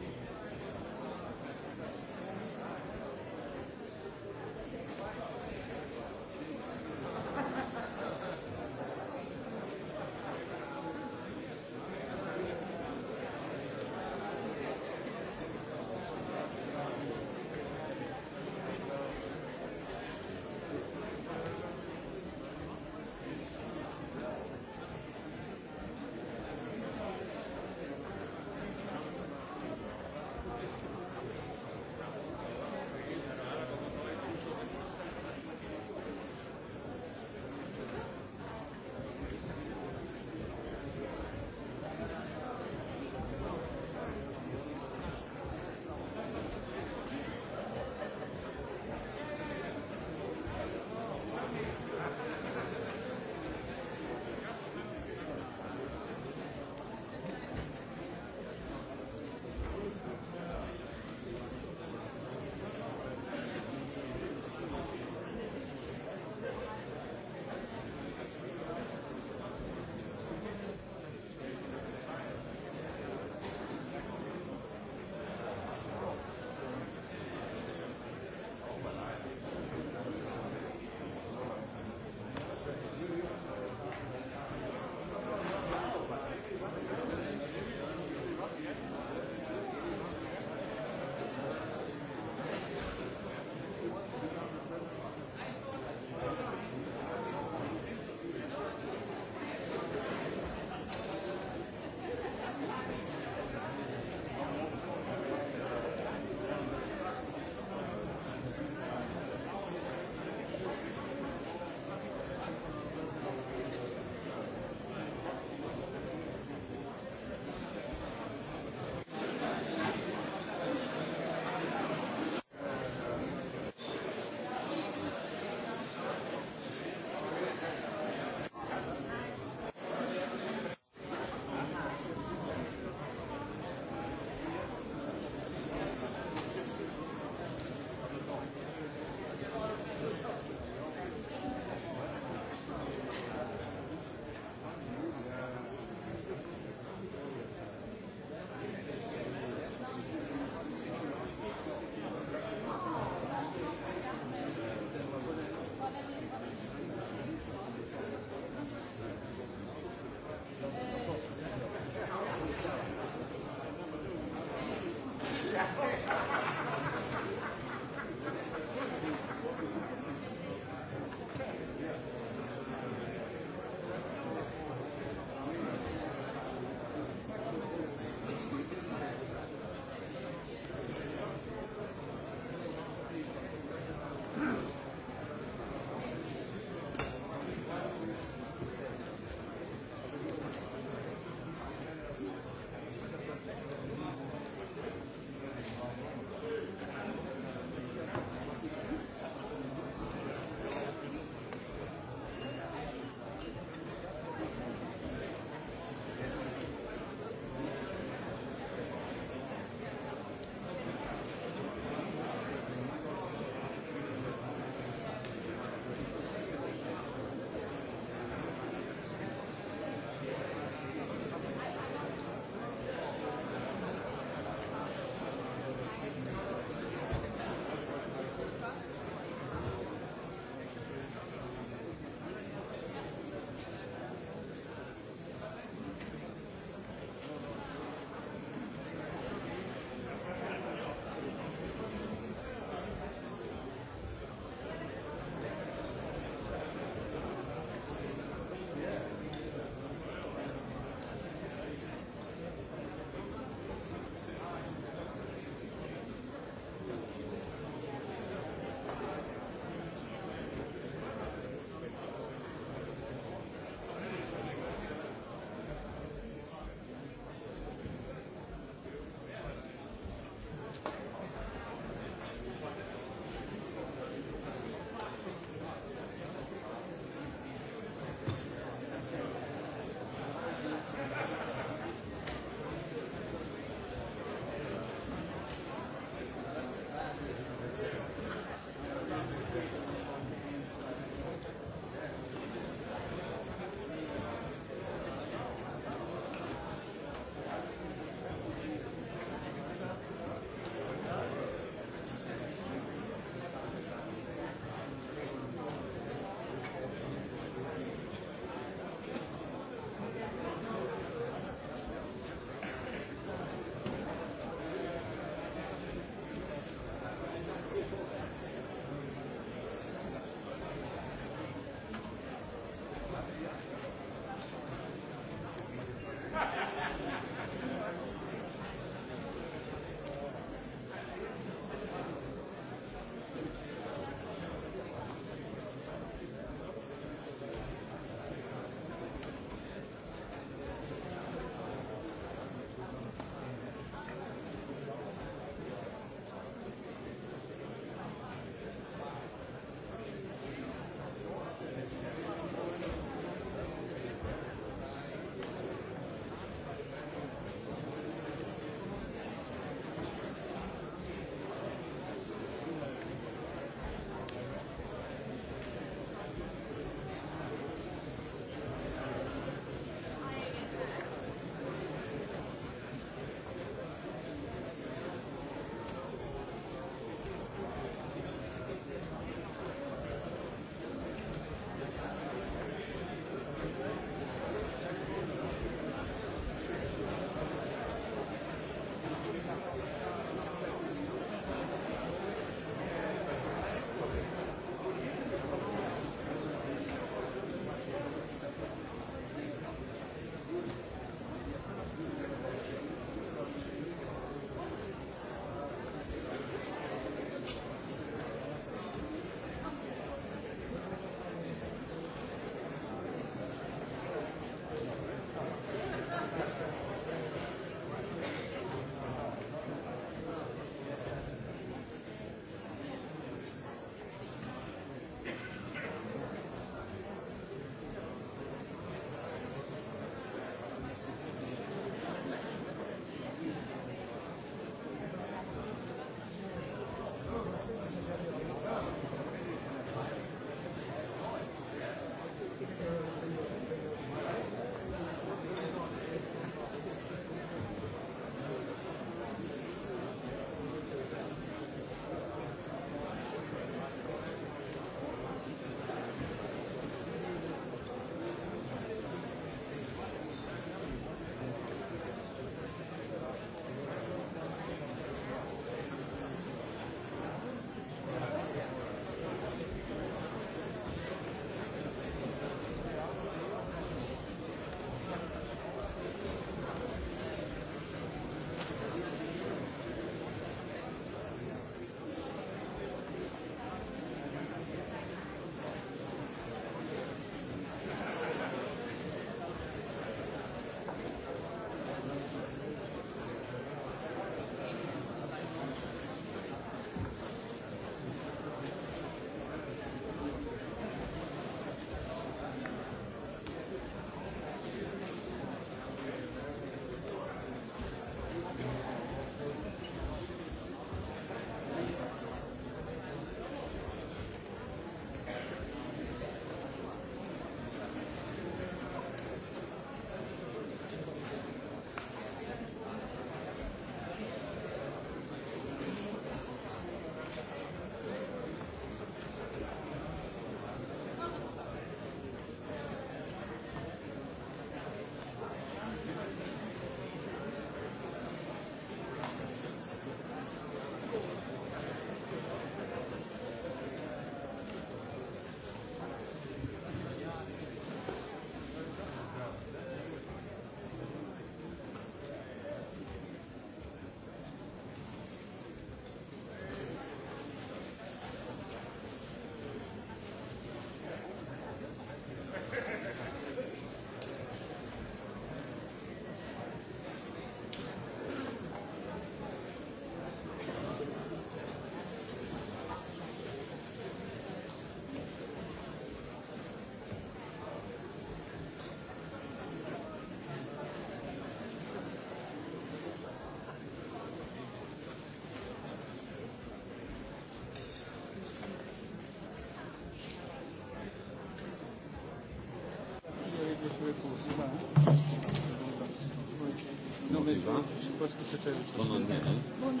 Non, mais je suppose que c'était... Buon anno. Buon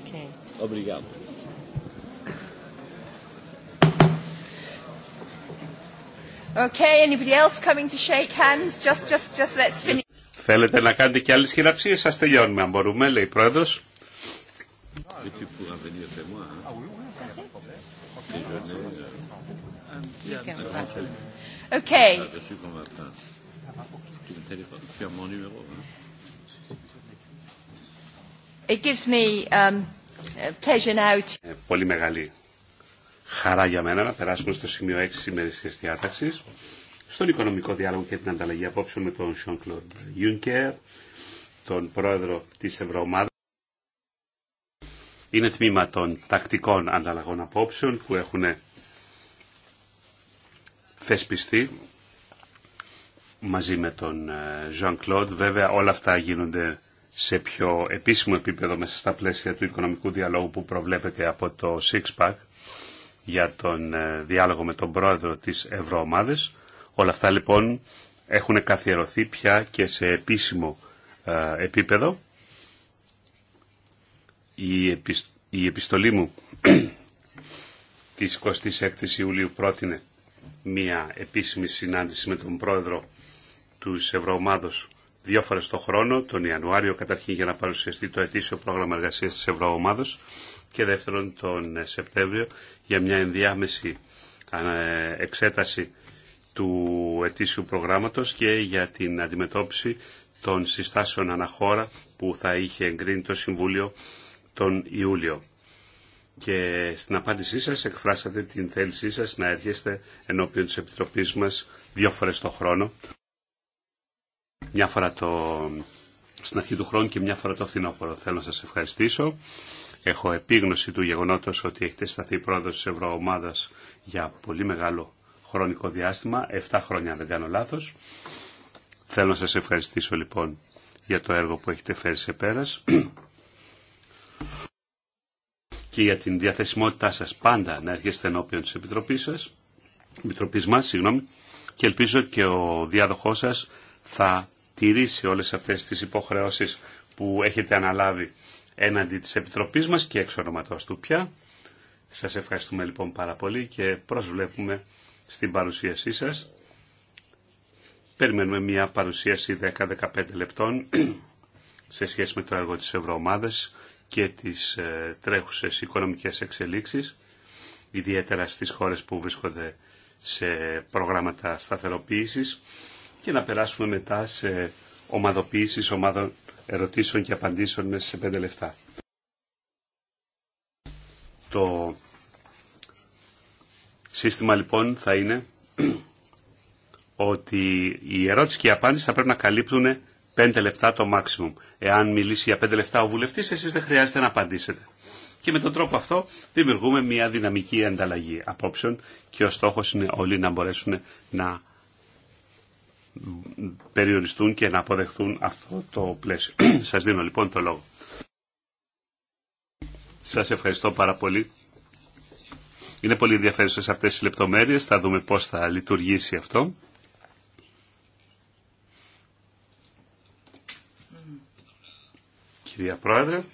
Ok. Obrigado. Okay, anybody else coming to shake hands? Just, just, just let's finish. Θέλετε να κάνετε και άλλες χειραψίες, σας τελειώνουμε αν μπορούμε, λέει η Πρόεδρος. me, um, ε, Πολύ μεγάλη χαρά για μένα να περάσουμε στο σημείο 6 της τη διάταξη, στον οικονομικό διάλογο και την ανταλλαγή απόψεων με τον Jean-Claude Juncker, τον πρόεδρο της Ευρωομάδας. Είναι τμήμα των τακτικών ανταλλαγών απόψεων που έχουν θεσπιστεί μαζί με τον ε, Jean-Claude. Βέβαια όλα αυτά γίνονται σε πιο επίσημο επίπεδο μέσα στα πλαίσια του οικονομικού διαλόγου που προβλέπεται από το ΣΥΚΣΠΑΚ για τον ε, διάλογο με τον πρόεδρο της Ευρωομάδες. Όλα αυτά λοιπόν έχουν καθιερωθεί πια και σε επίσημο ε, επίπεδο. Η επιστολή μου της 26ης Ιουλίου πρότεινε μία επίσημη συνάντηση με τον πρόεδρο του Ευρωομάδος δύο φορέ το χρόνο, τον Ιανουάριο καταρχήν για να παρουσιαστεί το ετήσιο πρόγραμμα εργασία τη Ευρωομάδος και δεύτερον τον ε, Σεπτέμβριο για μια ενδιάμεση ε, εξέταση του ετήσιου προγράμματος και για την αντιμετώπιση των συστάσεων αναχώρα που θα είχε εγκρίνει το Συμβούλιο τον Ιούλιο. Και στην απάντησή σας εκφράσατε την θέλησή σας να έρχεστε ενώπιον της Επιτροπής μας δύο φορές το χρόνο μια φορά το, στην αρχή του χρόνου και μια φορά το φθινόπωρο. Θέλω να σας ευχαριστήσω. Έχω επίγνωση του γεγονότος ότι έχετε σταθεί πρόεδρος της Ευρωομάδας για πολύ μεγάλο χρονικό διάστημα, 7 χρόνια αν δεν κάνω λάθος. Θέλω να σας ευχαριστήσω λοιπόν για το έργο που έχετε φέρει σε πέρας και για την διαθεσιμότητά σας πάντα να έρχεστε ενώπιον της Επιτροπής σας, Επιτροπής μας, και ελπίζω και ο διάδοχός σας θα τηρήσει όλες αυτές τις υποχρεώσεις που έχετε αναλάβει έναντι της Επιτροπής μας και εξ ονοματός του πια. Σας ευχαριστούμε λοιπόν πάρα πολύ και προσβλέπουμε στην παρουσίασή σας. Περιμένουμε μια παρουσίαση 10-15 λεπτών σε σχέση με το έργο της Ευρωομάδας και τις ε, τρέχουσες οικονομικές εξελίξεις, ιδιαίτερα στις χώρες που βρίσκονται σε προγράμματα σταθεροποίησης και να περάσουμε μετά σε ομαδοποίησεις ομάδων ερωτήσεων και απαντήσεων μέσα σε πέντε λεπτά. Το σύστημα λοιπόν θα είναι ότι η ερώτηση και οι απάντηση θα πρέπει να καλύπτουν πέντε λεπτά το maximum. Εάν μιλήσει για πέντε λεπτά ο βουλευτής, εσείς δεν χρειάζεται να απαντήσετε. Και με τον τρόπο αυτό δημιουργούμε μια δυναμική ανταλλαγή απόψεων και ο στόχος είναι όλοι να μπορέσουν να περιοριστούν και να αποδεχθούν αυτό το πλαίσιο. Σας δίνω λοιπόν το λόγο. Σας ευχαριστώ πάρα πολύ. Είναι πολύ ενδιαφέρουσες αυτές οι λεπτομέρειες. Θα δούμε πώς θα λειτουργήσει αυτό. Κυρία Πρόεδρε,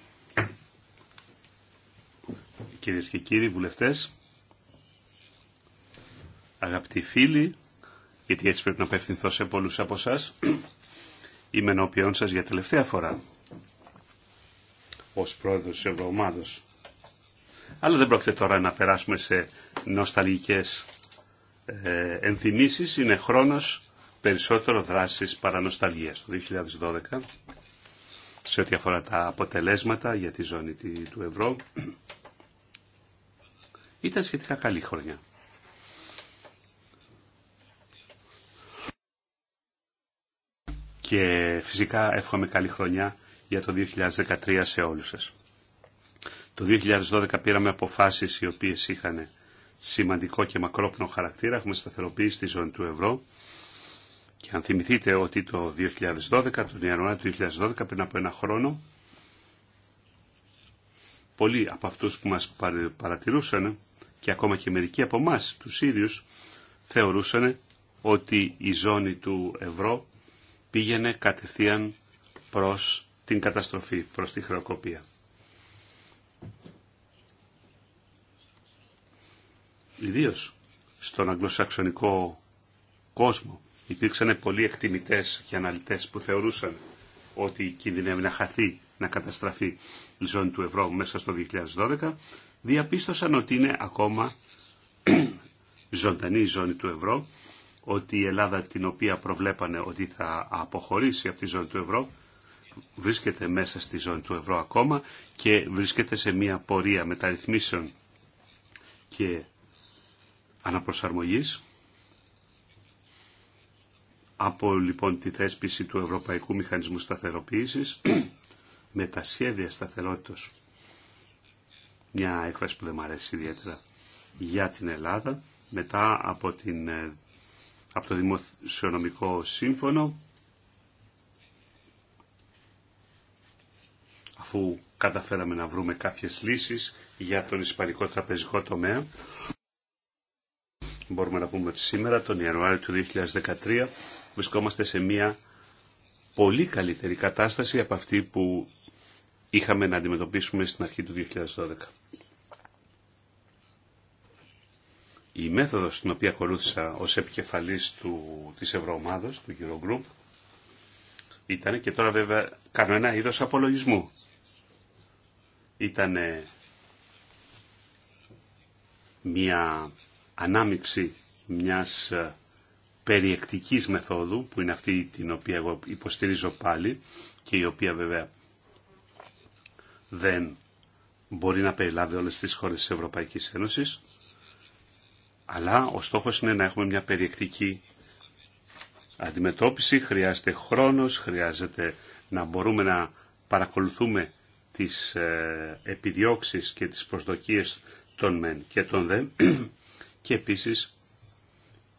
κυρίες και κύριοι βουλευτές, αγαπητοί φίλοι, γιατί έτσι πρέπει να απευθυνθώ σε πολλούς από εσά. Είμαι ενώπιον σας για τελευταία φορά ως πρόεδρος της Ευρωομάδος. Αλλά δεν πρόκειται τώρα να περάσουμε σε νοσταλγικές ε, ενθυμίσεις. Είναι χρόνος περισσότερο δράσης νοσταλγίας. το 2012 σε ό,τι αφορά τα αποτελέσματα για τη ζώνη του ευρώ. Ήταν σχετικά καλή χρονιά. και φυσικά εύχομαι καλή χρονιά για το 2013 σε όλους σας. Το 2012 πήραμε αποφάσεις οι οποίες είχαν σημαντικό και μακρόπνο χαρακτήρα. Έχουμε σταθεροποιήσει τη ζώνη του ευρώ. Και αν θυμηθείτε ότι το 2012, τον Ιανουάριο του 2012, πριν από ένα χρόνο, πολλοί από αυτούς που μας παρατηρούσαν και ακόμα και μερικοί από εμά τους ίδιους θεωρούσαν ότι η ζώνη του ευρώ πήγαινε κατευθείαν προς την καταστροφή, προς τη χρεοκοπία. Ιδίω στον αγγλοσαξονικό κόσμο υπήρξαν πολλοί εκτιμητές και αναλυτές που θεωρούσαν ότι κινδυνεύει να χαθεί, να καταστραφεί η ζώνη του ευρώ μέσα στο 2012, διαπίστωσαν ότι είναι ακόμα ζωντανή η ζώνη του ευρώ ότι η Ελλάδα την οποία προβλέπανε ότι θα αποχωρήσει από τη ζώνη του ευρώ βρίσκεται μέσα στη ζώνη του ευρώ ακόμα και βρίσκεται σε μια πορεία μεταρρυθμίσεων και αναπροσαρμογής από λοιπόν τη θέσπιση του Ευρωπαϊκού Μηχανισμού Σταθεροποίησης με τα σχέδια σταθερότητας μια έκφραση που δεν μου αρέσει ιδιαίτερα για την Ελλάδα μετά από την ε, από το Δημοσιονομικό Σύμφωνο αφού καταφέραμε να βρούμε κάποιες λύσεις για τον Ισπανικό τραπεζικό τομέα. Μπορούμε να πούμε ότι σήμερα, τον Ιανουάριο του 2013, βρισκόμαστε σε μια πολύ καλύτερη κατάσταση από αυτή που είχαμε να αντιμετωπίσουμε στην αρχή του 2012. η μέθοδος την οποία ακολούθησα ως επικεφαλής του, της Ευρωομάδος, του Eurogroup, ήταν και τώρα βέβαια κάνω ένα είδος απολογισμού. Ήταν μια ανάμιξη μιας ε, περιεκτικής μεθόδου, που είναι αυτή την οποία εγώ υποστηρίζω πάλι και η οποία βέβαια δεν μπορεί να περιλάβει όλες τις χώρες της Ευρωπαϊκής Ένωσης, αλλά ο στόχος είναι να έχουμε μια περιεκτική αντιμετώπιση. Χρειάζεται χρόνος, χρειάζεται να μπορούμε να παρακολουθούμε τις ε, επιδιώξεις και τις προσδοκίες των μεν και των δε. Και επίσης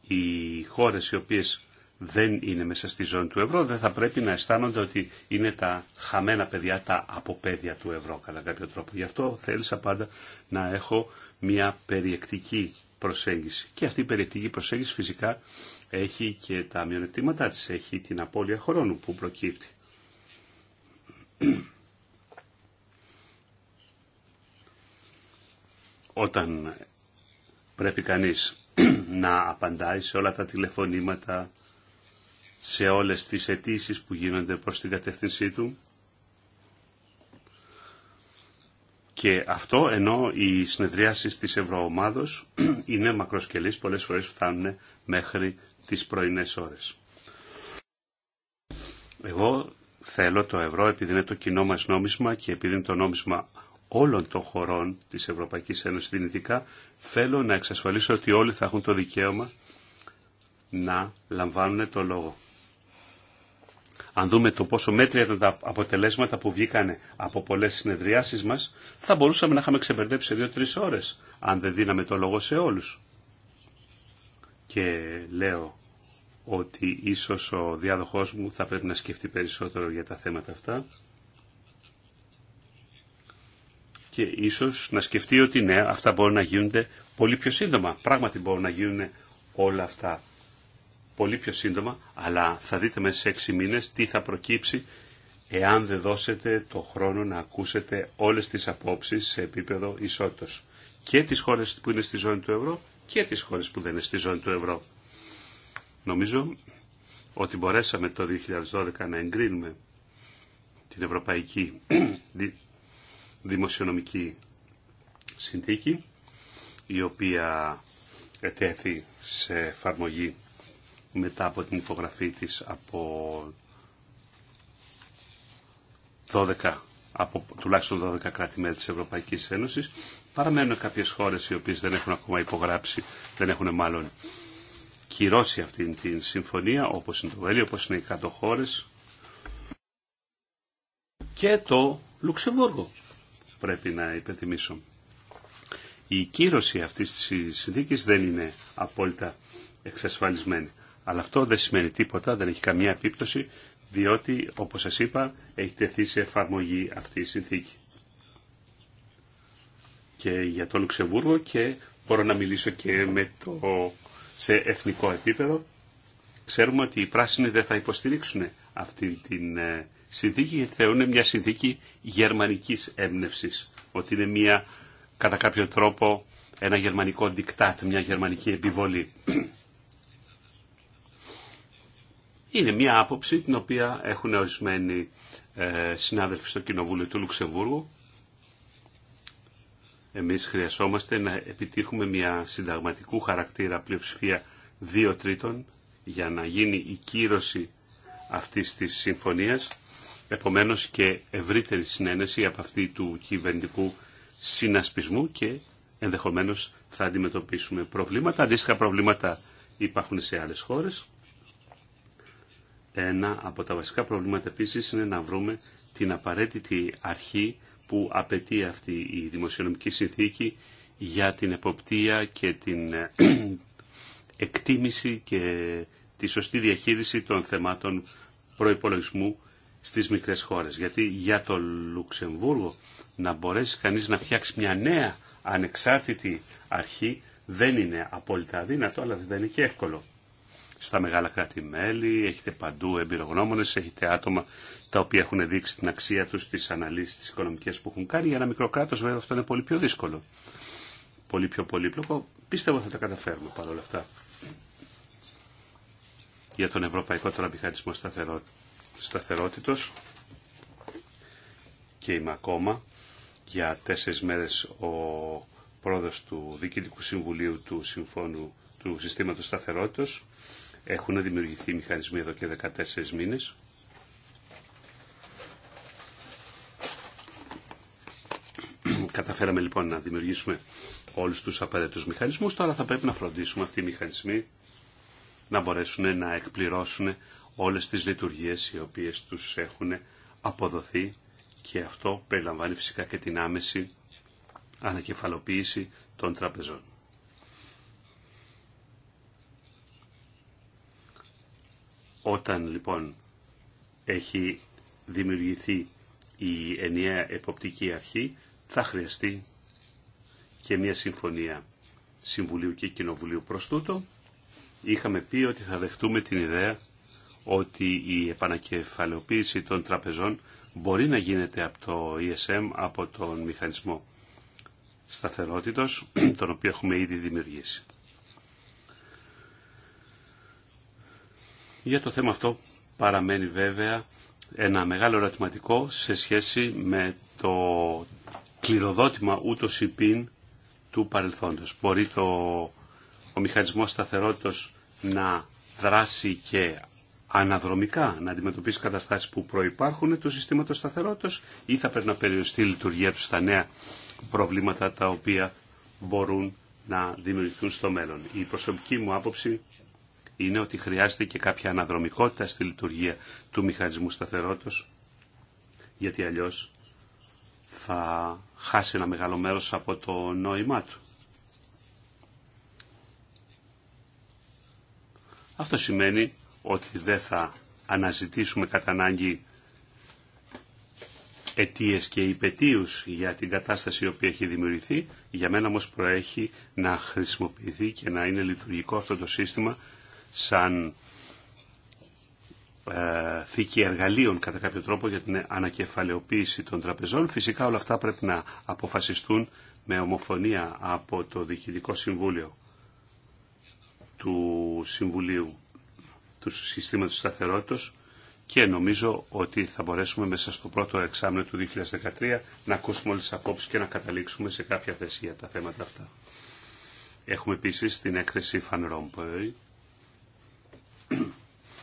οι χώρες οι οποίες δεν είναι μέσα στη ζώνη του ευρώ, δεν θα πρέπει να αισθάνονται ότι είναι τα χαμένα παιδιά, τα αποπέδια του ευρώ κατά κάποιο τρόπο. Γι' αυτό θέλησα πάντα να έχω μια περιεκτική προσέγγιση. Και αυτή η περιεκτική προσέγγιση φυσικά έχει και τα μειονεκτήματά της, έχει την απώλεια χρόνου που προκύπτει. Όταν πρέπει κανείς να απαντάει σε όλα τα τηλεφωνήματα, σε όλες τις αιτήσει που γίνονται προς την κατεύθυνσή του, Και αυτό ενώ οι συνεδριάσεις της Ευρωομάδος είναι μακροσκελής, πολλές φορές φτάνουν μέχρι τις πρωινές ώρες. Εγώ θέλω το ευρώ επειδή είναι το κοινό μας νόμισμα και επειδή είναι το νόμισμα όλων των χωρών της Ευρωπαϊκής Ένωσης δυνητικά, θέλω να εξασφαλίσω ότι όλοι θα έχουν το δικαίωμα να λαμβάνουν το λόγο αν δούμε το πόσο μέτρια ήταν τα αποτελέσματα που βγήκαν από πολλές συνεδριάσεις μας, θα μπορούσαμε να είχαμε ξεπερδέψει σε δυο 3 ώρες, αν δεν δίναμε το λόγο σε όλους. Και λέω ότι ίσως ο διάδοχός μου θα πρέπει να σκεφτεί περισσότερο για τα θέματα αυτά και ίσως να σκεφτεί ότι ναι, αυτά μπορούν να γίνονται πολύ πιο σύντομα. Πράγματι μπορούν να γίνουν όλα αυτά πολύ πιο σύντομα, αλλά θα δείτε μέσα σε έξι μήνες τι θα προκύψει εάν δεν δώσετε το χρόνο να ακούσετε όλες τις απόψεις σε επίπεδο ισότητας. Και τις χώρες που είναι στη ζώνη του ευρώ και τις χώρες που δεν είναι στη ζώνη του ευρώ. Νομίζω ότι μπορέσαμε το 2012 να εγκρίνουμε την Ευρωπαϊκή Δημοσιονομική Συνθήκη, η οποία ετέθη σε εφαρμογή μετά από την υπογραφή της από 12, από τουλάχιστον 12 κράτη-μέλη της Ευρωπαϊκής Ένωσης. Παραμένουν κάποιες χώρες οι οποίες δεν έχουν ακόμα υπογράψει, δεν έχουν μάλλον κυρώσει αυτή την συμφωνία, όπως είναι το Βέλιο, όπως είναι οι κάτω χώρες και το Λουξεμβούργο, πρέπει να υπενθυμίσω. Η κύρωση αυτής της συνθήκης δεν είναι απόλυτα εξασφαλισμένη. Αλλά αυτό δεν σημαίνει τίποτα, δεν έχει καμία επίπτωση, διότι, όπως σας είπα, έχει τεθεί σε εφαρμογή αυτή η συνθήκη. Και για το Λουξεμβούργο και μπορώ να μιλήσω και με το, σε εθνικό επίπεδο. Ξέρουμε ότι οι πράσινοι δεν θα υποστηρίξουν αυτή την ε, συνθήκη, γιατί θεωρούν μια συνθήκη γερμανικής έμπνευσης. Ότι είναι μια, κατά κάποιο τρόπο, ένα γερμανικό δικτάτ, μια γερμανική επιβολή. Είναι μια άποψη την οποία έχουν ορισμένοι ε, συνάδελφοι στο Κοινοβούλιο του Λουξεμβούργου. Εμείς χρειαζόμαστε να επιτύχουμε μια συνταγματικού χαρακτήρα πλειοψηφία δύο τρίτων για να γίνει η κύρωση αυτής της συμφωνίας. Επομένως και ευρύτερη συνένεση από αυτή του κυβερνητικού συνασπισμού και ενδεχομένως θα αντιμετωπίσουμε προβλήματα. Αντίστοιχα προβλήματα υπάρχουν σε άλλες χώρες. Ένα από τα βασικά προβλήματα επίσης είναι να βρούμε την απαραίτητη αρχή που απαιτεί αυτή η δημοσιονομική συνθήκη για την εποπτεία και την ε, εκτίμηση και τη σωστή διαχείριση των θεμάτων προϋπολογισμού στις μικρές χώρες. Γιατί για το Λουξεμβούργο να μπορέσει κανείς να φτιάξει μια νέα ανεξάρτητη αρχή δεν είναι απόλυτα αδύνατο, αλλά δεν είναι και εύκολο στα μεγάλα κράτη-μέλη, έχετε παντού εμπειρογνώμονες, έχετε άτομα τα οποία έχουν δείξει την αξία τους στις αναλύσεις τις οικονομικές που έχουν κάνει. Για ένα μικρό κράτος βέβαια αυτό είναι πολύ πιο δύσκολο, πολύ πιο πολύπλοκο. Πίστευω θα τα καταφέρουμε παρόλα αυτά για τον Ευρωπαϊκό τώρα Μηχανισμό σταθερό... Σταθερότητος και είμαι ακόμα για τέσσερις μέρες ο πρόεδρος του Διοικητικού Συμβουλίου του Συμφώνου του Συστήματος Σταθερότητος έχουν δημιουργηθεί μηχανισμοί εδώ και 14 μήνες. Καταφέραμε λοιπόν να δημιουργήσουμε όλους τους απαραίτητους μηχανισμούς, τώρα θα πρέπει να φροντίσουμε αυτοί οι μηχανισμοί να μπορέσουν να εκπληρώσουν όλες τις λειτουργίες οι οποίες τους έχουν αποδοθεί και αυτό περιλαμβάνει φυσικά και την άμεση ανακεφαλοποίηση των τραπεζών. Όταν λοιπόν έχει δημιουργηθεί η ενιαία εποπτική αρχή, θα χρειαστεί και μια συμφωνία Συμβουλίου και Κοινοβουλίου προς τούτο. Είχαμε πει ότι θα δεχτούμε την ιδέα ότι η επανακεφαλαιοποίηση των τραπεζών μπορεί να γίνεται από το ESM, από τον μηχανισμό σταθερότητος, τον οποίο έχουμε ήδη δημιουργήσει. Για το θέμα αυτό παραμένει βέβαια ένα μεγάλο ερωτηματικό σε σχέση με το κληροδότημα ή πιν του παρελθόντος. Μπορεί το, ο μηχανισμός σταθερότητος να δράσει και αναδρομικά να αντιμετωπίσει καταστάσεις που προϋπάρχουν του συστήματος σταθερότητας ή θα πρέπει να περιοριστεί η λειτουργία του στα νέα προβλήματα τα οποία μπορούν να δημιουργηθούν στο μέλλον. Η προσωπική μου άποψη είναι ότι χρειάζεται και κάποια αναδρομικότητα στη λειτουργία του μηχανισμού σταθερότητας, γιατί αλλιώς θα χάσει ένα μεγάλο μέρος από το νόημά του. Αυτό σημαίνει ότι δεν θα αναζητήσουμε κατά ανάγκη αιτίες και υπετίους για την κατάσταση η οποία έχει δημιουργηθεί. Για μένα όμως προέχει να χρησιμοποιηθεί και να είναι λειτουργικό αυτό το σύστημα σαν ε, θήκη εργαλείων κατά κάποιο τρόπο για την ανακεφαλαιοποίηση των τραπεζών. Φυσικά όλα αυτά πρέπει να αποφασιστούν με ομοφωνία από το Διοικητικό Συμβούλιο του Συμβουλίου του Συστήματος Σταθερότητος και νομίζω ότι θα μπορέσουμε μέσα στο πρώτο εξάμεινο του 2013 να ακούσουμε όλες τις απόψεις και να καταλήξουμε σε κάποια θέση για τα θέματα αυτά. Έχουμε επίσης την έκθεση Φαν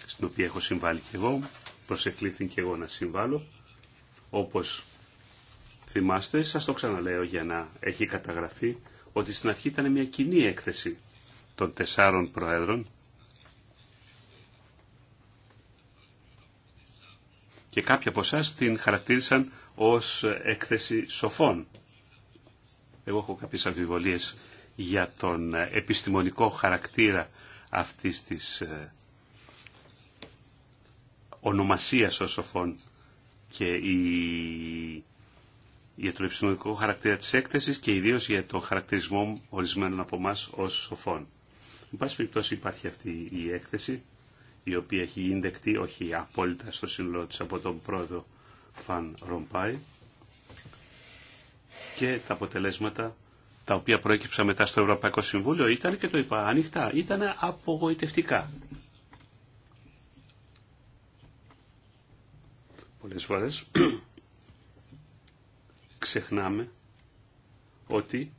στην οποία έχω συμβάλει και εγώ, προσεκλήθη και εγώ να συμβάλλω. Όπως θυμάστε, σας το ξαναλέω για να έχει καταγραφεί ότι στην αρχή ήταν μια κοινή έκθεση των τεσσάρων προέδρων και κάποιοι από εσά την χαρακτήρισαν ως έκθεση σοφών. Εγώ έχω κάποιες αμφιβολίες για τον επιστημονικό χαρακτήρα αυτής της ε, ονομασία σοφών και η για το επιστημονικό χαρακτήρα της έκθεσης και ιδίως για τον χαρακτηρισμό ορισμένων από εμά ως σοφών. Εν πάση περιπτώσει υπάρχει αυτή η έκθεση, η οποία έχει γίνει δεκτή, όχι απόλυτα στο σύνολό της από τον πρόεδρο Φαν Ρομπάι και τα αποτελέσματα τα οποία προέκυψαν μετά στο Ευρωπαϊκό Συμβούλιο ήταν και το είπα ανοιχτά, ήταν απογοητευτικά. Πολλές φορές ξεχνάμε ότι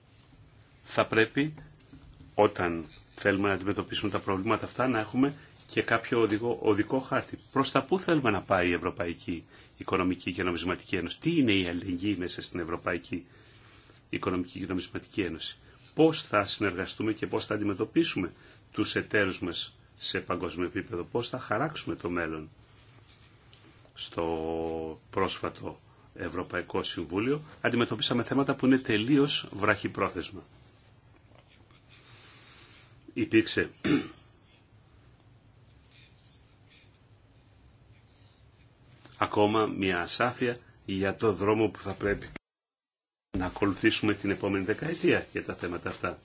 θα πρέπει όταν θέλουμε να αντιμετωπίσουμε τα προβλήματα αυτά να έχουμε και κάποιο οδικό, οδικό χάρτη. Προς τα πού θέλουμε να πάει η Ευρωπαϊκή Οικονομική και Νομισματική Ένωση. Τι είναι η αλληλεγγύη μέσα στην Ευρωπαϊκή Οικονομική και Νομισματική Ένωση. Πώς θα συνεργαστούμε και πώς θα αντιμετωπίσουμε τους εταίρους μας σε παγκόσμιο επίπεδο. Πώς θα χαράξουμε το μέλλον στο πρόσφατο Ευρωπαϊκό Συμβούλιο, αντιμετωπίσαμε θέματα που είναι τελείως βραχυπρόθεσμα. Υπήρξε ακόμα μια ασάφεια για το δρόμο που θα πρέπει να ακολουθήσουμε την επόμενη δεκαετία για τα θέματα αυτά.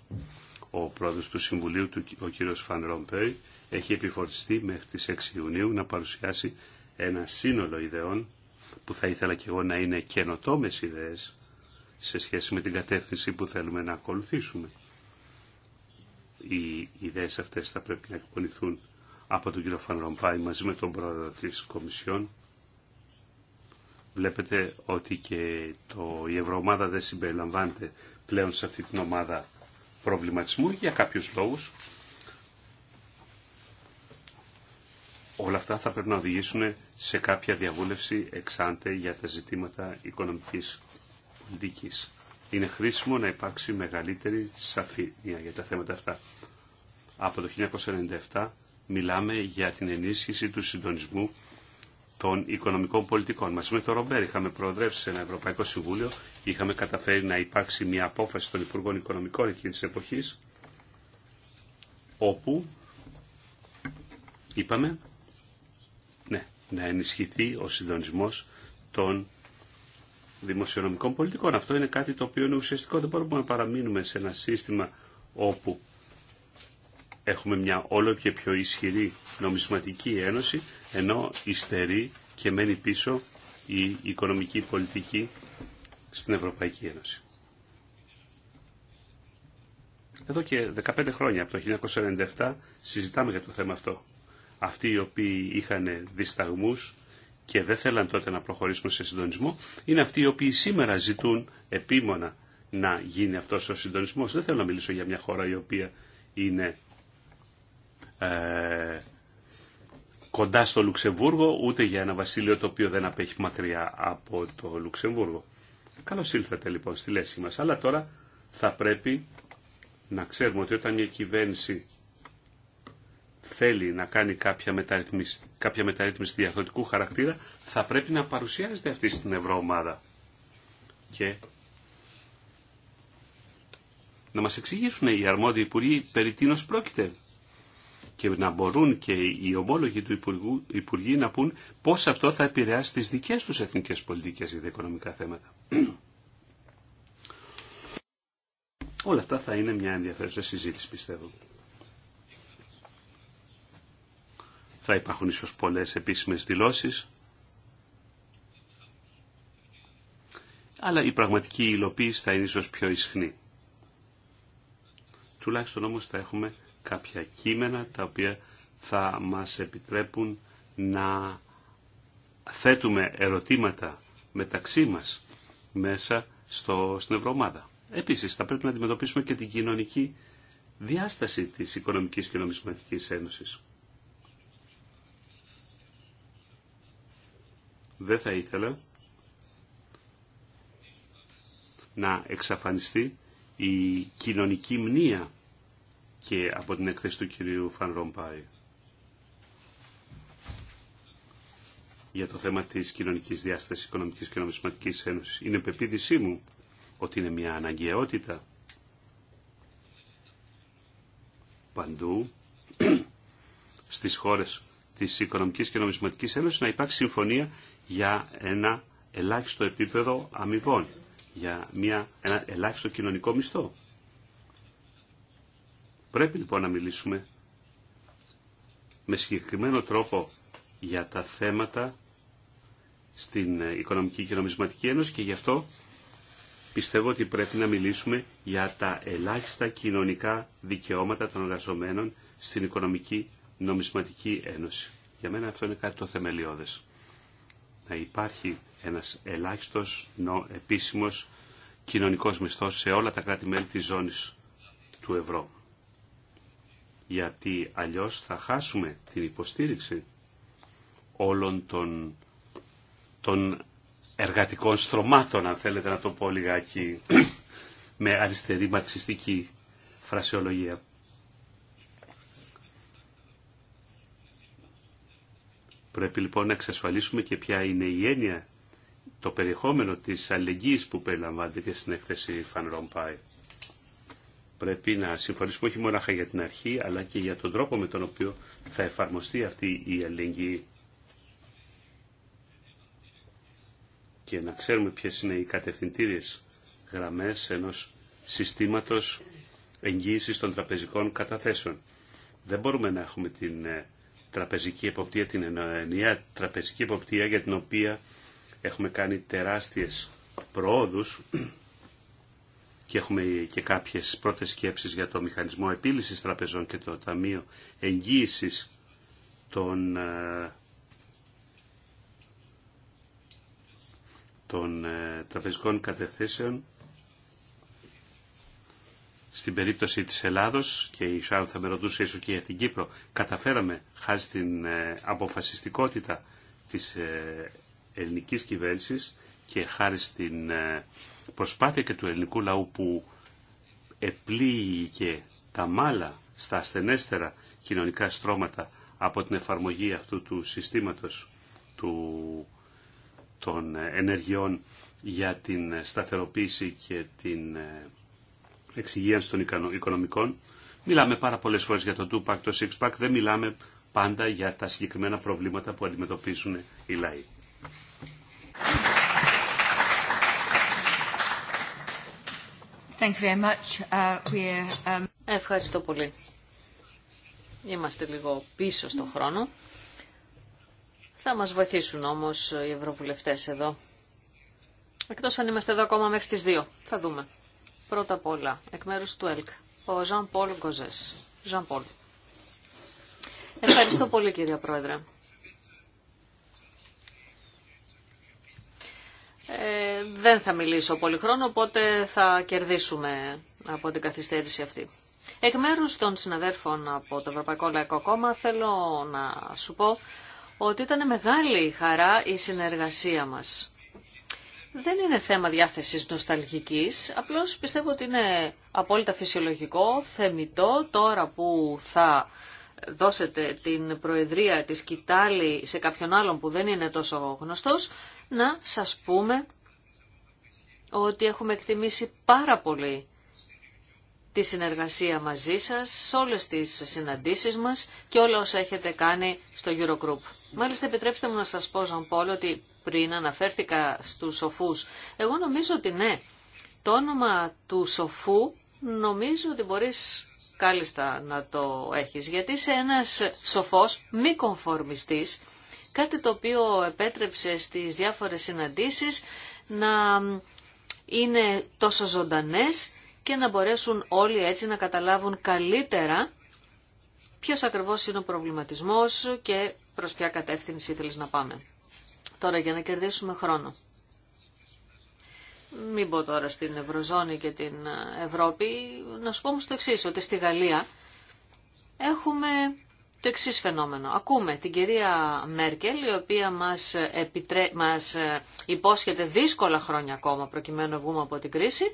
Ο πρόεδρος του Συμβουλίου, ο κύριος Φαν Ρομπέι, έχει επιφορτιστεί μέχρι τις 6 Ιουνίου να παρουσιάσει ένα σύνολο ιδεών που θα ήθελα και εγώ να είναι καινοτόμε ιδέες σε σχέση με την κατεύθυνση που θέλουμε να ακολουθήσουμε. Οι ιδέες αυτές θα πρέπει να εκπονηθούν από τον κύριο Φανρομπάη μαζί με τον πρόεδρο της Κομισιόν. Βλέπετε ότι και το, η Ευρωομάδα δεν συμπεριλαμβάνεται πλέον σε αυτή την ομάδα προβληματισμού για κάποιους λόγους. όλα αυτά θα πρέπει να οδηγήσουν σε κάποια διαβούλευση εξάντε για τα ζητήματα οικονομικής πολιτικής. Είναι χρήσιμο να υπάρξει μεγαλύτερη σαφήνεια για τα θέματα αυτά. Από το 1997 μιλάμε για την ενίσχυση του συντονισμού των οικονομικών πολιτικών. Μαζί με τον Ρομπέρ είχαμε προοδρεύσει σε ένα Ευρωπαϊκό Συμβούλιο, είχαμε καταφέρει να υπάρξει μια απόφαση των Υπουργών Οικονομικών εκείνη τη εποχή, όπου είπαμε να ενισχυθεί ο συντονισμός των δημοσιονομικών πολιτικών. Αυτό είναι κάτι το οποίο είναι ουσιαστικό. Δεν μπορούμε να παραμείνουμε σε ένα σύστημα όπου έχουμε μια όλο και πιο ισχυρή νομισματική ένωση, ενώ υστερεί και μένει πίσω η οικονομική πολιτική στην Ευρωπαϊκή Ένωση. Εδώ και 15 χρόνια, από το 1997, συζητάμε για το θέμα αυτό αυτοί οι οποίοι είχαν δισταγμούς και δεν θέλαν τότε να προχωρήσουν σε συντονισμό, είναι αυτοί οι οποίοι σήμερα ζητούν επίμονα να γίνει αυτός ο συντονισμός. Δεν θέλω να μιλήσω για μια χώρα η οποία είναι ε, κοντά στο Λουξεμβούργο, ούτε για ένα βασίλειο το οποίο δεν απέχει μακριά από το Λουξεμβούργο. Καλώς ήλθατε λοιπόν στη λέση μας, αλλά τώρα θα πρέπει να ξέρουμε ότι όταν μια κυβέρνηση θέλει να κάνει κάποια μεταρρύθμιση, κάποια διαρθρωτικού χαρακτήρα, θα πρέπει να παρουσιάζεται αυτή στην Ευρωομάδα. Και να μας εξηγήσουν οι αρμόδιοι υπουργοί περί τίνος πρόκειται. Και να μπορούν και οι ομόλογοι του υπουργού, Υπουργοί να πούν πώς αυτό θα επηρεάσει τις δικές τους εθνικές πολιτικές για τα οικονομικά θέματα. Όλα αυτά θα είναι μια ενδιαφέρουσα συζήτηση πιστεύω. Θα υπάρχουν ίσως πολλές επίσημες δηλώσεις. Αλλά η πραγματική υλοποίηση θα είναι ίσως πιο ισχνή. Τουλάχιστον όμως θα έχουμε κάποια κείμενα τα οποία θα μας επιτρέπουν να θέτουμε ερωτήματα μεταξύ μας μέσα στο, στην Ευρωομάδα. Επίσης θα πρέπει να αντιμετωπίσουμε και την κοινωνική διάσταση της Οικονομικής και Νομισματικής Ένωσης. δεν θα ήθελα να εξαφανιστεί η κοινωνική μνήα και από την εκθέση του κυρίου Φαν Ρομπάη για το θέμα της κοινωνικής διάστασης Οικονομικής και Νομισματικής Ένωσης. Είναι πεποίθησή μου ότι είναι μια αναγκαιότητα παντού στις χώρες της Οικονομικής και Νομισματικής Ένωσης να υπάρξει συμφωνία για ένα ελάχιστο επίπεδο αμοιβών, για μια, ένα ελάχιστο κοινωνικό μισθό. Πρέπει λοιπόν να μιλήσουμε με συγκεκριμένο τρόπο για τα θέματα στην Οικονομική και Νομισματική Ένωση και γι' αυτό πιστεύω ότι πρέπει να μιλήσουμε για τα ελάχιστα κοινωνικά δικαιώματα των εργαζομένων στην Οικονομική Νομισματική Ένωση. Για μένα αυτό είναι κάτι το θεμελιώδες να υπάρχει ένας ελάχιστος νο, επίσημος κοινωνικός μισθός σε όλα τα κράτη-μέλη της ζώνης του ευρώ. Γιατί αλλιώς θα χάσουμε την υποστήριξη όλων των, των εργατικών στρωμάτων, αν θέλετε να το πω λιγάκι, με αριστερή μαρξιστική φρασιολογία. Πρέπει λοιπόν να εξασφαλίσουμε και ποια είναι η έννοια, το περιεχόμενο της αλληλεγγύης που περιλαμβάνεται και στην έκθεση Φαν Ρομπάι. Πρέπει να συμφωνήσουμε όχι μόνο για την αρχή, αλλά και για τον τρόπο με τον οποίο θα εφαρμοστεί αυτή η αλληλεγγύη. Και να ξέρουμε ποιες είναι οι κατευθυντήριες γραμμές ενός συστήματος εγγύησης των τραπεζικών καταθέσεων. Δεν μπορούμε να έχουμε την ε, τραπεζική εποπτεία, την ενιαία τραπεζική εποπτεία για την οποία έχουμε κάνει τεράστιες προόδους και έχουμε και κάποιες πρώτες σκέψεις για το μηχανισμό επίλυσης τραπεζών και το Ταμείο Εγγύησης των, ε, των ε, τραπεζικών κατεθέσεων στην περίπτωση της Ελλάδος και η Σάρου θα με ρωτούσε ίσως και για την Κύπρο καταφέραμε χάρη στην ε, αποφασιστικότητα της ε, ελληνικής κυβέρνησης και χάρη στην ε, προσπάθεια και του ελληνικού λαού που επλήγηκε τα μάλα στα ασθενέστερα κοινωνικά στρώματα από την εφαρμογή αυτού του συστήματος του, των ενεργειών για την σταθεροποίηση και την εξυγίανση των οικονομικών. Μιλάμε πάρα πολλέ φορέ για το 2 το 6 δεν μιλάμε πάντα για τα συγκεκριμένα προβλήματα που αντιμετωπίζουν οι λαοί. Uh, um, Ευχαριστώ πολύ. Είμαστε λίγο πίσω στον χρόνο. Θα μας βοηθήσουν όμως οι ευρωβουλευτές εδώ. Εκτός αν είμαστε εδώ ακόμα μέχρι τις 2. Θα δούμε. Πρώτα απ' όλα, εκ του ΕΛΚ, ο Ζαν Πολ Γκοζές. Ζαν Πολ. Ευχαριστώ πολύ κυρία Πρόεδρε. Ε, δεν θα μιλήσω πολύ χρόνο, οπότε θα κερδίσουμε από την καθυστέρηση αυτή. Εκ μέρου των συναδέρφων από το Ευρωπαϊκό Λαϊκό Κόμμα θέλω να σου πω ότι ήταν μεγάλη χαρά η συνεργασία μας. Δεν είναι θέμα διάθεσης νοσταλγικής, απλώς πιστεύω ότι είναι απόλυτα φυσιολογικό, θεμητό, τώρα που θα δώσετε την προεδρία της Κιτάλη σε κάποιον άλλον που δεν είναι τόσο γνωστός, να σας πούμε ότι έχουμε εκτιμήσει πάρα πολύ τη συνεργασία μαζί σας, σε όλες τις συναντήσεις μας και όλα όσα έχετε κάνει στο Eurogroup. Μάλιστα επιτρέψτε μου να σας πω, Ζαν ότι πριν αναφέρθηκα στους σοφούς. Εγώ νομίζω ότι ναι. Το όνομα του σοφού νομίζω ότι μπορείς κάλλιστα να το έχεις. Γιατί είσαι ένας σοφός μη κομφορμιστής, κάτι το οποίο επέτρεψε στις διάφορες συναντήσεις να είναι τόσο ζωντανές και να μπορέσουν όλοι έτσι να καταλάβουν καλύτερα ποιος ακριβώς είναι ο προβληματισμός και προς ποια κατεύθυνση θέλεις να πάμε. Τώρα για να κερδίσουμε χρόνο. Μην πω τώρα στην Ευρωζώνη και την Ευρώπη. Να σου πω όμως το εξή ότι στη Γαλλία έχουμε το εξή φαινόμενο. Ακούμε την κυρία Μέρκελ, η οποία μας, επιτρέ... μας ε, υπόσχεται δύσκολα χρόνια ακόμα προκειμένου να βγούμε από την κρίση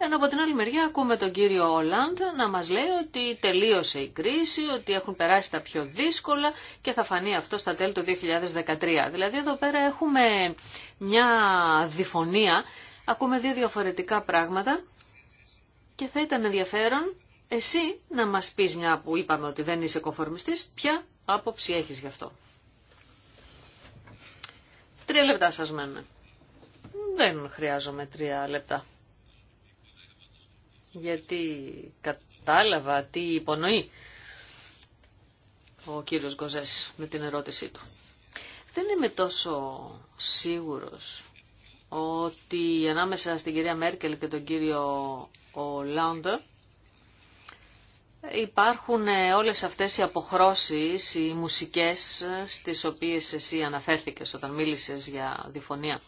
ενώ από την άλλη μεριά ακούμε τον κύριο Όλαντ να μας λέει ότι τελείωσε η κρίση, ότι έχουν περάσει τα πιο δύσκολα και θα φανεί αυτό στα τέλη του 2013. Δηλαδή εδώ πέρα έχουμε μια διφωνία, ακούμε δύο διαφορετικά πράγματα και θα ήταν ενδιαφέρον εσύ να μας πεις μια που είπαμε ότι δεν είσαι κοφορμιστής, ποια άποψη έχεις γι' αυτό. Τρία λεπτά σας μένουν. Δεν χρειάζομαι τρία λεπτά γιατί κατάλαβα τι υπονοεί ο κύριος Γκοζές με την ερώτησή του. Δεν είμαι τόσο σίγουρος ότι ανάμεσα στην κυρία Μέρκελ και τον κύριο Λάουντερ υπάρχουν όλες αυτές οι αποχρώσεις, οι μουσικές στις οποίες εσύ αναφέρθηκες όταν μίλησες για διφωνία.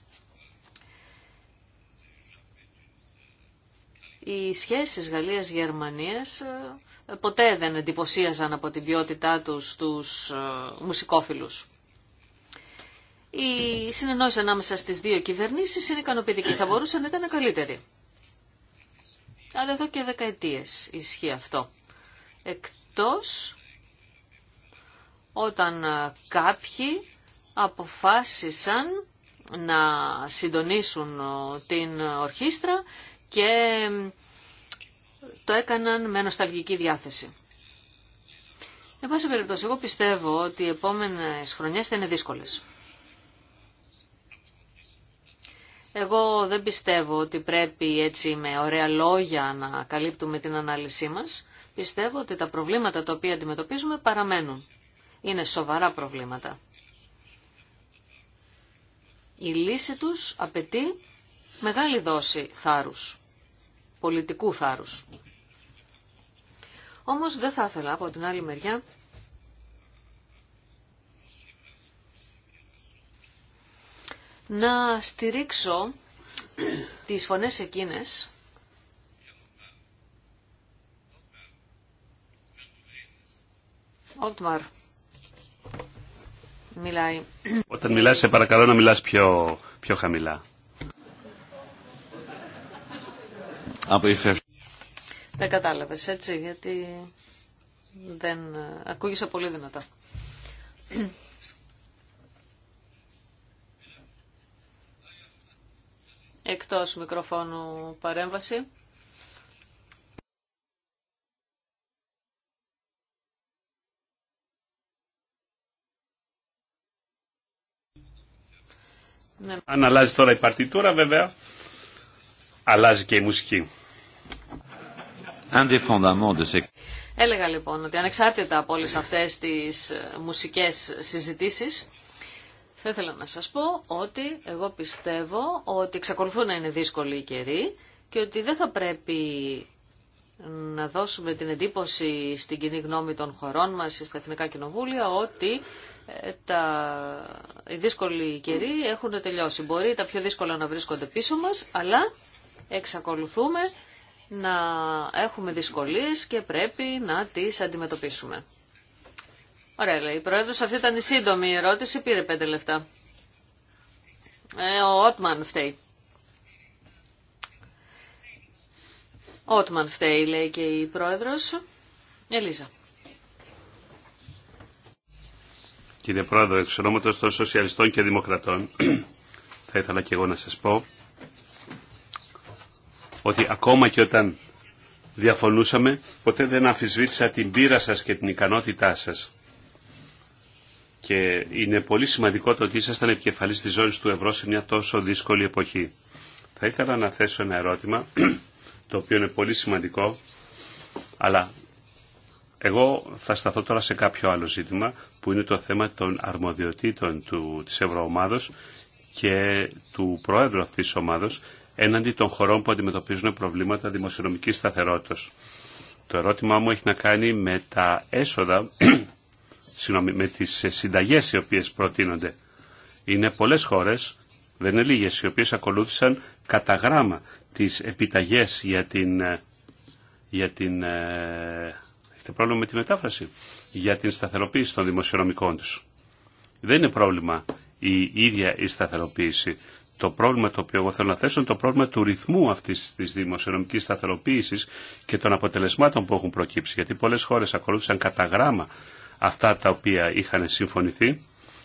Οι σχέσεις Γαλλίας-Γερμανίας ε, ποτέ δεν εντυπωσίαζαν από την ποιότητά τους τους ε, μουσικόφιλους. Η συνεννόηση ανάμεσα στις δύο κυβερνήσεις είναι ικανοποιητική. Θα μπορούσαν να ήταν καλύτερη. Αλλά εδώ και δεκαετίες ισχύει αυτό. Εκτός όταν ε, κάποιοι αποφάσισαν να συντονίσουν την ορχήστρα και το έκαναν με νοσταλγική διάθεση. Εν πάση περιπτώσει, εγώ πιστεύω ότι οι επόμενες χρονιές θα είναι δύσκολες. Εγώ δεν πιστεύω ότι πρέπει έτσι με ωραία λόγια να καλύπτουμε την ανάλυση μας. Πιστεύω ότι τα προβλήματα τα οποία αντιμετωπίζουμε παραμένουν. Είναι σοβαρά προβλήματα. Η λύση τους απαιτεί μεγάλη δόση θάρρους, πολιτικού θάρρους. Όμως δεν θα ήθελα από την άλλη μεριά να στηρίξω τις φωνές εκείνες Ότμαρ μιλάει. Όταν μιλάς σε παρακαλώ να μιλάς πιο, πιο χαμηλά. Δεν κατάλαβες έτσι γιατί δεν ε, ακούγησα πολύ δυνατά. Εκτός μικροφώνου παρέμβαση. Ναι. Αν αλλάζει τώρα η παρτιτούρα βέβαια, αλλάζει και η μουσική. Έλεγα λοιπόν ότι ανεξάρτητα από όλες αυτές τις ε, μουσικές συζητήσεις, θα ήθελα να σας πω ότι εγώ πιστεύω ότι εξακολουθούν να είναι δύσκολοι οι καιροί και ότι δεν θα πρέπει να δώσουμε την εντύπωση στην κοινή γνώμη των χωρών μας, στα Εθνικά Κοινοβούλια, ότι ε, τα... οι δύσκολοι καιροί έχουν τελειώσει. Μπορεί τα πιο δύσκολα να βρίσκονται πίσω μας, αλλά εξακολουθούμε να έχουμε δυσκολίες και πρέπει να τις αντιμετωπίσουμε. Ωραία, λέει. Η Πρόεδρος, αυτή ήταν η σύντομη ερώτηση, πήρε πέντε λεφτά. Ε, ο Ότμαν φταίει. Ότμαν φταίει, λέει και η Πρόεδρος. Ελίζα. Κύριε Πρόεδρο, εξ των Σοσιαλιστών και Δημοκρατών, θα ήθελα και εγώ να σας πω ότι ακόμα και όταν διαφωνούσαμε, ποτέ δεν αμφισβήτησα την πείρα σας και την ικανότητά σας. Και είναι πολύ σημαντικό το ότι ήσασταν επικεφαλής της ζώνης του ευρώ σε μια τόσο δύσκολη εποχή. Θα ήθελα να θέσω ένα ερώτημα, το οποίο είναι πολύ σημαντικό, αλλά εγώ θα σταθώ τώρα σε κάποιο άλλο ζήτημα, που είναι το θέμα των αρμοδιοτήτων του, της Ευρωομάδος και του Πρόεδρου αυτής της ομάδος έναντι των χωρών που αντιμετωπίζουν προβλήματα δημοσιονομικής σταθερότητας. Το ερώτημά μου έχει να κάνει με τα έσοδα, με τις συνταγές οι οποίες προτείνονται. Είναι πολλές χώρες, δεν είναι λίγες, οι οποίες ακολούθησαν κατά γράμμα τις επιταγές για την... Ε, για την ε, έχετε πρόβλημα με τη μετάφραση, για την σταθεροποίηση των δημοσιονομικών τους. Δεν είναι πρόβλημα η ίδια η σταθεροποίηση το πρόβλημα το οποίο εγώ θέλω να θέσω είναι το πρόβλημα του ρυθμού αυτή τη δημοσιονομική σταθεροποίηση και των αποτελεσμάτων που έχουν προκύψει. Γιατί πολλέ χώρε ακολούθησαν κατά γράμμα αυτά τα οποία είχαν συμφωνηθεί,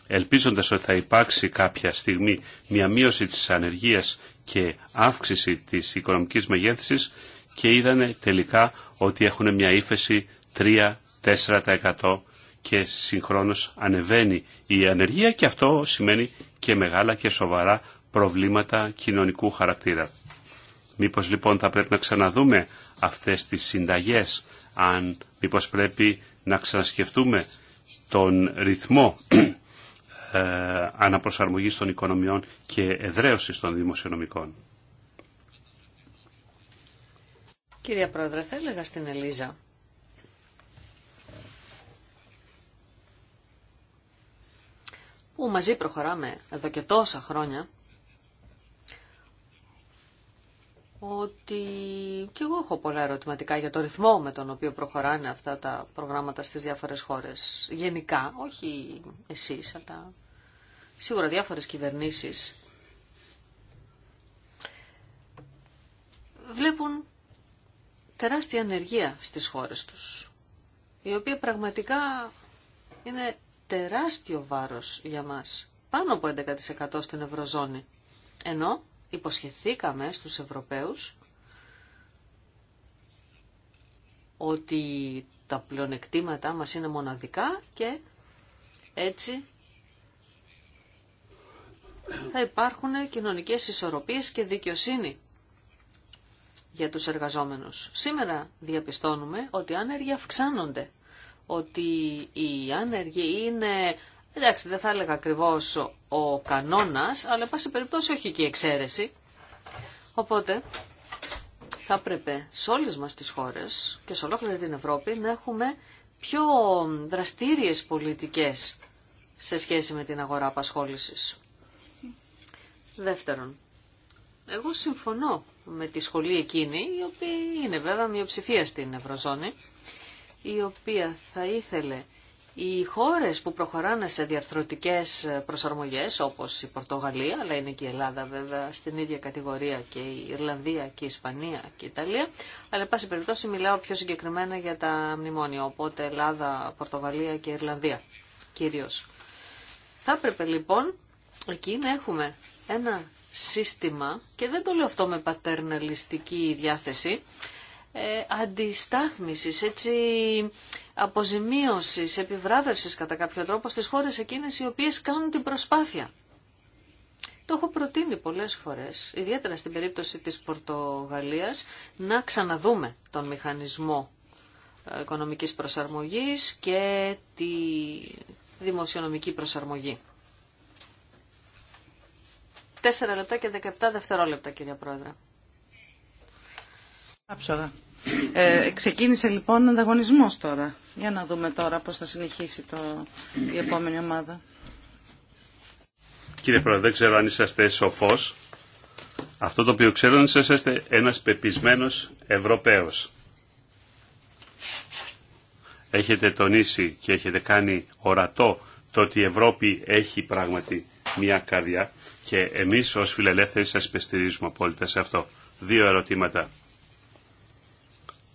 ελπίζοντα ότι θα υπάρξει κάποια στιγμή μια μείωση τη ανεργία και αύξηση τη οικονομική μεγέθυνση και είδανε τελικά ότι έχουν μια ύφεση 3-4% και συγχρόνως ανεβαίνει η ανεργία και αυτό σημαίνει και μεγάλα και σοβαρά προβλήματα κοινωνικού χαρακτήρα. Μήπως λοιπόν θα πρέπει να ξαναδούμε αυτές τις συνταγές, αν μήπως πρέπει να ξανασκεφτούμε τον ρυθμό ε, αναπροσαρμογής των οικονομιών και εδραίωσης των δημοσιονομικών. Κυρία Πρόεδρε, θα έλεγα στην Ελίζα που μαζί προχωράμε εδώ και τόσα χρόνια ότι και εγώ έχω πολλά ερωτηματικά για το ρυθμό με τον οποίο προχωράνε αυτά τα προγράμματα στις διάφορες χώρες. Γενικά, όχι εσείς, αλλά σίγουρα διάφορες κυβερνήσεις βλέπουν τεράστια ανεργία στις χώρες τους, η οποία πραγματικά είναι τεράστιο βάρος για μας, πάνω από 11% στην Ευρωζώνη. Ενώ υποσχεθήκαμε στους Ευρωπαίους ότι τα πλεονεκτήματα μας είναι μοναδικά και έτσι θα υπάρχουν κοινωνικές ισορροπίες και δικαιοσύνη για τους εργαζόμενους. Σήμερα διαπιστώνουμε ότι οι άνεργοι αυξάνονται, ότι οι άνεργοι είναι εντάξει δεν θα έλεγα ακριβώ ο κανόνας, αλλά πάση περιπτώσει όχι και η εξαίρεση. Οπότε θα έπρεπε σε όλε μα τις χώρες και σε ολόκληρη την Ευρώπη να έχουμε πιο δραστήριες πολιτικές σε σχέση με την αγορά απασχόληση. Δεύτερον, εγώ συμφωνώ με τη σχολή εκείνη, η οποία είναι βέβαια μειοψηφία στην Ευρωζώνη, η οποία θα ήθελε οι χώρες που προχωράνε σε διαρθρωτικές προσαρμογές, όπως η Πορτογαλία, αλλά είναι και η Ελλάδα βέβαια στην ίδια κατηγορία και η Ιρλανδία και η Ισπανία και η Ιταλία, αλλά πάση περιπτώσει μιλάω πιο συγκεκριμένα για τα μνημόνια, οπότε Ελλάδα, Πορτογαλία και Ιρλανδία κυρίως. Θα έπρεπε λοιπόν εκεί να έχουμε ένα σύστημα, και δεν το λέω αυτό με πατερναλιστική διάθεση, ε, αντιστάθμισης, έτσι αποζημίωσης, επιβράβευσης κατά κάποιο τρόπο στις χώρες εκείνες οι οποίες κάνουν την προσπάθεια. Το έχω προτείνει πολλές φορές, ιδιαίτερα στην περίπτωση της Πορτογαλίας, να ξαναδούμε τον μηχανισμό ε, οικονομικής προσαρμογής και τη δημοσιονομική προσαρμογή. 4 λεπτά και 17 δευτερόλεπτα, κυρία Πρόεδρε. Ε, ξεκίνησε λοιπόν ανταγωνισμό τώρα. Για να δούμε τώρα πώς θα συνεχίσει το, η επόμενη ομάδα. Κύριε Πρόεδρε, δεν ξέρω αν είσαστε σοφός. Αυτό το οποίο ξέρω είναι ότι είσαστε ένας πεπισμένος Ευρωπαίος. Έχετε τονίσει και έχετε κάνει ορατό το ότι η Ευρώπη έχει πράγματι μια καρδιά και εμείς ως φιλελεύθεροι σας υπεστηρίζουμε απόλυτα σε αυτό. Δύο ερωτήματα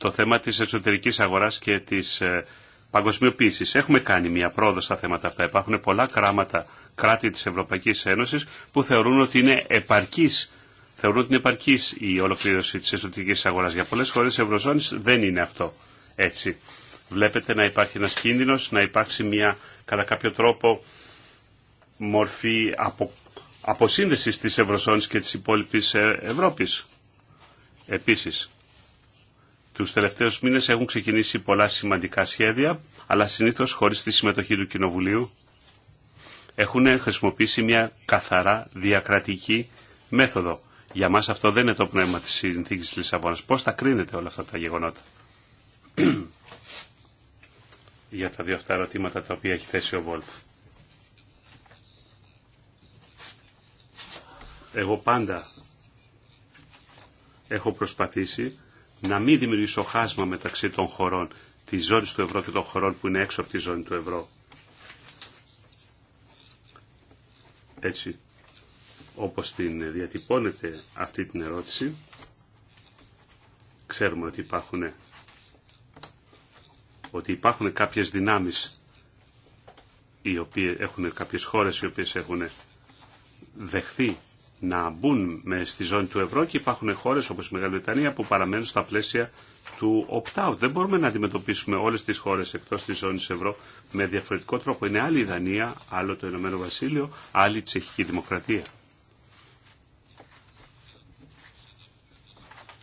το θέμα της εσωτερικής αγοράς και της ε, παγκοσμιοποίησης. Έχουμε κάνει μια πρόοδο στα θέματα αυτά. Υπάρχουν πολλά κράματα, κράτη της Ευρωπαϊκής Ένωσης που θεωρούν ότι είναι επαρκής Θεωρούν ότι είναι επαρκή η ολοκλήρωση τη εσωτερική αγορά. Για πολλέ χώρε τη Ευρωζώνη δεν είναι αυτό έτσι. Βλέπετε να υπάρχει ένα κίνδυνο, να υπάρξει μια κατά κάποιο τρόπο μορφή απο, αποσύνδεσης της Ευρωζώνης και τη υπόλοιπη ε, Ευρώπη επίση. Τους τελευταίους μήνες έχουν ξεκινήσει πολλά σημαντικά σχέδια, αλλά συνήθως χωρίς τη συμμετοχή του Κοινοβουλίου έχουν χρησιμοποιήσει μια καθαρά διακρατική μέθοδο. Για μας αυτό δεν είναι το πνεύμα της συνθήκης της Λισαβόνας. Πώς τα κρίνετε όλα αυτά τα γεγονότα. Για τα δύο αυτά ερωτήματα τα οποία έχει θέσει ο Βόλφ. Εγώ πάντα έχω προσπαθήσει να μην δημιουργήσω χάσμα μεταξύ των χωρών της ζώνης του ευρώ και των χωρών που είναι έξω από τη ζώνη του ευρώ. Έτσι, όπως την διατυπώνεται αυτή την ερώτηση, ξέρουμε ότι υπάρχουν, ότι υπάρχουν κάποιες δυνάμεις οι οποίες έχουν κάποιες χώρες οι οποίες έχουν δεχθεί να μπουν στη ζώνη του ευρώ και υπάρχουν χώρες όπως η Μεγάλη Βρετανία που παραμένουν στα πλαίσια του opt-out. Δεν μπορούμε να αντιμετωπίσουμε όλες τις χώρες εκτός της ζώνης ευρώ με διαφορετικό τρόπο. Είναι άλλη η Δανία, άλλο το Ηνωμένο Βασίλειο, άλλη η Τσεχική Δημοκρατία.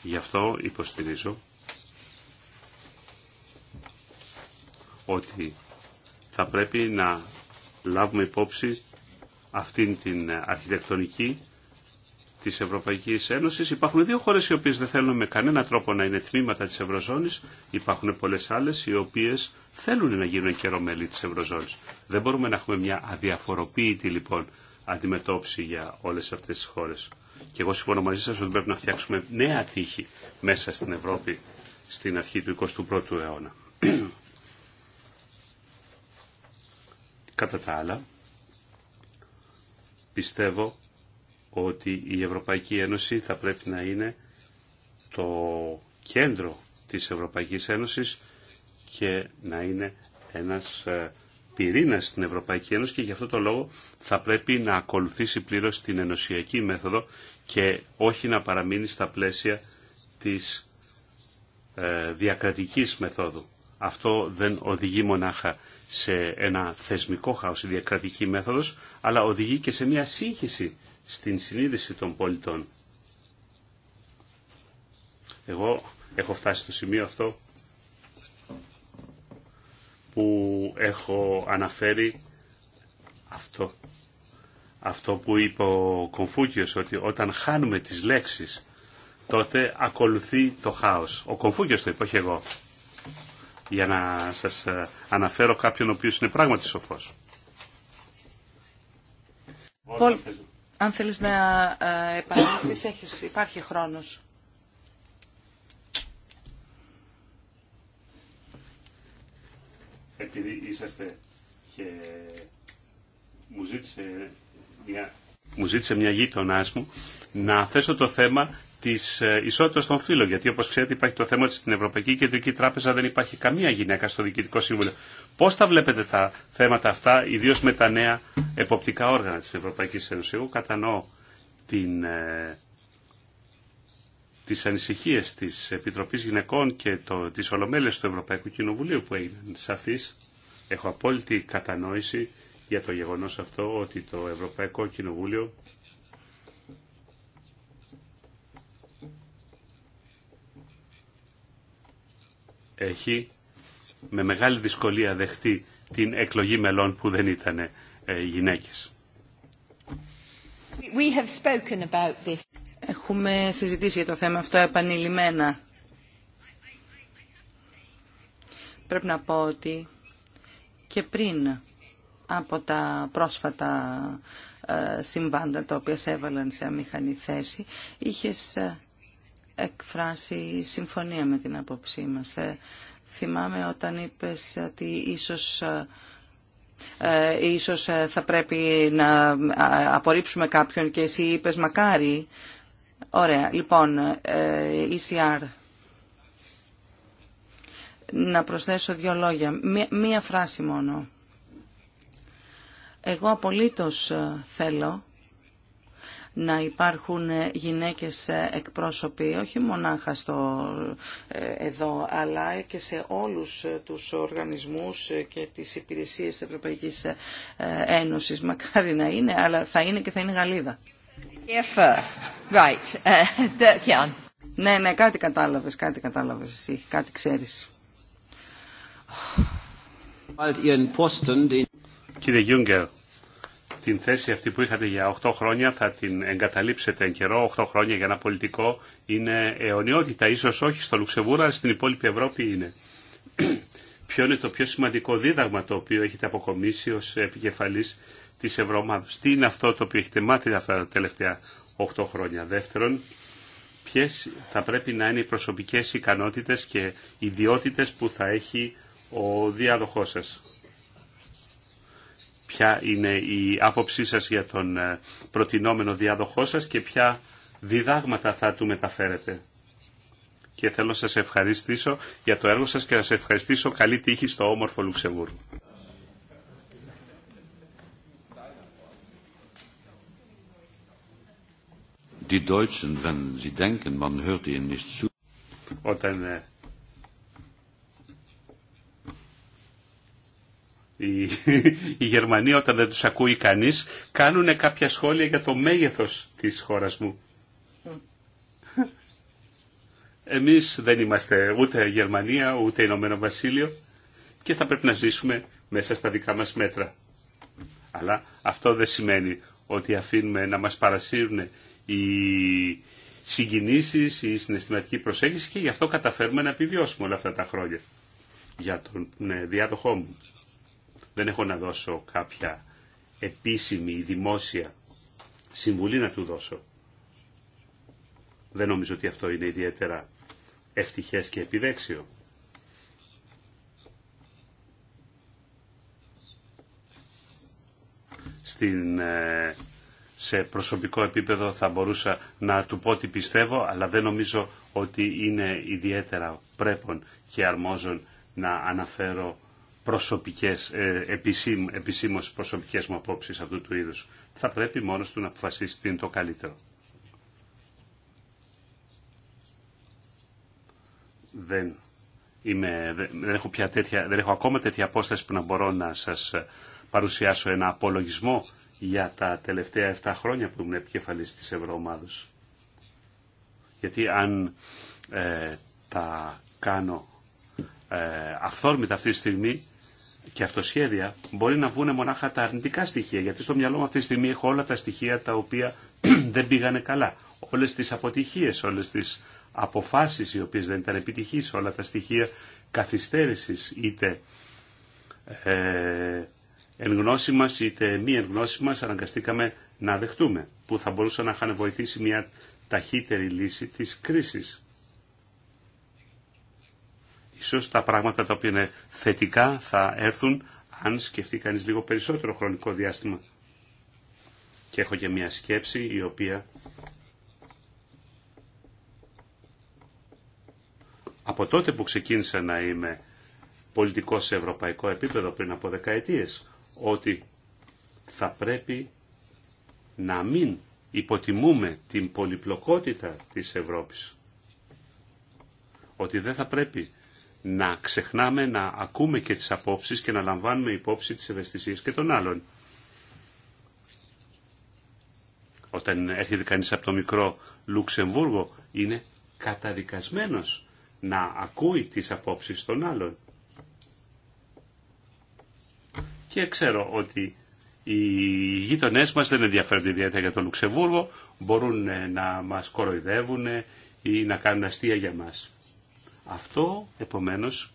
Γι' αυτό υποστηρίζω ότι θα πρέπει να λάβουμε υπόψη αυτήν την αρχιτεκτονική τη Ευρωπαϊκή Ένωση. Υπάρχουν δύο χώρε οι οποίε δεν θέλουν με κανένα τρόπο να είναι τμήματα τη Ευρωζώνη. Υπάρχουν πολλέ άλλε οι οποίε θέλουν να γίνουν καιρό μέλη τη Ευρωζώνη. Δεν μπορούμε να έχουμε μια αδιαφοροποίητη λοιπόν αντιμετώπιση για όλε αυτέ τι χώρε. Και εγώ συμφωνώ μαζί σα ότι πρέπει να φτιάξουμε νέα τύχη μέσα στην Ευρώπη στην αρχή του 21ου αιώνα. Κατά τα άλλα, πιστεύω ότι η Ευρωπαϊκή Ένωση θα πρέπει να είναι το κέντρο της Ευρωπαϊκής Ένωσης και να είναι ένας ε, πυρήνας στην Ευρωπαϊκή Ένωση και γι' αυτό το λόγο θα πρέπει να ακολουθήσει πλήρως την ενωσιακή μέθοδο και όχι να παραμείνει στα πλαίσια της ε, διακρατικής μεθόδου. Αυτό δεν οδηγεί μονάχα σε ένα θεσμικό χάος η διακρατική μέθοδος, αλλά οδηγεί και σε μια σύγχυση στην συνείδηση των πολιτών. Εγώ έχω φτάσει στο σημείο αυτό που έχω αναφέρει αυτό, αυτό που είπε ο Κομφούκιος ότι όταν χάνουμε τις λέξεις τότε ακολουθεί το χάος. Ο Κομφούκιος το είπε, όχι εγώ. Για να σας ε, αναφέρω κάποιον ο οποίος είναι πράγματι σοφός. Αν θέλεις να ε, επανέλθεις, έχεις, υπάρχει χρόνος. Επειδή είσαστε και μου ζήτησε μια, μου ζήτησε μια γείτονά μου να θέσω το θέμα τη ε, ισότητα των φύλων. Γιατί όπω ξέρετε υπάρχει το θέμα ότι στην Ευρωπαϊκή Κεντρική Τράπεζα δεν υπάρχει καμία γυναίκα στο Διοικητικό Σύμβουλο. Πώ τα βλέπετε τα θέματα αυτά, ιδίω με τα νέα εποπτικά όργανα τη Ευρωπαϊκή Ένωση. Εγώ κατανοώ την, ε, τις ανησυχίες της Επιτροπής Γυναικών και τη Ολομέλεια του Ευρωπαϊκού Κοινοβουλίου που έγιναν σαφείς. Έχω απόλυτη κατανόηση για το γεγονός αυτό ότι το Ευρωπαϊκό Κοινοβούλιο έχει με μεγάλη δυσκολία δεχτεί την εκλογή μελών που δεν ήταν ε, γυναίκες. Έχουμε συζητήσει για το θέμα αυτό επανειλημμένα. Πρέπει να πω ότι και πριν από τα πρόσφατα ε, συμβάντα τα οποία σε έβαλαν σε αμήχανη θέση, είχες ε, εκφράσει συμφωνία με την απόψή μας. Ε, θυμάμαι όταν είπες ότι ίσως ε, ίσως ε, θα πρέπει να απορρίψουμε κάποιον και εσύ είπες μακάρι. Ωραία. Λοιπόν, ECR. Να προσθέσω δύο λόγια. Μία, μία φράση μόνο. Εγώ απολύτως θέλω να υπάρχουν ε, γυναίκες ε, εκπρόσωποι όχι μονάχα στο, ε, εδώ αλλά και σε όλους τους οργανισμούς και τις υπηρεσίες της Ευρωπαϊκής Ένωσης. Μακάρι να είναι, αλλά θα είναι και θα είναι Γαλλίδα. Right. ναι, ναι, κάτι κατάλαβες, κάτι κατάλαβες εσύ, κάτι ξέρεις. Κύριε Γιούγκερ, την θέση αυτή που είχατε για 8 χρόνια θα την εγκαταλείψετε εν καιρό. 8 χρόνια για ένα πολιτικό είναι αιωνιότητα. Ίσως όχι στο Λουξεμβούργο, αλλά στην υπόλοιπη Ευρώπη είναι. Ποιο είναι το πιο σημαντικό δίδαγμα το οποίο έχετε αποκομίσει ως επικεφαλής της Ευρώπη. Τι είναι αυτό το οποίο έχετε μάθει αυτά τα τελευταία 8 χρόνια. Δεύτερον, ποιε θα πρέπει να είναι οι προσωπικές ικανότητες και ιδιότητες που θα έχει ο διάδοχός σας ποια είναι η άποψή σας για τον ε, προτινόμενο διάδοχό σας και ποια διδάγματα θα του μεταφέρετε. Και θέλω να σας ευχαριστήσω για το έργο σας και να σας ευχαριστήσω καλή τύχη στο όμορφο Λουξεβούρ. Die Deutschen, wenn sie denken, hört nicht zu. Ε, οι, Γερμανοί όταν δεν τους ακούει κανείς κάνουν κάποια σχόλια για το μέγεθος της χώρας μου. Εμείς δεν είμαστε ούτε Γερμανία ούτε Ηνωμένο Βασίλειο και θα πρέπει να ζήσουμε μέσα στα δικά μας μέτρα. Αλλά αυτό δεν σημαίνει ότι αφήνουμε να μας παρασύρουν οι συγκινήσεις, η συναισθηματική προσέγγιση και γι' αυτό καταφέρουμε να επιβιώσουμε όλα αυτά τα χρόνια για τον ναι, διάδοχό μου. Δεν έχω να δώσω κάποια επίσημη δημόσια συμβουλή να του δώσω. Δεν νομίζω ότι αυτό είναι ιδιαίτερα ευτυχές και επιδέξιο. Στην, ε, σε προσωπικό επίπεδο θα μπορούσα να του πω ότι πιστεύω, αλλά δεν νομίζω ότι είναι ιδιαίτερα πρέπον και αρμόζον να αναφέρω προσωπικές, ε, επισήμ, επισήμως προσωπικές μου απόψεις αυτού του είδους. Θα πρέπει μόνος του να αποφασίσει τι είναι το καλύτερο. Δεν, είμαι, δεν, έχω πια τέτοια, δεν έχω ακόμα τέτοια απόσταση που να μπορώ να σας ε, παρουσιάσω ένα απολογισμό για τα τελευταία 7 χρόνια που ήμουν επικεφαλής της Ευρωομάδος. Γιατί αν ε, τα κάνω ε, αυτή τη στιγμή και αυτοσχέδια μπορεί να βγουν μονάχα τα αρνητικά στοιχεία. Γιατί στο μυαλό μου αυτή τη στιγμή έχω όλα τα στοιχεία τα οποία δεν πήγανε καλά. Όλες τις αποτυχίες, όλες τις αποφάσεις οι οποίες δεν ήταν επιτυχείς, όλα τα στοιχεία καθυστέρησης είτε ε, εν γνώση μας είτε μη εν γνώση μας αναγκαστήκαμε να δεχτούμε που θα μπορούσε να είχαν βοηθήσει μια ταχύτερη λύση της κρίσης. Ίσως τα πράγματα τα οποία είναι θετικά θα έρθουν αν σκεφτεί κανείς λίγο περισσότερο χρονικό διάστημα. Και έχω και μια σκέψη η οποία από τότε που ξεκίνησα να είμαι πολιτικός σε ευρωπαϊκό επίπεδο πριν από δεκαετίες, ότι θα πρέπει να μην υποτιμούμε την πολυπλοκότητα της Ευρώπης. Ότι δεν θα πρέπει να ξεχνάμε να ακούμε και τις απόψεις και να λαμβάνουμε υπόψη τις ευαισθησίες και των άλλων. Όταν έρχεται κανείς από το μικρό Λουξεμβούργο είναι καταδικασμένος να ακούει τις απόψεις των άλλων. Και ξέρω ότι οι γείτονέ μας δεν ενδιαφέρονται ιδιαίτερα για το Λουξεμβούργο, μπορούν ε, να μας κοροϊδεύουν ε, ή να κάνουν αστεία για μας. Αυτό, επομένως,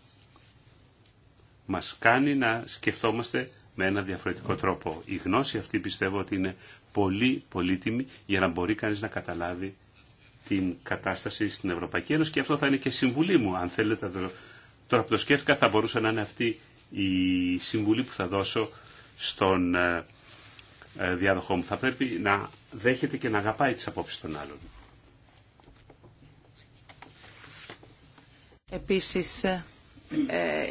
μας κάνει να σκεφτόμαστε με ένα διαφορετικό τρόπο. Η γνώση αυτή πιστεύω ότι είναι πολύ πολύτιμη για να μπορεί κανείς να καταλάβει την κατάσταση στην Ευρωπαϊκή Ένωση και αυτό θα είναι και συμβουλή μου. Αν θέλετε, τώρα που το σκέφτηκα θα μπορούσε να είναι αυτή η συμβουλή που θα δώσω στον ε, ε, διάδοχό μου. Θα πρέπει να δέχεται και να αγαπάει τις απόψεις των άλλων. Επίσης, ε,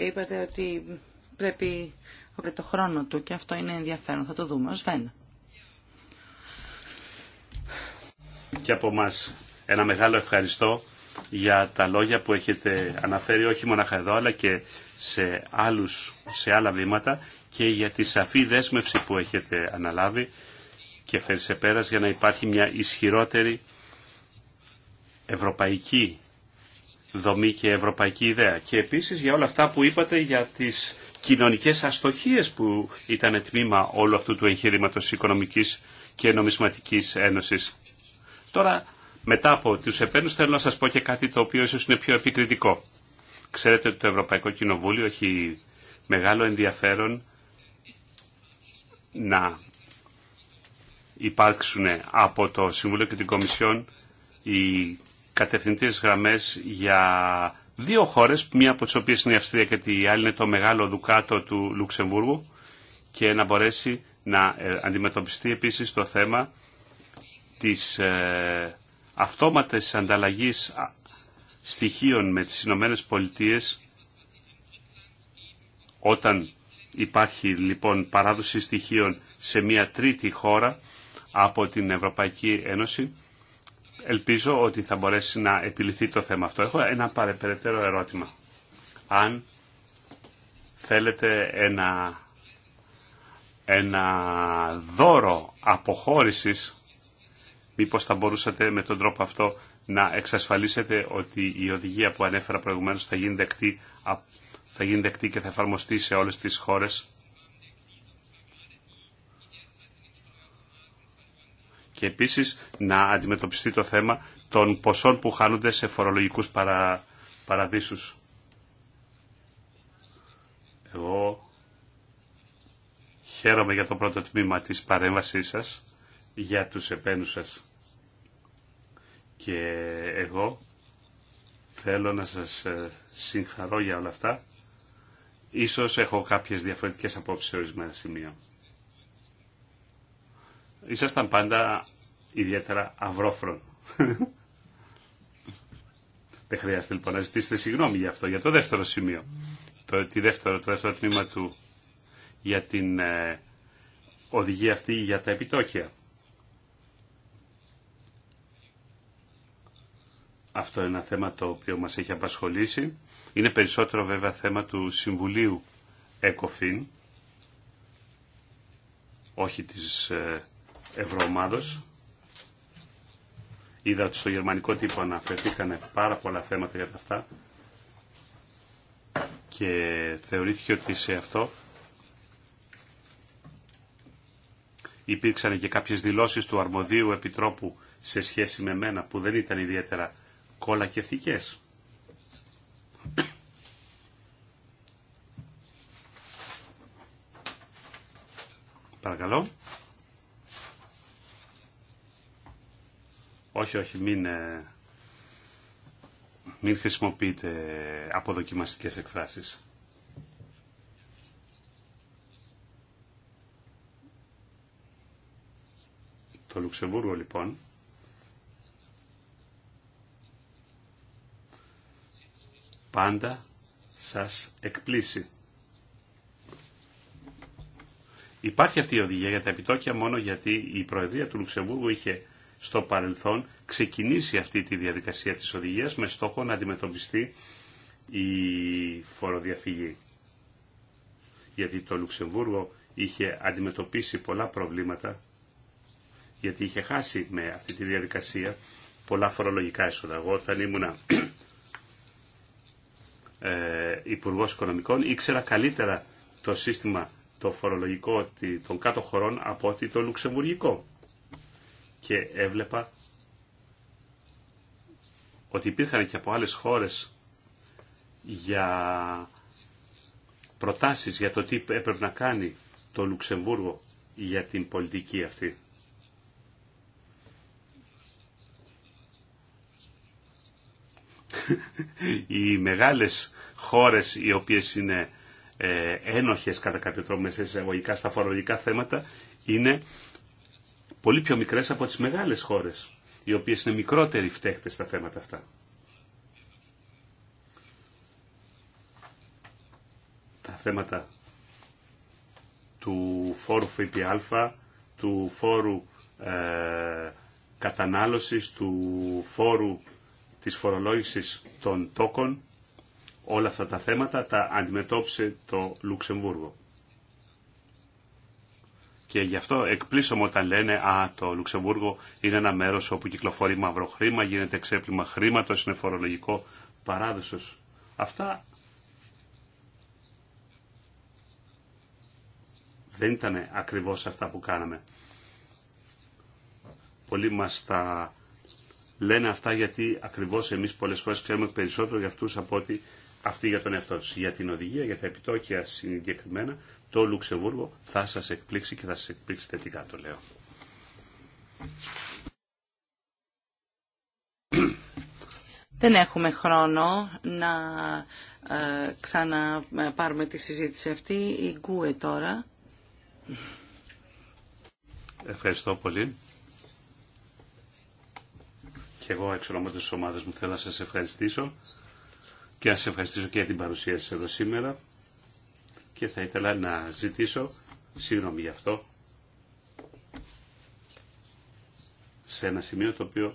είπατε ότι πρέπει το χρόνο του και αυτό είναι ενδιαφέρον. Θα το δούμε ως Και από μας ένα μεγάλο ευχαριστώ για τα λόγια που έχετε αναφέρει όχι μόνο εδώ αλλά και σε, άλλους, σε άλλα βήματα και για τη σαφή δέσμευση που έχετε αναλάβει και φέρει σε πέρας για να υπάρχει μια ισχυρότερη ευρωπαϊκή δομή και ευρωπαϊκή ιδέα. Και επίσης για όλα αυτά που είπατε για τις κοινωνικές αστοχίες που ήταν τμήμα όλου αυτού του εγχειρήματος οικονομικής και νομισματικής ένωσης. Τώρα, μετά από τους επένους θέλω να σας πω και κάτι το οποίο ίσως είναι πιο επικριτικό. Ξέρετε ότι το Ευρωπαϊκό Κοινοβούλιο έχει μεγάλο ενδιαφέρον να υπάρξουν από το Συμβούλιο και την Κομισιόν οι κατευθυντήρες γραμμές για δύο χώρες, μία από τις οποίες είναι η Αυστρία και η άλλη είναι το μεγάλο δουκάτο του Λουξεμβούργου και να μπορέσει να ε, αντιμετωπιστεί επίσης το θέμα της ε, ανταλλαγή ανταλλαγής στοιχείων με τις Ηνωμένε Πολιτείε όταν υπάρχει λοιπόν παράδοση στοιχείων σε μια τρίτη χώρα από την Ευρωπαϊκή Ένωση ελπίζω ότι θα μπορέσει να επιληθεί το θέμα αυτό. Έχω ένα παρεπεραιτέρω ερώτημα. Αν θέλετε ένα, ένα δώρο αποχώρησης, μήπως θα μπορούσατε με τον τρόπο αυτό να εξασφαλίσετε ότι η οδηγία που ανέφερα προηγουμένως θα γίνει δεκτή, θα γίνει δεκτή και θα εφαρμοστεί σε όλες τις χώρες και επίσης να αντιμετωπιστεί το θέμα των ποσών που χάνονται σε φορολογικούς παρα, παραδείσους. Εγώ χαίρομαι για το πρώτο τμήμα της παρέμβασής σας, για τους επένους σας. Και εγώ θέλω να σας ε, συγχαρώ για όλα αυτά. Ίσως έχω κάποιες διαφορετικές απόψεις σε ορισμένα σημεία. Ήσασταν πάντα ιδιαίτερα αυρόφρον. Δεν χρειάζεται λοιπόν να ζητήσετε συγγνώμη για αυτό, για το δεύτερο σημείο. Το, τη δεύτερο, το δεύτερο τμήμα του για την ε, οδηγία αυτή για τα επιτόκια. Αυτό είναι ένα θέμα το οποίο μας έχει απασχολήσει. Είναι περισσότερο βέβαια θέμα του Συμβουλίου ΕΚΟΦΗΝ, όχι της ε, Ευρωομάδος. Είδα ότι στο γερμανικό τύπο αναφερθήκαν πάρα πολλά θέματα για τα αυτά και θεωρήθηκε ότι σε αυτό υπήρξαν και κάποιες δηλώσεις του αρμοδίου επιτρόπου σε σχέση με μένα που δεν ήταν ιδιαίτερα κολακευτικές. Παρακαλώ. Όχι, όχι, μην, ε, μην χρησιμοποιείτε αποδοκιμαστικές εκφράσεις. Το Λουξεμβούργο λοιπόν πάντα σας εκπλήσει. Υπάρχει αυτή η οδηγία για τα επιτόκια μόνο γιατί η Προεδρία του Λουξεμβούργου είχε στο παρελθόν ξεκινήσει αυτή τη διαδικασία της οδηγίας με στόχο να αντιμετωπιστεί η φοροδιαφυγή. Γιατί το Λουξεμβούργο είχε αντιμετωπίσει πολλά προβλήματα, γιατί είχε χάσει με αυτή τη διαδικασία πολλά φορολογικά έσοδα. Εγώ όταν ήμουνα ε, Υπουργό Οικονομικών ήξερα καλύτερα το σύστημα το φορολογικό των κάτω χωρών από ότι το λουξεμβουργικό και έβλεπα ότι υπήρχαν και από άλλες χώρες για προτάσεις για το τι έπρεπε να κάνει το Λουξεμβούργο για την πολιτική αυτή. οι μεγάλες χώρες οι οποίες είναι ε, ένοχες κατά κάποιο τρόπο μέσα εισαγωγικά στα φορολογικά θέματα είναι πολύ πιο μικρές από τις μεγάλες χώρες, οι οποίες είναι μικρότεροι φταίχτες στα θέματα αυτά. Τα θέματα του φόρου ΦΠΑ, του φόρου ε, κατανάλωσης, του φόρου της φορολόγησης των τόκων, όλα αυτά τα θέματα τα αντιμετώπισε το Λουξεμβούργο. Και γι' αυτό εκπλήσωμαι όταν λένε «Α, το Λουξεμβούργο είναι ένα μέρος όπου κυκλοφορεί μαύρο χρήμα, γίνεται ξέπλυμα χρήματος, είναι φορολογικό παράδεισος». Αυτά δεν ήταν ακριβώς αυτά που κάναμε. Πολλοί μας τα λένε αυτά γιατί ακριβώς εμείς πολλές φορές ξέρουμε περισσότερο για αυτούς από ότι αυτοί για τον εαυτό τους. Για την οδηγία, για τα επιτόκια συγκεκριμένα το Λουξεμβούργο θα σας εκπλήξει και θα σας εκπλήξει θετικά το λέω. Δεν έχουμε χρόνο να ε, ξαναπάρουμε τη συζήτηση αυτή. Η Γκούε τώρα. Ευχαριστώ πολύ. Και εγώ εξ ονόματο τη ομάδα μου θέλω να σας ευχαριστήσω και να σας ευχαριστήσω και για την παρουσία σας εδώ σήμερα και θα ήθελα να ζητήσω συγγνώμη γι' αυτό σε ένα σημείο το οποίο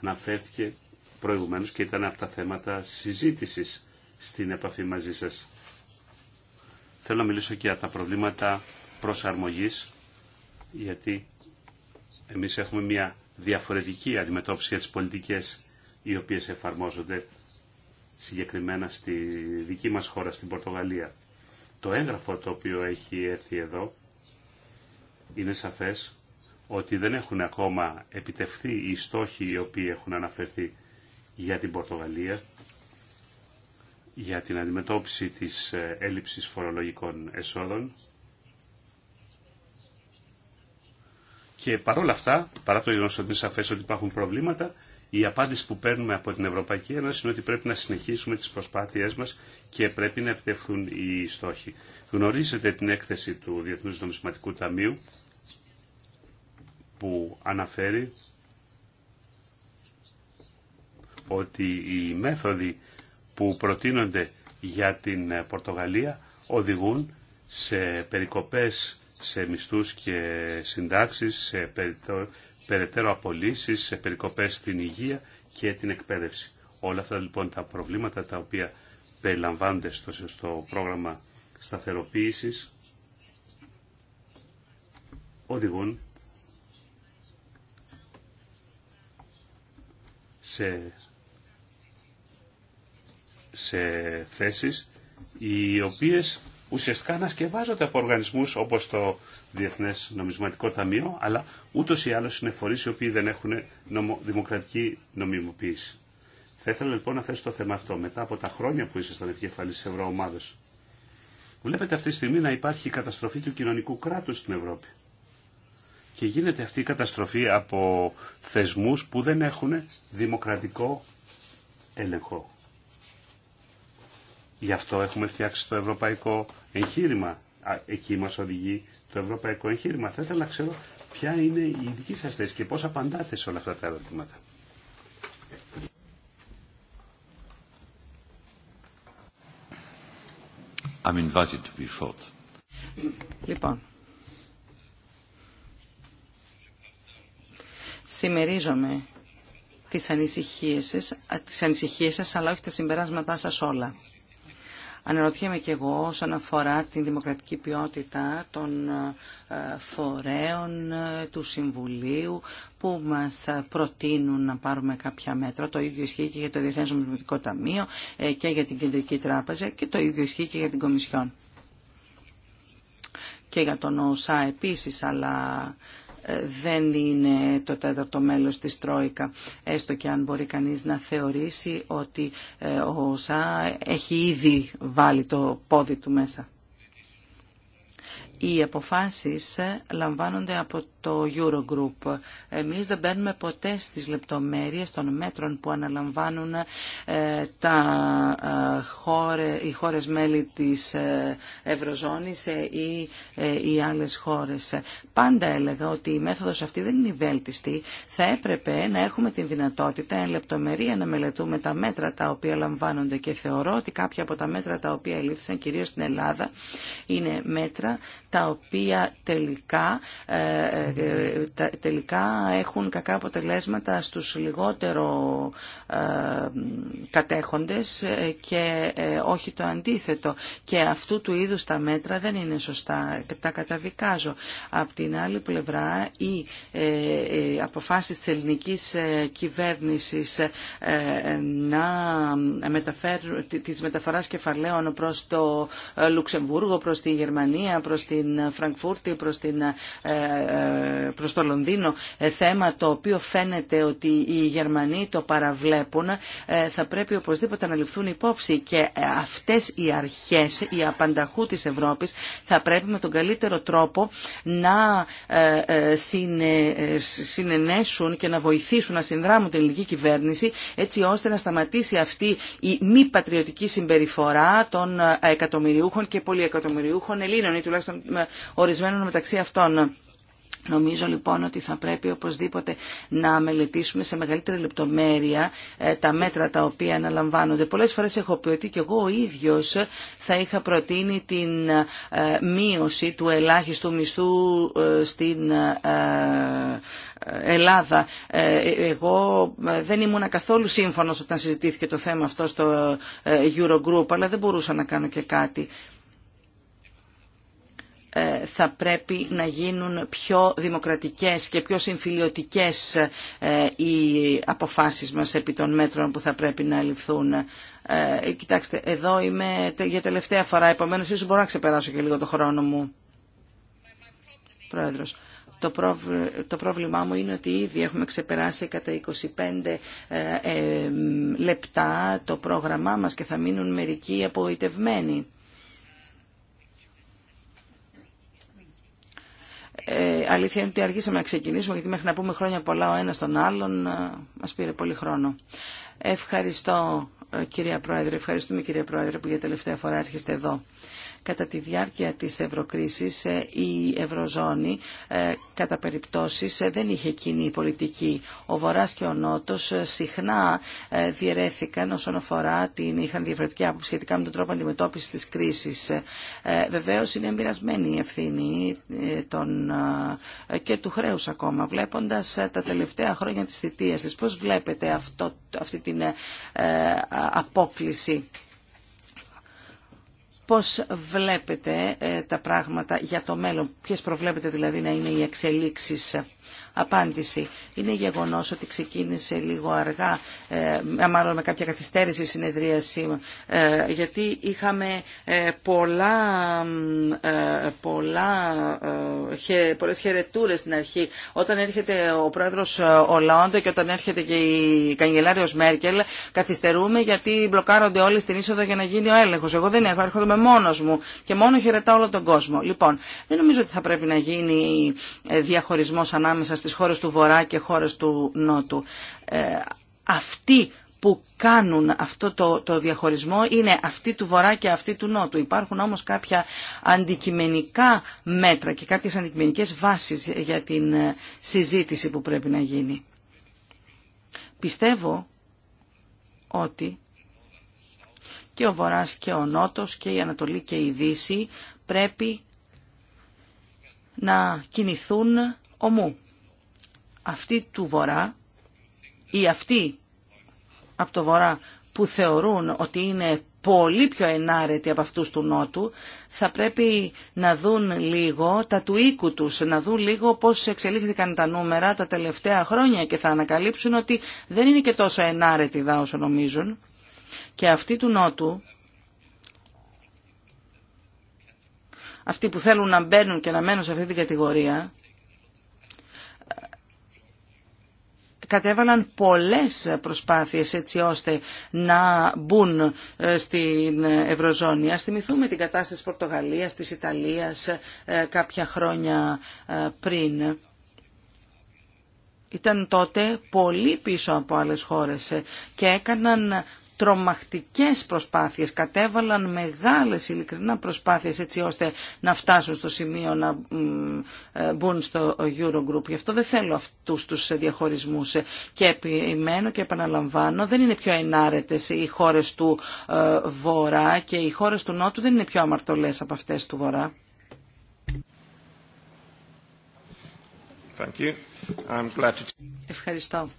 αναφέρθηκε προηγουμένως και ήταν από τα θέματα συζήτησης στην επαφή μαζί σας. Θέλω να μιλήσω και για τα προβλήματα προσαρμογής γιατί εμείς έχουμε μια διαφορετική αντιμετώπιση για τις πολιτικές οι οποίες εφαρμόζονται συγκεκριμένα στη δική μας χώρα, στην Πορτογαλία το έγγραφο το οποίο έχει έρθει εδώ είναι σαφές ότι δεν έχουν ακόμα επιτευχθεί οι στόχοι οι οποίοι έχουν αναφερθεί για την Πορτογαλία για την αντιμετώπιση της ε, έλλειψης φορολογικών εσόδων και παρόλα αυτά, παρά το γεγονός ότι είναι σαφέ ότι υπάρχουν προβλήματα, η απάντηση που παίρνουμε από την Ευρωπαϊκή Ένωση είναι ότι πρέπει να συνεχίσουμε τις προσπάθειές μας και πρέπει να επιτευχθούν οι στόχοι. Γνωρίζετε την έκθεση του Διεθνούς Νομισματικού Ταμείου που αναφέρει ότι οι μέθοδοι που προτείνονται για την Πορτογαλία οδηγούν σε περικοπές σε μισθούς και συντάξεις, σε περαιτέρω απολύσεις, σε περικοπές στην υγεία και την εκπαίδευση. Όλα αυτά λοιπόν τα προβλήματα τα οποία περιλαμβάνονται στο, στο πρόγραμμα σταθεροποίησης οδηγούν σε, σε θέσεις οι οποίες ουσιαστικά ανασκευάζονται από οργανισμούς όπως το Διεθνές Νομισματικό Ταμείο, αλλά ούτως ή άλλως είναι φορείς οι οποίοι δεν έχουν νομο, δημοκρατική νομιμοποίηση. Θα ήθελα λοιπόν να θέσω το θέμα αυτό μετά από τα χρόνια που ήσασταν επικεφαλής της Ευρωομάδας. Βλέπετε αυτή τη στιγμή να υπάρχει η καταστροφή του κοινωνικού κράτους στην Ευρώπη. που ησασταν επικεφαλη της γίνεται αυτή η καταστροφή από θεσμούς που δεν έχουν δημοκρατικό έλεγχο. Γι' αυτό έχουμε φτιάξει το ευρωπαϊκό εγχείρημα. Εκεί μας οδηγεί το ευρωπαϊκό εγχείρημα. Θα ήθελα να ξέρω ποια είναι η δική σας θέση και πώς απαντάτε σε όλα αυτά τα ερωτήματα. I'm invited to be short. Λοιπόν, συμμερίζομαι τις ανησυχίες, σας, τις ανησυχίες σας, αλλά όχι τα συμπεράσματά σας όλα. Αναρωτιέμαι και εγώ όσον αφορά την δημοκρατική ποιότητα των ε, φορέων ε, του Συμβουλίου που μας προτείνουν να πάρουμε κάποια μέτρα. Το ίδιο ισχύει και για το Διεθνές Νομισματικό Ταμείο ε, και για την Κεντρική Τράπεζα και το ίδιο ισχύει και για την Κομισιόν. Και για τον ΟΣΑ επίσης, αλλά δεν είναι το τέταρτο μέλος της Τρόικα. Έστω και αν μπορεί κανείς να θεωρήσει ότι ε, ο ΣΑ έχει ήδη βάλει το πόδι του μέσα οι αποφάσεις λαμβάνονται από το Eurogroup. Εμείς δεν μπαίνουμε ποτέ στις λεπτομέρειες των μέτρων που αναλαμβάνουν ε, τα, ε, χώρε, οι χώρες μέλη της ε, Ευρωζώνης ή οι άλλες χώρες. Πάντα έλεγα ότι η μέθοδος αυτή δεν είναι η μεθοδος αυτη δεν ειναι βελτιστη Θα έπρεπε να έχουμε την δυνατότητα εν λεπτομερία να μελετούμε τα μέτρα τα οποία λαμβάνονται και θεωρώ ότι κάποια από τα μέτρα τα οποία ελήφθησαν κυρίως στην Ελλάδα είναι μέτρα τα οποία τελικά, ε, ε, τελικά έχουν κακά αποτελέσματα στους λιγότερο ε, κατέχοντες και όχι το αντίθετο. Και αυτού του είδους τα μέτρα δεν είναι σωστά, τα καταδικάζω. Απ' την άλλη πλευρά, οι αποφάσεις της ελληνικής κυβέρνησης να μεταφέρουν, της μεταφοράς κεφαλαίων προς το Λουξεμβούργο, προς τη Γερμανία, προς την την Φραγκφούρτη, προς, ε, ε, προς το Λονδίνο, ε, θέμα το οποίο φαίνεται ότι οι Γερμανοί το παραβλέπουν, θα πρέπει οπωσδήποτε να ληφθούν υπόψη και αυτές οι αρχές, οι απανταχού της Ευρώπης, θα πρέπει με τον καλύτερο τρόπο να συνενέσουν και να βοηθήσουν να συνδράμουν την ελληνική κυβέρνηση, έτσι ώστε να σταματήσει αυτή η μη πατριωτική συμπεριφορά των εκατομμυριούχων και πολυεκατομμυριούχων Ελλήνων ή τουλάχιστον ορισμένων μεταξύ αυτών. Νομίζω λοιπόν ότι θα πρέπει οπωσδήποτε να μελετήσουμε σε μεγαλύτερη λεπτομέρεια ε, τα μέτρα τα οποία αναλαμβάνονται. Πολλές φορές έχω πει ότι και εγώ ο ίδιος θα είχα προτείνει την ε, μείωση του ελάχιστου μισθού ε, στην Ελλάδα. Εγώ δεν ήμουνα καθόλου σύμφωνος όταν συζητήθηκε το θέμα αυτό στο Eurogroup, αλλά δεν μπορούσα να κάνω και κάτι. Ε, θα πρέπει να γίνουν πιο δημοκρατικές και πιο συμφιλιωτικές ε, οι αποφάσεις μας επί των μέτρων που θα πρέπει να ληφθούν. Ε, κοιτάξτε, εδώ είμαι για τελευταία φορά, επομένως ίσως μπορώ να ξεπεράσω και λίγο το χρόνο μου. Πρόεδρος. Το, πρόβλημά μου είναι ότι ήδη έχουμε ξεπεράσει κατά 25 λεπτά το πρόγραμμά μας και θα μείνουν μερικοί απογοητευμένοι. Ε, αλήθεια είναι ότι αργήσαμε να ξεκινήσουμε γιατί μέχρι να πούμε χρόνια πολλά ο ένας τον άλλον ε, μας πήρε πολύ χρόνο. Ευχαριστώ ε, κυρία Πρόεδρε, ευχαριστούμε κυρία Πρόεδρε που για τελευταία φορά έρχεστε εδώ. Κατά τη διάρκεια της ευρωκρίσης ε, η ευρωζώνη ε, κατά περιπτώσεις ε, δεν είχε κοινή πολιτική. Ο Βορράς και ο Νότος συχνά διαιρέθηκαν όσον αφορά την είχαν διαφορετική άποψη σχετικά με τον τρόπο αντιμετώπισης της κρίσης. Βεβαίως είναι εμπειρασμένη η ευθύνη των, και του χρέους ακόμα. Βλέποντας τα τελευταία χρόνια της θητείας πώς βλέπετε αυτό, αυτή την απόκληση Πώς βλέπετε ε, τα πράγματα για το μέλλον, ποιες προβλέπετε δηλαδή να είναι οι εξελίξεις απάντηση. Είναι γεγονό ότι ξεκίνησε λίγο αργά, ε, μάλλον με κάποια καθυστέρηση η συνεδρίαση, ε, γιατί είχαμε ε, πολλά, πολλά, πολλές χαιρετούρες στην αρχή. Όταν έρχεται ο πρόεδρος Ολάντε και όταν έρχεται και η καγκελάριος Μέρκελ, καθυστερούμε γιατί μπλοκάρονται όλοι στην είσοδο για να γίνει ο έλεγχος. Εγώ δεν έχω, έρχομαι μόνος μου και μόνο χαιρετάω όλο τον κόσμο. Λοιπόν, δεν νομίζω ότι θα πρέπει να γίνει διαχωρισμός ανάμεσα στις χώρες του Βορρά και χώρες του Νότου. Ε, αυτοί που κάνουν αυτό το, το διαχωρισμό είναι αυτοί του Βορρά και αυτοί του Νότου. Υπάρχουν όμως κάποια αντικειμενικά μέτρα και κάποιες αντικειμενικές βάσεις για την ε, συζήτηση που πρέπει να γίνει. Πιστεύω ότι και ο Βορράς και ο Νότος και η Ανατολή και η Δύση πρέπει να κινηθούν ομού αυτοί του Βορρά ή αυτοί από το Βορρά που θεωρούν ότι είναι πολύ πιο ενάρετοι από αυτούς του Νότου, θα πρέπει να δουν λίγο τα του οίκου τους, να δουν λίγο πώς εξελίχθηκαν τα νούμερα τα τελευταία χρόνια και θα ανακαλύψουν ότι δεν είναι και τόσο ενάρετοι δά όσο νομίζουν. Και αυτοί του Νότου, αυτοί που θέλουν να μπαίνουν και να μένουν σε αυτή την κατηγορία, κατέβαλαν πολλές προσπάθειες έτσι ώστε να μπουν ε, στην Ευρωζώνη. Ας θυμηθούμε την κατάσταση της Πορτογαλίας, της Ιταλίας ε, κάποια χρόνια ε, πριν ήταν τότε πολύ πίσω από άλλες χώρες και έκαναν τρομακτικές προσπάθειες, κατέβαλαν μεγάλες ειλικρινά προσπάθειες έτσι ώστε να φτάσουν στο σημείο να ε, μπουν στο Eurogroup. Γι' αυτό δεν θέλω αυτούς τους διαχωρισμούς ε, και επιμένω και επαναλαμβάνω δεν είναι πιο ενάρετες οι χώρες του ε, Βορρά και οι χώρες του Νότου δεν είναι πιο αμαρτωλές από αυτές του Βορρά. Ευχαριστώ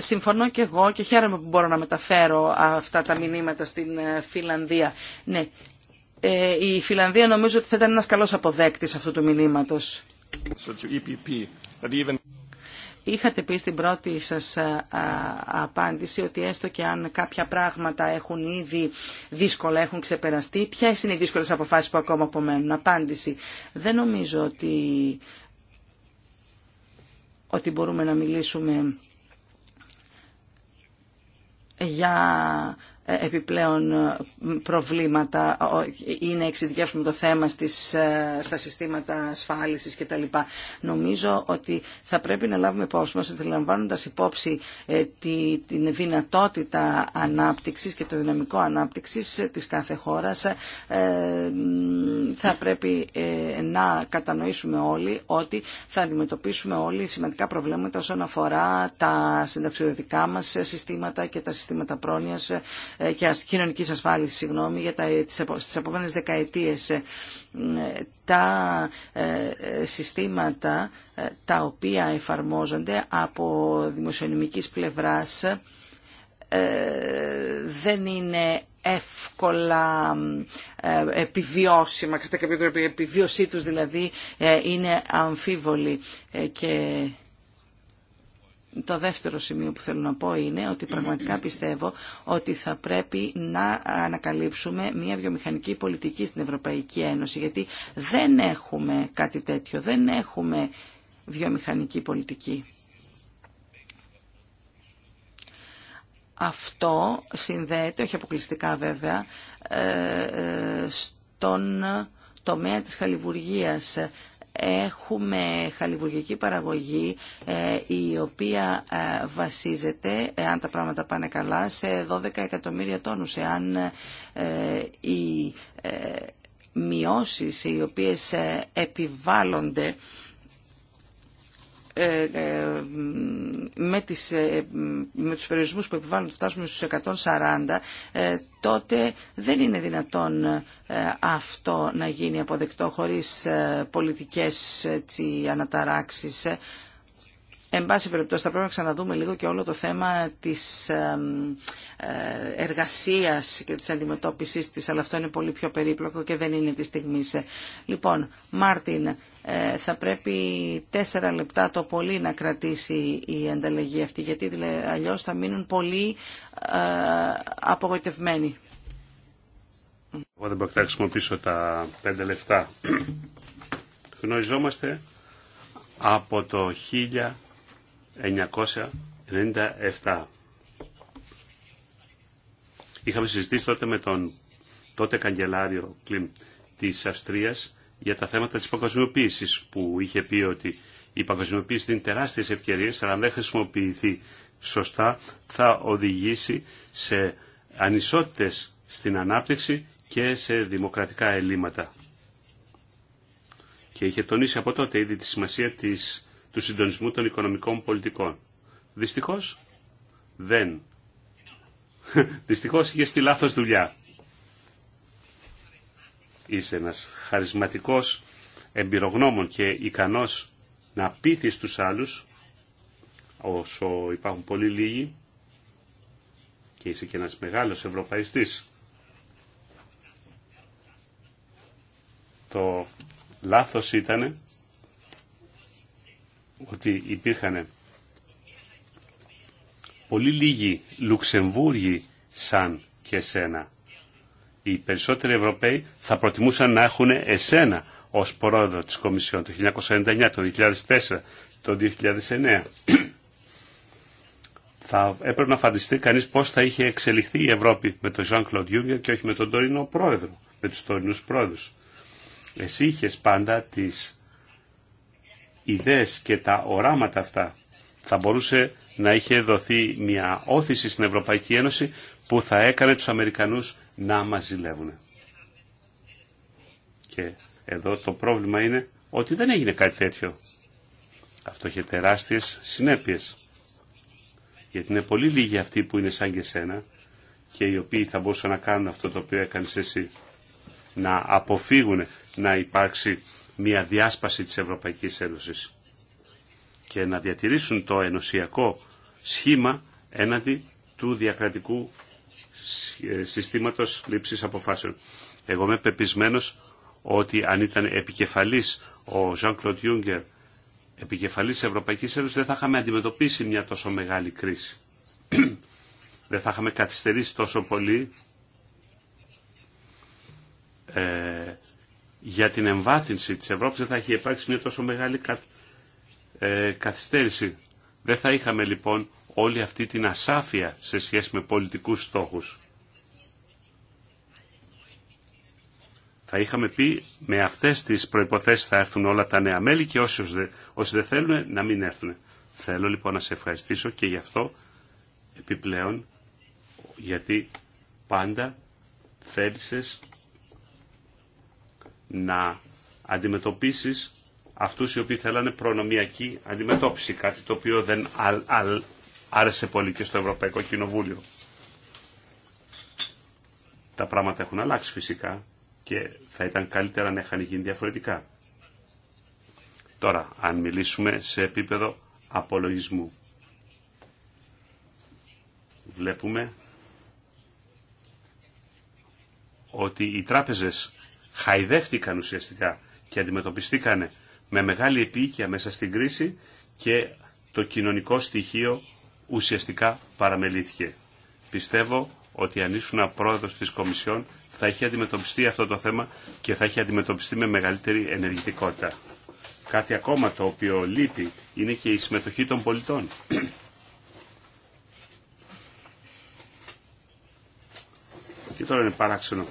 συμφωνώ και εγώ και χαίρομαι που μπορώ να μεταφέρω αυτά τα μηνύματα στην ε, Φιλανδία. Ναι, ε, η Φιλανδία νομίζω ότι θα ήταν ένας καλός αποδέκτης αυτού του μηνύματος. E Είχατε πει στην πρώτη σας ε, απάντηση ότι έστω και αν κάποια πράγματα έχουν ήδη δύσκολα, έχουν ξεπεραστεί, Ποιε είναι οι δύσκολες αποφάσεις που ακόμα απομένουν. Απάντηση. Δεν νομίζω ότι, ότι μπορούμε να μιλήσουμε για ε, επιπλέον ε, προβλήματα ή να εξειδικεύσουμε το θέμα στις, ε, στα συστήματα ασφάλισης κτλ. Νομίζω ότι θα πρέπει να λάβουμε υπόψη μας ότι λαμβάνοντας υπόψη την δυνατότητα ανάπτυξης και το δυναμικό ανάπτυξης της κάθε χώρας θα πρέπει να κατανοήσουμε όλοι ότι θα αντιμετωπίσουμε όλοι σημαντικά προβλήματα όσον αφορά τα συνταξιοδοτικά μας συστήματα και τα συστήματα πρόνοιας και κοινωνικής ασφάλισης συγγνώμη, για τα, ε, τις επόμενες δεκαετίες ε, τα ε, συστήματα τα οποία εφαρμόζονται από δημοσιονομικής πλευράς δεν είναι εύκολα επιβιώσιμα, κατά κάποιο τρόπο η επιβίωσή τους δηλαδή είναι αμφίβολη και το δεύτερο σημείο που θέλω να πω είναι ότι πραγματικά πιστεύω ότι θα πρέπει να ανακαλύψουμε μια βιομηχανική πολιτική στην Ευρωπαϊκή Ένωση, γιατί δεν έχουμε κάτι τέτοιο, δεν έχουμε βιομηχανική πολιτική. Αυτό συνδέεται, όχι αποκλειστικά βέβαια, ε, ε, στον τομέα της χαλιβουργίας. Έχουμε χαλιβουργική παραγωγή ε, η οποία ε, βασίζεται, ε, αν τα πράγματα πάνε καλά, σε 12 εκατομμύρια τόνους. Εάν οι μειώσεις οι οποίες επιβάλλονται ε, ε, με, τις, ε, με τους περιορισμούς που επιβάλλουν φτάσουμε στους 140, τότε δεν είναι δυνατόν αυτό να γίνει αποδεκτό χωρίς πολιτικές έτσι, αναταράξεις. Εν πάση περιπτώσει θα πρέπει να ξαναδούμε λίγο και όλο το θέμα της εργασίας και της αντιμετώπισης της, αλλά αυτό είναι πολύ πιο περίπλοκο και δεν είναι τη στιγμή. Λοιπόν, Μάρτιν, ε, θα πρέπει τέσσερα λεπτά το πολύ να κρατήσει η ανταλλαγή αυτή, γιατί αλλιώς θα μείνουν πολύ ε, απογοητευμένοι. Εγώ δεν πρόκειται να χρησιμοποιήσω τα πέντε λεπτά. Γνωριζόμαστε από το 1997. Είχαμε συζητήσει τότε με τον τότε καγκελάριο Κλιμ της Αυστρίας για τα θέματα της παγκοσμιοποίησης που είχε πει ότι η παγκοσμιοποίηση δίνει τεράστιες ευκαιρίες αλλά αν δεν χρησιμοποιηθεί σωστά θα οδηγήσει σε ανισότητες στην ανάπτυξη και σε δημοκρατικά ελλείμματα. Και είχε τονίσει από τότε ήδη τη σημασία της, του συντονισμού των οικονομικών πολιτικών. Δυστυχώς δεν. Δυστυχώς είχε στη λάθος δουλειά είσαι ένας χαρισματικός εμπειρογνώμων και ικανός να πείθεις τους άλλους όσο υπάρχουν πολύ λίγοι και είσαι και ένας μεγάλος ευρωπαϊστής. Το λάθος ήταν ότι υπήρχαν πολύ λίγοι Λουξεμβούργοι σαν και σένα οι περισσότεροι Ευρωπαίοι θα προτιμούσαν να έχουν εσένα ως πρόεδρο της Κομισιόν το 1999, το 2004, το 2009. θα έπρεπε να φανταστεί κανείς πώς θα είχε εξελιχθεί η Ευρώπη με τον jean Κλοντ Juncker και όχι με τον τωρινό πρόεδρο, με τους τωρινούς πρόεδρους. Εσύ είχε πάντα τις ιδέες και τα οράματα αυτά. Θα μπορούσε να είχε δοθεί μια όθηση στην Ευρωπαϊκή Ένωση που θα έκανε τους Αμερικανούς να μας Και εδώ το πρόβλημα είναι ότι δεν έγινε κάτι τέτοιο. Αυτό είχε τεράστιες συνέπειες. Γιατί είναι πολύ λίγοι αυτοί που είναι σαν και σένα και οι οποίοι θα μπορούσαν να κάνουν αυτό το οποίο έκανες εσύ. Να αποφύγουν να υπάρξει μια διάσπαση της Ευρωπαϊκής Ένωσης και να διατηρήσουν το ενωσιακό σχήμα έναντι του διακρατικού ε, συστήματος λήψης αποφάσεων. Εγώ είμαι πεπισμένος ότι αν ήταν επικεφαλής ο Jean-Claude Juncker, επικεφαλής της Ευρωπαϊκής Ένωσης, δεν θα είχαμε αντιμετωπίσει μια τόσο μεγάλη κρίση. δεν θα είχαμε καθυστερήσει τόσο πολύ ε, για την εμβάθυνση της Ευρώπης, δεν θα είχε υπάρξει μια τόσο μεγάλη κα, ε, καθυστέρηση. Δεν θα είχαμε λοιπόν όλη αυτή την ασάφεια σε σχέση με πολιτικούς στόχους. Θα είχαμε πει με αυτές τις προϋποθέσεις θα έρθουν όλα τα νέα μέλη και όσοι, όσοι δεν θέλουν να μην έρθουν. Θέλω λοιπόν να σε ευχαριστήσω και γι' αυτό επιπλέον γιατί πάντα θέλησες να αντιμετωπίσεις αυτούς οι οποίοι θέλανε προνομιακή αντιμετώπιση, κάτι το οποίο δεν άρεσε πολύ και στο Ευρωπαϊκό Κοινοβούλιο. Τα πράγματα έχουν αλλάξει φυσικά και θα ήταν καλύτερα να είχαν γίνει διαφορετικά. Τώρα, αν μιλήσουμε σε επίπεδο απολογισμού, βλέπουμε ότι οι τράπεζες χαϊδεύτηκαν ουσιαστικά και αντιμετωπιστήκαν με μεγάλη επίοικια μέσα στην κρίση και το κοινωνικό στοιχείο ουσιαστικά παραμελήθηκε. Πιστεύω ότι αν ήσουν πρόεδρος της Κομισιόν θα είχε αντιμετωπιστεί αυτό το θέμα και θα είχε αντιμετωπιστεί με μεγαλύτερη ενεργητικότητα. Κάτι ακόμα το οποίο λείπει είναι και η συμμετοχή των πολιτών. και τώρα είναι παράξενο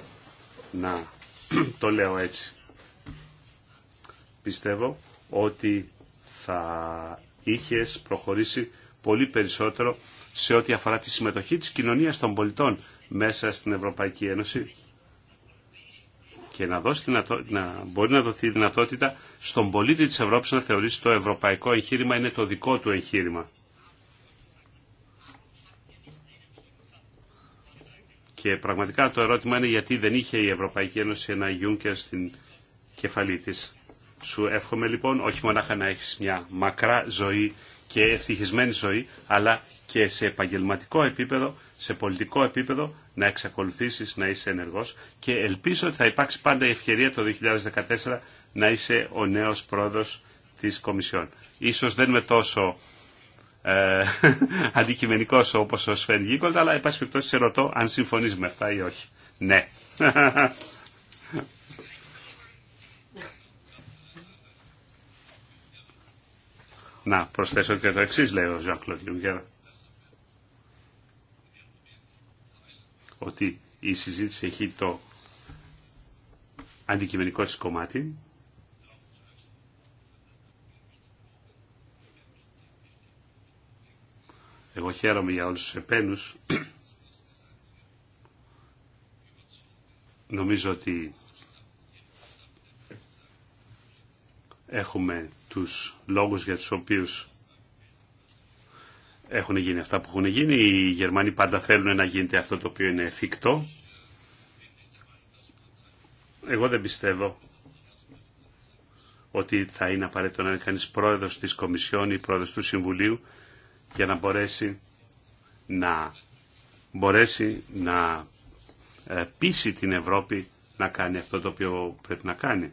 να το λέω έτσι. Πιστεύω ότι θα είχες προχωρήσει πολύ περισσότερο σε ό,τι αφορά τη συμμετοχή της κοινωνίας των πολιτών μέσα στην Ευρωπαϊκή Ένωση και να, δώσει δυνατό, να μπορεί να δοθεί δυνατότητα στον πολίτη της Ευρώπης να θεωρήσει το ευρωπαϊκό εγχείρημα είναι το δικό του εγχείρημα. Και πραγματικά το ερώτημα είναι γιατί δεν είχε η Ευρωπαϊκή Ένωση ένα Juncker στην κεφαλή της. Σου εύχομαι λοιπόν όχι μονάχα να έχεις μια μακρά ζωή και ευτυχισμένη ζωή, αλλά και σε επαγγελματικό επίπεδο, σε πολιτικό επίπεδο, να εξακολουθήσεις να είσαι ενεργός και ελπίζω ότι θα υπάρξει πάντα η ευκαιρία το 2014 να είσαι ο νέος πρόεδρος της Κομισιόν. Ίσως δεν είμαι τόσο ε, αντικειμενικός όπως ο Σφεν Γίγκολτ, αλλά εν πάση περιπτώσει σε ρωτώ αν συμφωνείς με αυτά ή όχι. Ναι. Να προσθέσω και το εξή, λέει ο Ζαν ότι η συζήτηση έχει το αντικειμενικό της κομμάτι Εγώ χαίρομαι για όλους τους επένους. Νομίζω ότι έχουμε τους λόγους για τους οποίους έχουν γίνει αυτά που έχουν γίνει. Οι Γερμανοί πάντα θέλουν να γίνεται αυτό το οποίο είναι εφικτό. Εγώ δεν πιστεύω ότι θα είναι απαραίτητο να είναι κανείς πρόεδρος της Κομισιόν ή πρόεδρος του Συμβουλίου για να μπορέσει να, μπορέσει να ε, πείσει την Ευρώπη να κάνει αυτό το οποίο πρέπει να κάνει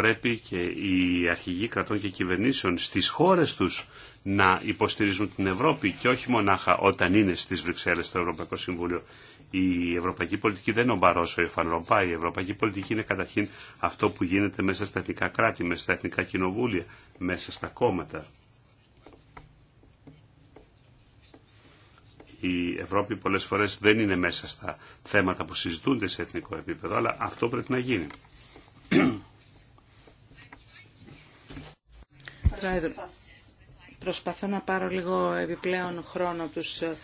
πρέπει και οι αρχηγοί κρατών και κυβερνήσεων στις χώρες τους να υποστηρίζουν την Ευρώπη και όχι μονάχα όταν είναι στις Βρυξέλλες στο Ευρωπαϊκό Συμβούλιο. Η ευρωπαϊκή πολιτική δεν είναι ο Μπαρόσο, η Φανρομπά. Η ευρωπαϊκή πολιτική είναι καταρχήν αυτό που γίνεται μέσα στα εθνικά κράτη, μέσα στα εθνικά κοινοβούλια, μέσα στα κόμματα. η Ευρώπη πολλές φορές δεν είναι μέσα στα θέματα που συζητούνται σε εθνικό επίπεδο, αλλά αυτό πρέπει να γίνει. προσπαθώ να πάρω λίγο επιπλέον χρόνο από τους ε,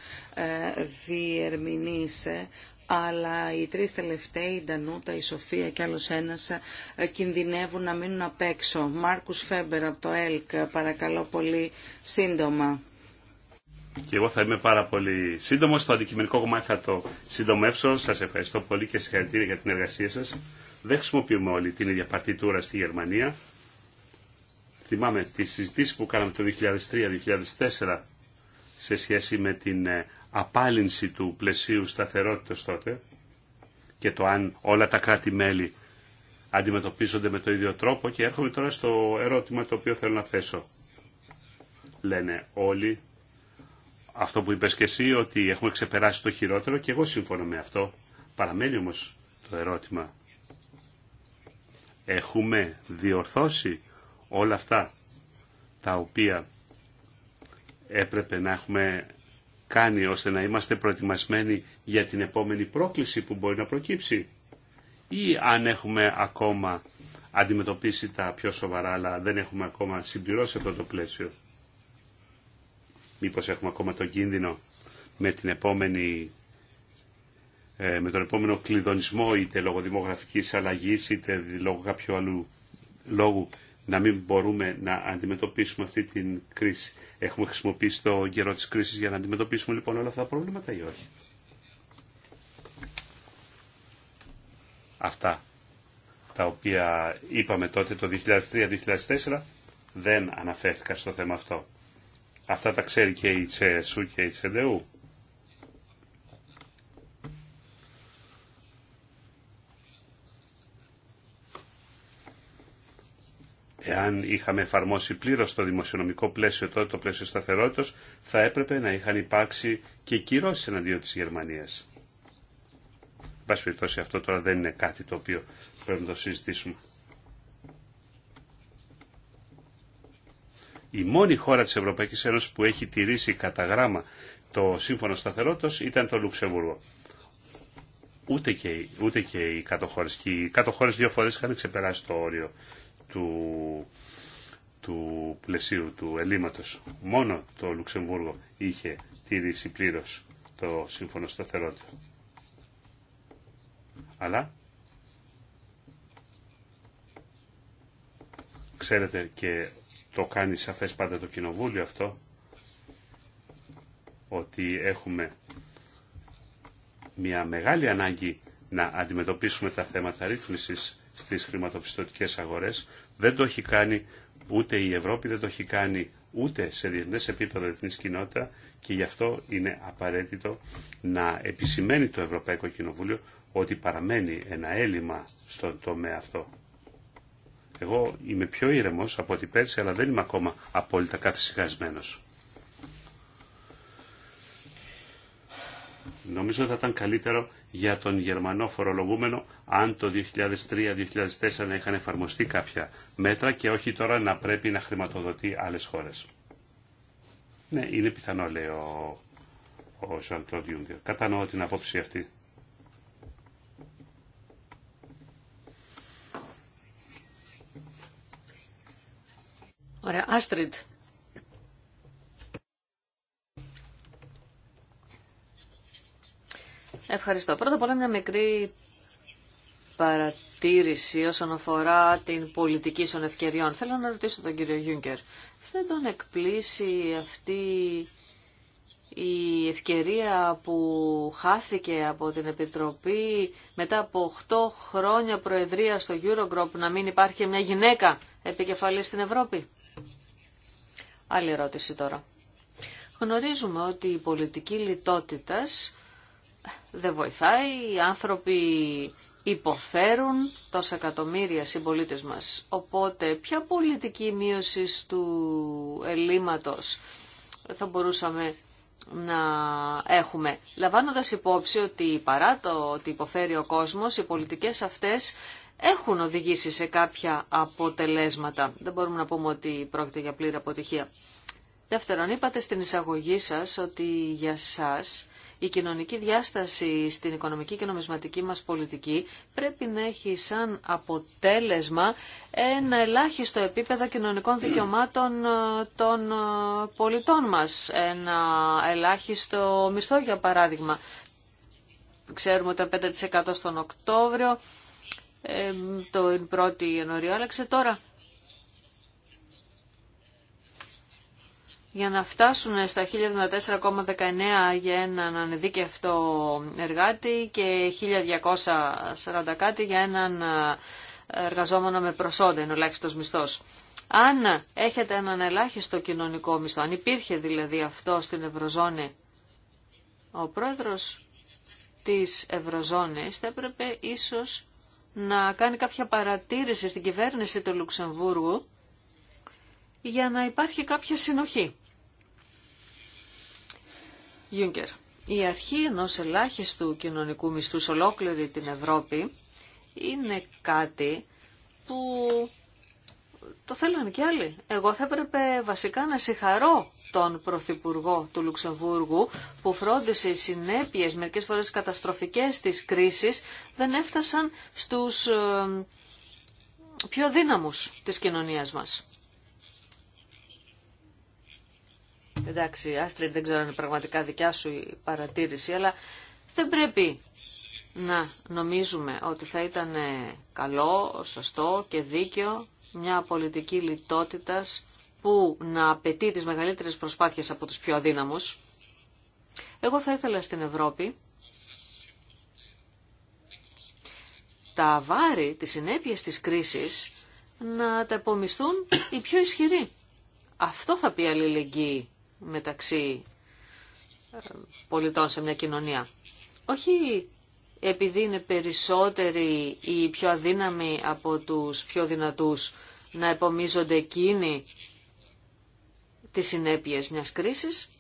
διερμηνείς, ε, αλλά οι τρεις τελευταίοι, η Ντανούτα, η Σοφία και άλλος ένας, ε, κινδυνεύουν να μείνουν απ' έξω. Μάρκους Φέμπερ από το ΕΛΚ, παρακαλώ πολύ σύντομα. Και εγώ θα είμαι πάρα πολύ σύντομο. Το αντικειμενικό κομμάτι θα το συντομεύσω. Σα ευχαριστώ πολύ και συγχαρητήρια για την εργασία σα. Δεν χρησιμοποιούμε όλη την ίδια παρτιτούρα στη Γερμανία θυμάμαι τις συζητήσεις που κάναμε το 2003-2004 σε σχέση με την ε, απάλυνση του πλαισίου σταθερότητας τότε και το αν όλα τα κράτη-μέλη αντιμετωπίζονται με το ίδιο τρόπο και έρχομαι τώρα στο ερώτημα το οποίο θέλω να θέσω. Λένε όλοι αυτό που είπες και εσύ ότι έχουμε ξεπεράσει το χειρότερο και εγώ συμφωνώ με αυτό. Παραμένει όμως το ερώτημα. Έχουμε διορθώσει όλα αυτά τα οποία έπρεπε να έχουμε κάνει ώστε να είμαστε προετοιμασμένοι για την επόμενη πρόκληση που μπορεί να προκύψει ή αν έχουμε ακόμα αντιμετωπίσει τα πιο σοβαρά αλλά δεν έχουμε ακόμα συμπληρώσει αυτό το πλαίσιο. Μήπως έχουμε ακόμα τον κίνδυνο με, την επόμενη, ε, με τον επόμενο κλειδονισμό είτε λόγω δημογραφικής αλλαγής είτε λόγω κάποιου άλλου λόγου να μην μπορούμε να αντιμετωπίσουμε αυτή την κρίση. Έχουμε χρησιμοποιήσει το καιρό της κρίσης για να αντιμετωπίσουμε λοιπόν όλα αυτά τα προβλήματα ή όχι. Αυτά τα οποία είπαμε τότε το 2003-2004 δεν αναφέρθηκαν στο θέμα αυτό. Αυτά τα ξέρει και η Τσεσού και η Τσεντεού. Εάν είχαμε εφαρμόσει πλήρω το δημοσιονομικό πλαίσιο τότε, το πλαίσιο σταθερότητα, θα έπρεπε να είχαν υπάρξει και κυρώσει εναντίον τη Γερμανία. Εν πάση περιπτώσει, αυτό τώρα δεν είναι κάτι το οποίο πρέπει να το συζητήσουμε. Η μόνη χώρα της Ευρωπαϊκής Ένωσης που έχει τηρήσει κατά γράμμα το σύμφωνο σταθερότητας ήταν το Λουξεμβούργο. Ούτε και, ούτε και οι κατοχώρες Και οι κατοχώρες δύο φορές είχαν ξεπεράσει το όριο του, του πλαισίου του ελλείμματος. Μόνο το Λουξεμβούργο είχε τήρηση πλήρω το σύμφωνο σταθερότητα. Αλλά ξέρετε και το κάνει σαφές πάντα το κοινοβούλιο αυτό ότι έχουμε μια μεγάλη ανάγκη να αντιμετωπίσουμε τα θέματα ρύθμισης στι χρηματοπιστωτικέ αγορέ Δεν το έχει κάνει ούτε η Ευρώπη, δεν το έχει κάνει ούτε σε διεθνέ επίπεδο της κοινότητα και γι' αυτό είναι απαραίτητο να επισημαίνει το Ευρωπαϊκό Κοινοβούλιο ότι παραμένει ένα έλλειμμα στον τομέα αυτό. Εγώ είμαι πιο ήρεμος από ότι πέρσι, αλλά δεν είμαι ακόμα απόλυτα καθυσυχασμένος. Νομίζω θα ήταν καλύτερο για τον Γερμανό φορολογούμενο αν το 2003-2004 να είχαν εφαρμοστεί κάποια μέτρα και όχι τώρα να πρέπει να χρηματοδοτεί άλλες χώρες. Ναι, είναι πιθανό, λέει ο, ο Κατανοώ την απόψη αυτή. Ωραία, Άστριντ, Ευχαριστώ. Πρώτα απ' όλα μια μικρή παρατήρηση όσον αφορά την πολιτική των ευκαιριών. Θέλω να ρωτήσω τον κύριο Γιούγκερ. Δεν τον εκπλήσει αυτή η ευκαιρία που χάθηκε από την Επιτροπή μετά από 8 χρόνια προεδρία στο Eurogroup να μην υπάρχει μια γυναίκα επικεφαλής στην Ευρώπη. Άλλη ερώτηση τώρα. Γνωρίζουμε ότι η πολιτική λιτότητας δεν βοηθάει, οι άνθρωποι υποφέρουν τόσα εκατομμύρια συμπολίτε μας. Οπότε ποια πολιτική μείωση του ελλείμματος θα μπορούσαμε να έχουμε. Λαμβάνοντας υπόψη ότι παρά το ότι υποφέρει ο κόσμος, οι πολιτικές αυτές έχουν οδηγήσει σε κάποια αποτελέσματα. Δεν μπορούμε να πούμε ότι πρόκειται για πλήρη αποτυχία. Δεύτερον, είπατε στην εισαγωγή σας ότι για σας η κοινωνική διάσταση στην οικονομική και νομισματική μας πολιτική πρέπει να έχει σαν αποτέλεσμα ένα ελάχιστο επίπεδο κοινωνικών δικαιωμάτων ε, των ε, πολιτών μας. Ένα ελάχιστο μισθό για παράδειγμα. Ξέρουμε ότι ήταν 5% στον Οκτώβριο, ε, το 1η Ιανουαρίου άλλαξε τώρα. για να φτάσουν στα 1.024,19 για έναν ανεδίκευτο εργάτη και 1240 κάτι για έναν ε, εργαζόμενο με προσόντα, είναι ο ελάχιστος Αν έχετε έναν ελάχιστο κοινωνικό μισθό, αν υπήρχε δηλαδή αυτό στην Ευρωζώνη, ο πρόεδρος της Ευρωζώνης θα έπρεπε ίσως να κάνει κάποια παρατήρηση στην κυβέρνηση του Λουξεμβούργου για να υπάρχει κάποια συνοχή. Η αρχή ενό ελάχιστου κοινωνικού μισθού σε ολόκληρη την Ευρώπη είναι κάτι που το θέλουν και άλλοι. Εγώ θα έπρεπε βασικά να συγχαρώ τον Πρωθυπουργό του Λουξεμβούργου που φρόντισε οι συνέπειες μερικές φορές καταστροφικές της κρίσης δεν έφτασαν στους ε, πιο δύναμους της κοινωνίας μας. Εντάξει, Άστριντ, δεν ξέρω αν είναι πραγματικά δικιά σου η παρατήρηση, αλλά δεν πρέπει να νομίζουμε ότι θα ήταν ε, καλό, σωστό και δίκαιο μια πολιτική λιτότητας που να απαιτεί τις μεγαλύτερες προσπάθειες από τους πιο αδύναμους. Εγώ θα ήθελα στην Ευρώπη τα βάρη, τις συνέπειες της κρίσης να τα επομισθούν οι πιο ισχυροί. Αυτό θα πει αλληλεγγύη μεταξύ ε, πολιτών σε μια κοινωνία. Όχι επειδή είναι περισσότεροι ή πιο αδύναμοι από τους πιο δυνατούς να επομίζονται εκείνοι τις συνέπειες μιας κρίσης.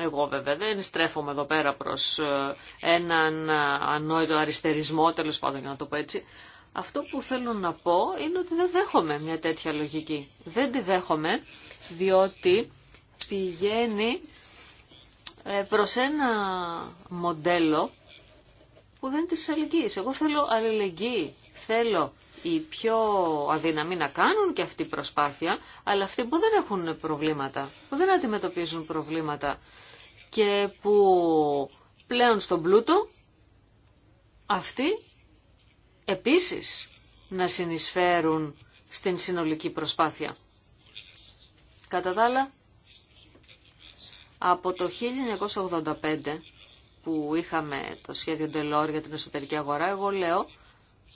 Εγώ βέβαια δεν στρέφομαι εδώ πέρα προς ε, έναν ε, ανόητο αριστερισμό, τέλος πάντων για να το πω έτσι, αυτό που θέλω να πω είναι ότι δεν δέχομαι μια τέτοια λογική. Δεν τη δέχομαι διότι πηγαίνει ε, προς ένα μοντέλο που δεν της Εγώ θέλω αλληλεγγύη. Θέλω οι πιο αδύναμοι να κάνουν και αυτή η προσπάθεια, αλλά αυτοί που δεν έχουν προβλήματα, που δεν αντιμετωπίζουν προβλήματα και που πλέον στον πλούτο, αυτοί επίσης να συνεισφέρουν στην συνολική προσπάθεια. Κατά τα άλλα, από το 1985 που είχαμε το σχέδιο Ντελόρ για την εσωτερική αγορά, εγώ λέω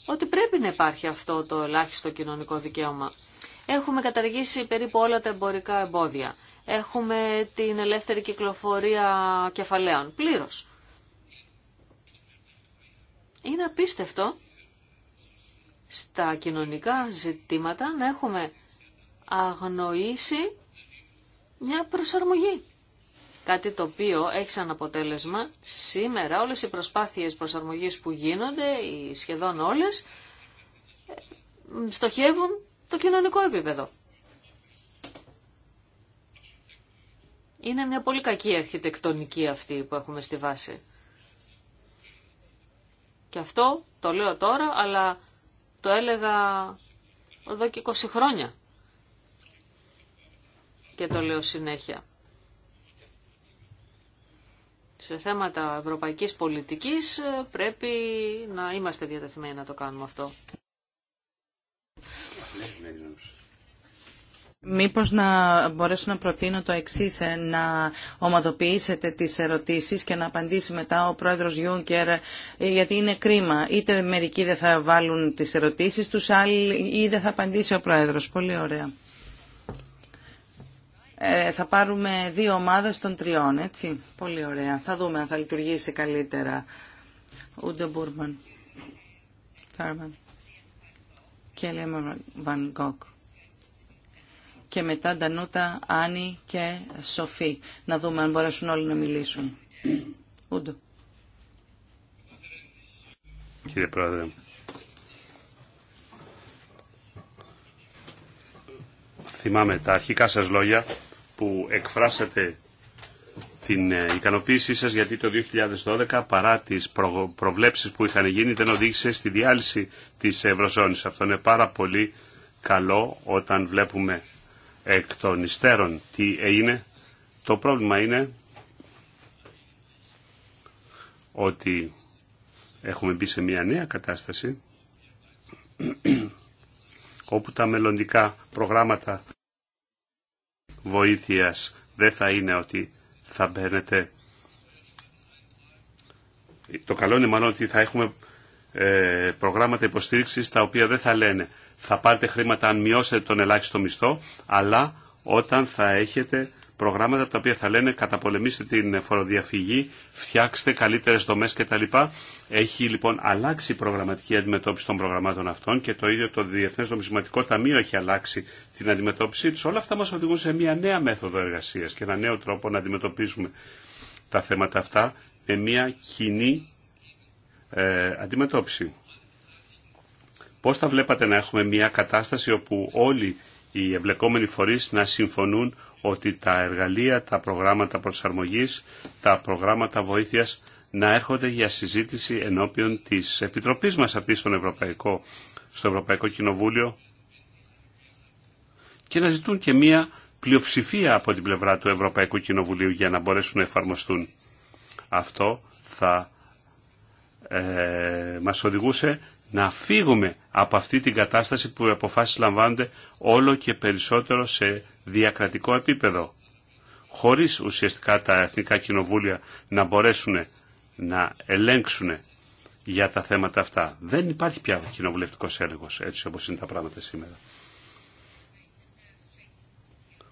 ότι πρέπει να υπάρχει αυτό το ελάχιστο κοινωνικό δικαίωμα. Έχουμε καταργήσει περίπου όλα τα εμπορικά εμπόδια. Έχουμε την ελεύθερη κυκλοφορία κεφαλαίων, πλήρως. Είναι απίστευτο στα κοινωνικά ζητήματα να έχουμε αγνοήσει μια προσαρμογή. Κάτι το οποίο έχει σαν αποτέλεσμα σήμερα όλες οι προσπάθειες προσαρμογής που γίνονται, οι σχεδόν όλες, στοχεύουν το κοινωνικό επίπεδο. Είναι μια πολύ κακή αρχιτεκτονική αυτή που έχουμε στη βάση. Και αυτό το λέω τώρα, αλλά το έλεγα εδώ και 20 χρόνια. Και το λέω συνέχεια. Σε θέματα ευρωπαϊκής πολιτικής ε, πρέπει να είμαστε διατεθειμένοι να το κάνουμε αυτό. Ναι, ναι, ναι. Μήπως να μπορέσω να προτείνω το εξής, ε, να ομαδοποιήσετε τις ερωτήσεις και να απαντήσει μετά ο πρόεδρος Γιούγκερ, ε, γιατί είναι κρίμα. Είτε μερικοί δεν θα βάλουν τις ερωτήσεις τους, άλλοι ή δεν θα απαντήσει ο πρόεδρος. Πολύ ωραία. Ε, θα πάρουμε δύο ομάδες των τριών, έτσι. Πολύ ωραία. Θα δούμε αν θα λειτουργήσει καλύτερα. Ούντε Μπούρμαν. Θάρμαν. Και και μετά Ντανούτα, Άννη και Σοφή. Να δούμε αν μπορέσουν όλοι να μιλήσουν. Ούντο. Κύριε Πρόεδρε, θυμάμαι τα αρχικά σας λόγια που εκφράσατε την ε, ικανοποίησή σας γιατί το 2012 παρά τις προβλέψεις που είχαν γίνει δεν οδήγησε στη διάλυση της Ευρωζώνης. Αυτό είναι πάρα πολύ καλό όταν βλέπουμε εκ των υστέρων τι έγινε. Το πρόβλημα είναι ότι έχουμε μπει σε μια νέα κατάσταση όπου τα μελλοντικά προγράμματα βοήθειας δεν θα είναι ότι θα μπαίνετε το καλό είναι μάλλον ότι θα έχουμε ε, προγράμματα υποστήριξης τα οποία δεν θα λένε θα πάρετε χρήματα αν μειώσετε τον ελάχιστο μισθό, αλλά όταν θα έχετε προγράμματα τα οποία θα λένε καταπολεμήστε την φοροδιαφυγή, φτιάξτε καλύτερες δομές κτλ. Έχει λοιπόν αλλάξει η προγραμματική αντιμετώπιση των προγραμμάτων αυτών και το ίδιο το Διεθνές Νομισματικό Ταμείο έχει αλλάξει την αντιμετώπιση τους. Όλα αυτά μας οδηγούν σε μια νέα μέθοδο εργασίας και ένα νέο τρόπο να αντιμετωπίσουμε τα θέματα αυτά με μια κοινή ε, αντιμετώπιση. Πώς θα βλέπατε να έχουμε μια κατάσταση όπου όλοι οι εμπλεκόμενοι φορείς να συμφωνούν ότι τα εργαλεία, τα προγράμματα προσαρμογής, τα προγράμματα βοήθειας να έρχονται για συζήτηση ενώπιον της Επιτροπής μας αυτή στον Ευρωπαϊκό, στο Ευρωπαϊκό Κοινοβούλιο και να ζητούν και μία πλειοψηφία από την πλευρά του Ευρωπαϊκού Κοινοβουλίου για να μπορέσουν να εφαρμοστούν. Αυτό θα ε, μας οδηγούσε να φύγουμε από αυτή την κατάσταση που οι αποφάσεις λαμβάνονται όλο και περισσότερο σε διακρατικό επίπεδο χωρίς ουσιαστικά τα εθνικά κοινοβούλια να μπορέσουν να ελέγξουν για τα θέματα αυτά. Δεν υπάρχει πια κοινοβουλευτικός έλεγχος έτσι όπως είναι τα πράγματα σήμερα.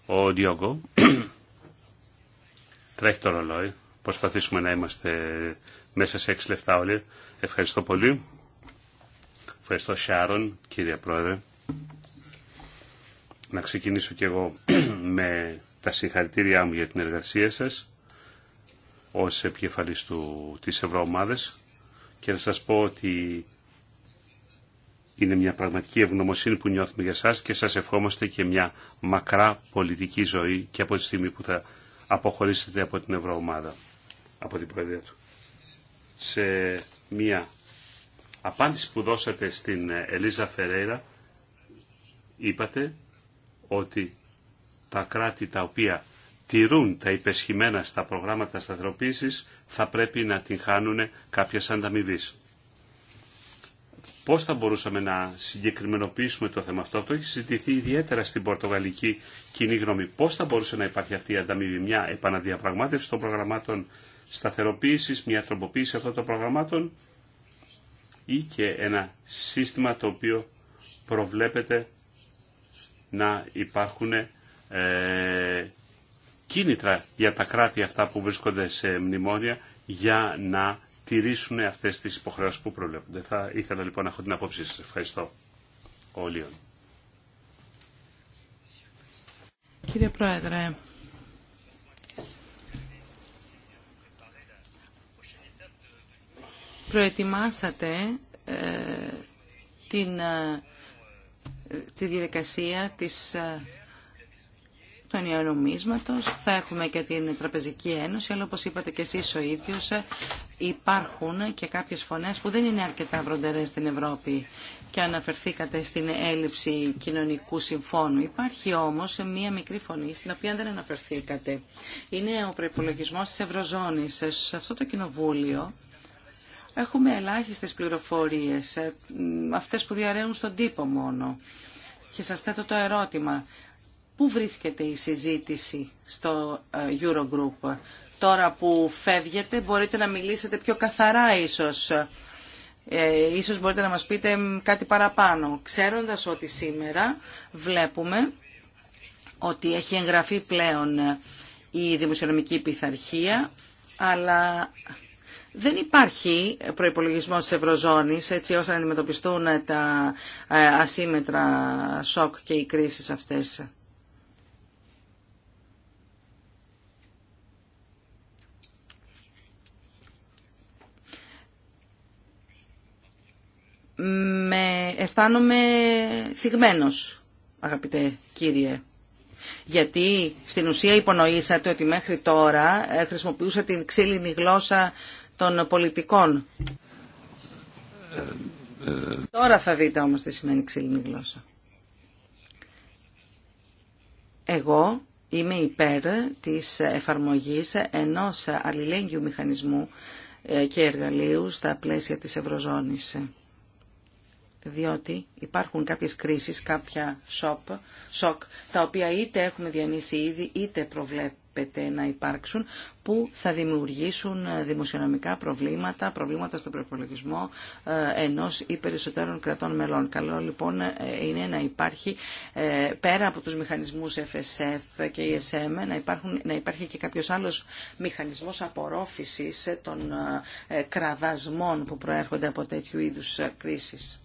Ο Διόγκο τρέχει το ρολόι. Προσπαθήσουμε να είμαστε μέσα σε έξι λεφτά όλοι. Ευχαριστώ πολύ. Ευχαριστώ Σιάρον, κύριε Πρόεδρε. Να ξεκινήσω κι εγώ με τα συγχαρητήριά μου για την εργασία σας ως επικεφαλής του, της Ευρωομάδας και να σας πω ότι είναι μια πραγματική ευγνωμοσύνη που νιώθουμε για σας και σας ευχόμαστε και μια μακρά πολιτική ζωή και από τη στιγμή που θα αποχωρήσετε από την Ευρωομάδα, από την Προεδρία του σε μια απάντηση που δώσατε στην Ελίζα Φερέιρα είπατε ότι τα κράτη τα οποία τηρούν τα υπεσχημένα στα προγράμματα σταθεροποίησης θα πρέπει να την χάνουν κάποια ανταμοιβή. Πώς θα μπορούσαμε να συγκεκριμενοποιήσουμε το θέμα αυτό. Αυτό έχει συζητηθεί ιδιαίτερα στην πορτογαλική κοινή γνώμη. Πώς θα μπορούσε να υπάρχει αυτή η ανταμοιβή, μια επαναδιαπραγμάτευση των προγραμμάτων σταθεροποίησης, μια τροποποίηση αυτών των προγραμμάτων ή και ένα σύστημα το οποίο προβλέπεται να υπάρχουν ε, κίνητρα για τα κράτη αυτά που βρίσκονται σε μνημόνια για να τηρήσουν αυτές τις υποχρεώσεις που προβλέπονται. Θα ήθελα λοιπόν να έχω την απόψη σας. Ευχαριστώ όλοι. Κύριε Πρόεδρε, προετοιμάσατε ε, την, ε, τη διαδικασία της, ε, του ενιανομίσματος. Θα έχουμε και την Τραπεζική Ένωση, αλλά όπως είπατε και εσείς ο ίδιος, υπάρχουν και κάποιες φωνές που δεν είναι αρκετά βροντερές στην Ευρώπη και αναφερθήκατε στην έλλειψη κοινωνικού συμφώνου. Υπάρχει όμως μία μικρή φωνή στην οποία δεν αναφερθήκατε. Είναι ο προπολογισμό της Ευρωζώνης. Σε αυτό το κοινοβούλιο έχουμε ελάχιστες πληροφορίες, ε, αυτές που διαρρέουν στον τύπο μόνο. Και σας θέτω το ερώτημα, πού βρίσκεται η συζήτηση στο ε, Eurogroup. Τώρα που φεύγετε μπορείτε να μιλήσετε πιο καθαρά ίσως. Ε, ίσως μπορείτε να μας πείτε κάτι παραπάνω. Ξέροντας ότι σήμερα βλέπουμε ότι έχει εγγραφεί πλέον ε, η δημοσιονομική πειθαρχία, αλλά δεν υπάρχει προπολογισμό τη Ευρωζώνης έτσι ώστε να αντιμετωπιστούν τα ε, ασύμετρα σοκ και οι κρίσεις αυτέ. Με αισθάνομαι θυγμένος, αγαπητέ κύριε γιατί στην ουσία υπονοήσατε ότι μέχρι τώρα ε, χρησιμοποιούσα την ξύλινη γλώσσα των πολιτικών. Τώρα θα δείτε όμως τι σημαίνει ξύλινη γλώσσα. Εγώ είμαι υπέρ της εφαρμογής ενός αλληλέγγυου μηχανισμού ε, και εργαλείου στα πλαίσια της Ευρωζώνης. Διότι υπάρχουν κάποιες κρίσεις, κάποια σοκ, τα οποία είτε έχουμε διανύσει ήδη, είτε προβλέπουμε να υπάρξουν που θα δημιουργήσουν ε, δημοσιονομικά προβλήματα, προβλήματα στον προπολογισμό ε, ενός ή περισσότερων κρατών μελών. Καλό λοιπόν ε, είναι να υπάρχει πέρα από τους μηχανισμούς FSF και ESM να, υπάρχουν, να υπάρχει και κάποιος άλλος μηχανισμός απορρόφησης των κραδασμών που προέρχονται από τέτοιου είδους κρίσεις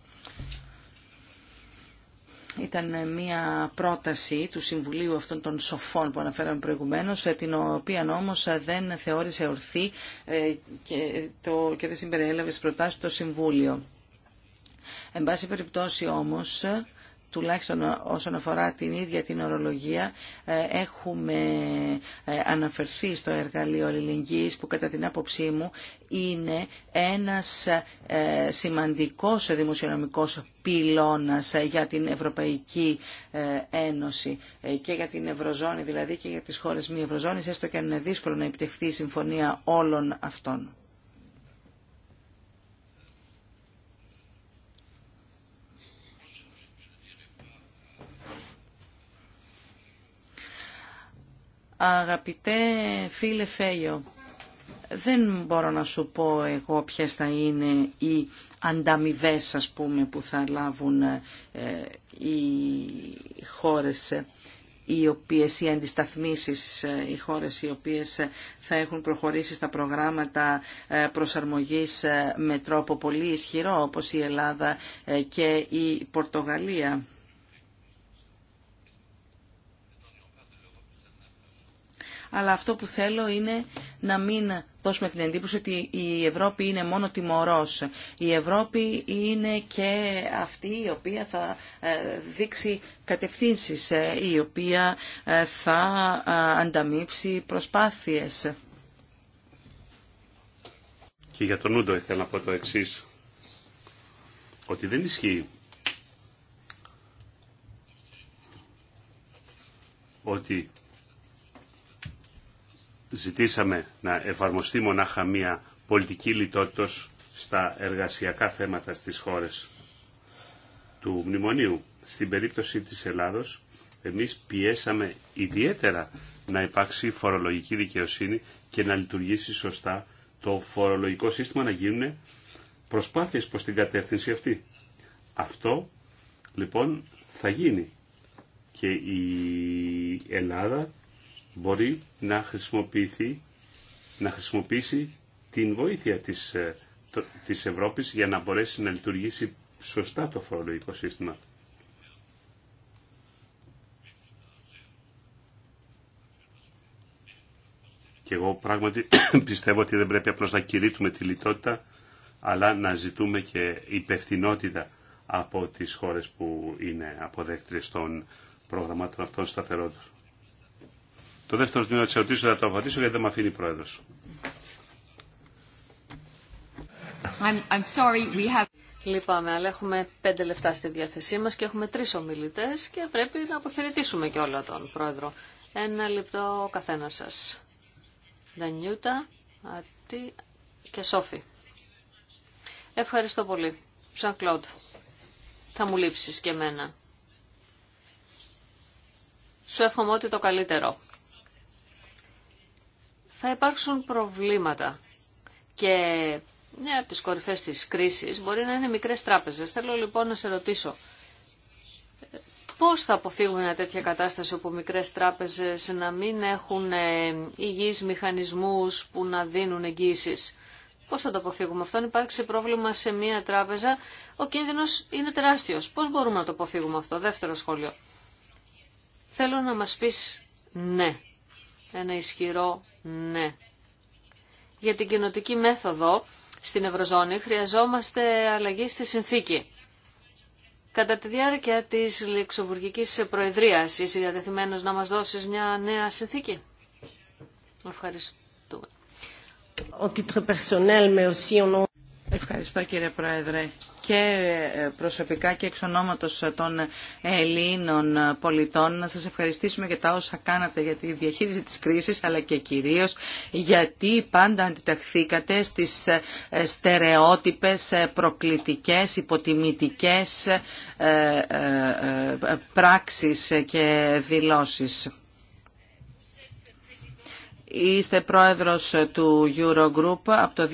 ήταν μια πρόταση του Συμβουλίου αυτών των σοφών που αναφέραμε προηγουμένως, ε, την οποία όμως ε, δεν θεώρησε ορθή ε, και, το, και δεν συμπεριέλαβε στις προτάσεις το Συμβούλιο. Εν πάση περιπτώσει όμως, τουλάχιστον όσον αφορά την ίδια την ορολογία, ε, έχουμε ε, αναφερθεί στο εργαλείο αλληλεγγύης που κατά την άποψή μου είναι ένας ε, σημαντικός δημοσιονομικός πυλώνας για την Ευρωπαϊκή Ένωση και για την Ευρωζώνη, δηλαδή και για τις χώρες μη Ευρωζώνης, έστω και αν είναι δύσκολο να επιτευχθεί η συμφωνία όλων αυτών. Αγαπητέ φίλε Φέιο, δεν μπορώ να σου πω εγώ ποιες θα είναι οι ανταμοιβέ ας πούμε που θα λάβουν ε, οι χώρες ε, οι οποίες οι αντισταθμίσεις, ε, οι χώρες οι οποίες θα έχουν προχωρήσει στα προγράμματα προσαρμογής με τρόπο πολύ ισχυρό όπως η Ελλάδα και η Πορτογαλία. αλλά αυτό που θέλω είναι να μην δώσουμε την εντύπωση ότι η Ευρώπη είναι μόνο τιμωρός. Η Ευρώπη είναι και αυτή η οποία θα ε, δείξει κατευθύνσεις, ε, η οποία ε, θα ανταμείψει προσπάθειες. Και για τον Ούντο ήθελα να πω το εξής, ότι δεν ισχύει ότι ζητήσαμε να εφαρμοστεί μονάχα μία πολιτική λιτότητος στα εργασιακά θέματα στις χώρες του Μνημονίου. Στην περίπτωση της Ελλάδος, εμείς πιέσαμε ιδιαίτερα να υπάρξει φορολογική δικαιοσύνη και να λειτουργήσει σωστά το φορολογικό σύστημα να γίνουν προσπάθειες προς την κατεύθυνση αυτή. Αυτό λοιπόν θα γίνει και η Ελλάδα μπορεί να χρησιμοποιηθεί, να χρησιμοποιήσει την βοήθεια της, ε, της Ευρώπης για να μπορέσει να λειτουργήσει σωστά το φορολογικό σύστημα. Και εγώ πράγματι πιστεύω ότι δεν πρέπει απλώς να κηρύττουμε τη λιτότητα, αλλά να ζητούμε και υπευθυνότητα από τις χώρες που είναι αποδέκτρες των προγραμμάτων αυτών σταθερότητα. Το δεύτερο τμήμα τη ερωτήσεω θα το απαντήσω γιατί δεν με αφήνει η Πρόεδρος. Λυπάμαι, αλλά έχουμε πέντε λεφτά στη διάθεσή μα και έχουμε τρει ομιλητέ και πρέπει να αποχαιρετήσουμε και όλα τον Πρόεδρο. Ένα λεπτό ο καθένας σας. Δανιούτα, Ατι και Σόφη. Ευχαριστώ πολύ. Σαν Κλόντ, θα μου λείψεις και εμένα. Σου εύχομαι ότι το καλύτερο θα υπάρξουν προβλήματα. Και μια από τις κορυφές της κρίσης μπορεί να είναι μικρές τράπεζες. Θέλω λοιπόν να σε ρωτήσω, πώς θα αποφύγουμε μια τέτοια κατάσταση όπου μικρές τράπεζες να μην έχουν ε, υγιείς μηχανισμούς που να δίνουν εγγύησεις. Πώς θα το αποφύγουμε αυτό, αν υπάρξει πρόβλημα σε μια τράπεζα, ο κίνδυνος είναι τεράστιος. Πώς μπορούμε να το αποφύγουμε αυτό, δεύτερο σχόλιο. Θέλω να μας πεις ναι, ένα ισχυρό ναι. Για την κοινοτική μέθοδο στην Ευρωζώνη χρειαζόμαστε αλλαγή στη συνθήκη. Κατά τη διάρκεια της Λεξοβουργικής Προεδρίας είσαι διατεθειμένος να μας δώσεις μια νέα συνθήκη. Ευχαριστούμε. Ευχαριστώ κύριε Πρόεδρε και ε, προσωπικά και εξ ονόματος των Ελλήνων πολιτών να σας ευχαριστήσουμε για τα όσα κάνατε για τη διαχείριση της κρίσης αλλά και κυρίως γιατί πάντα αντιταχθήκατε στις ε, στερεότυπες, ε, προκλητικές, υποτιμητικές πράξεις και δηλώσεις. Είστε πρόεδρος του Eurogroup από το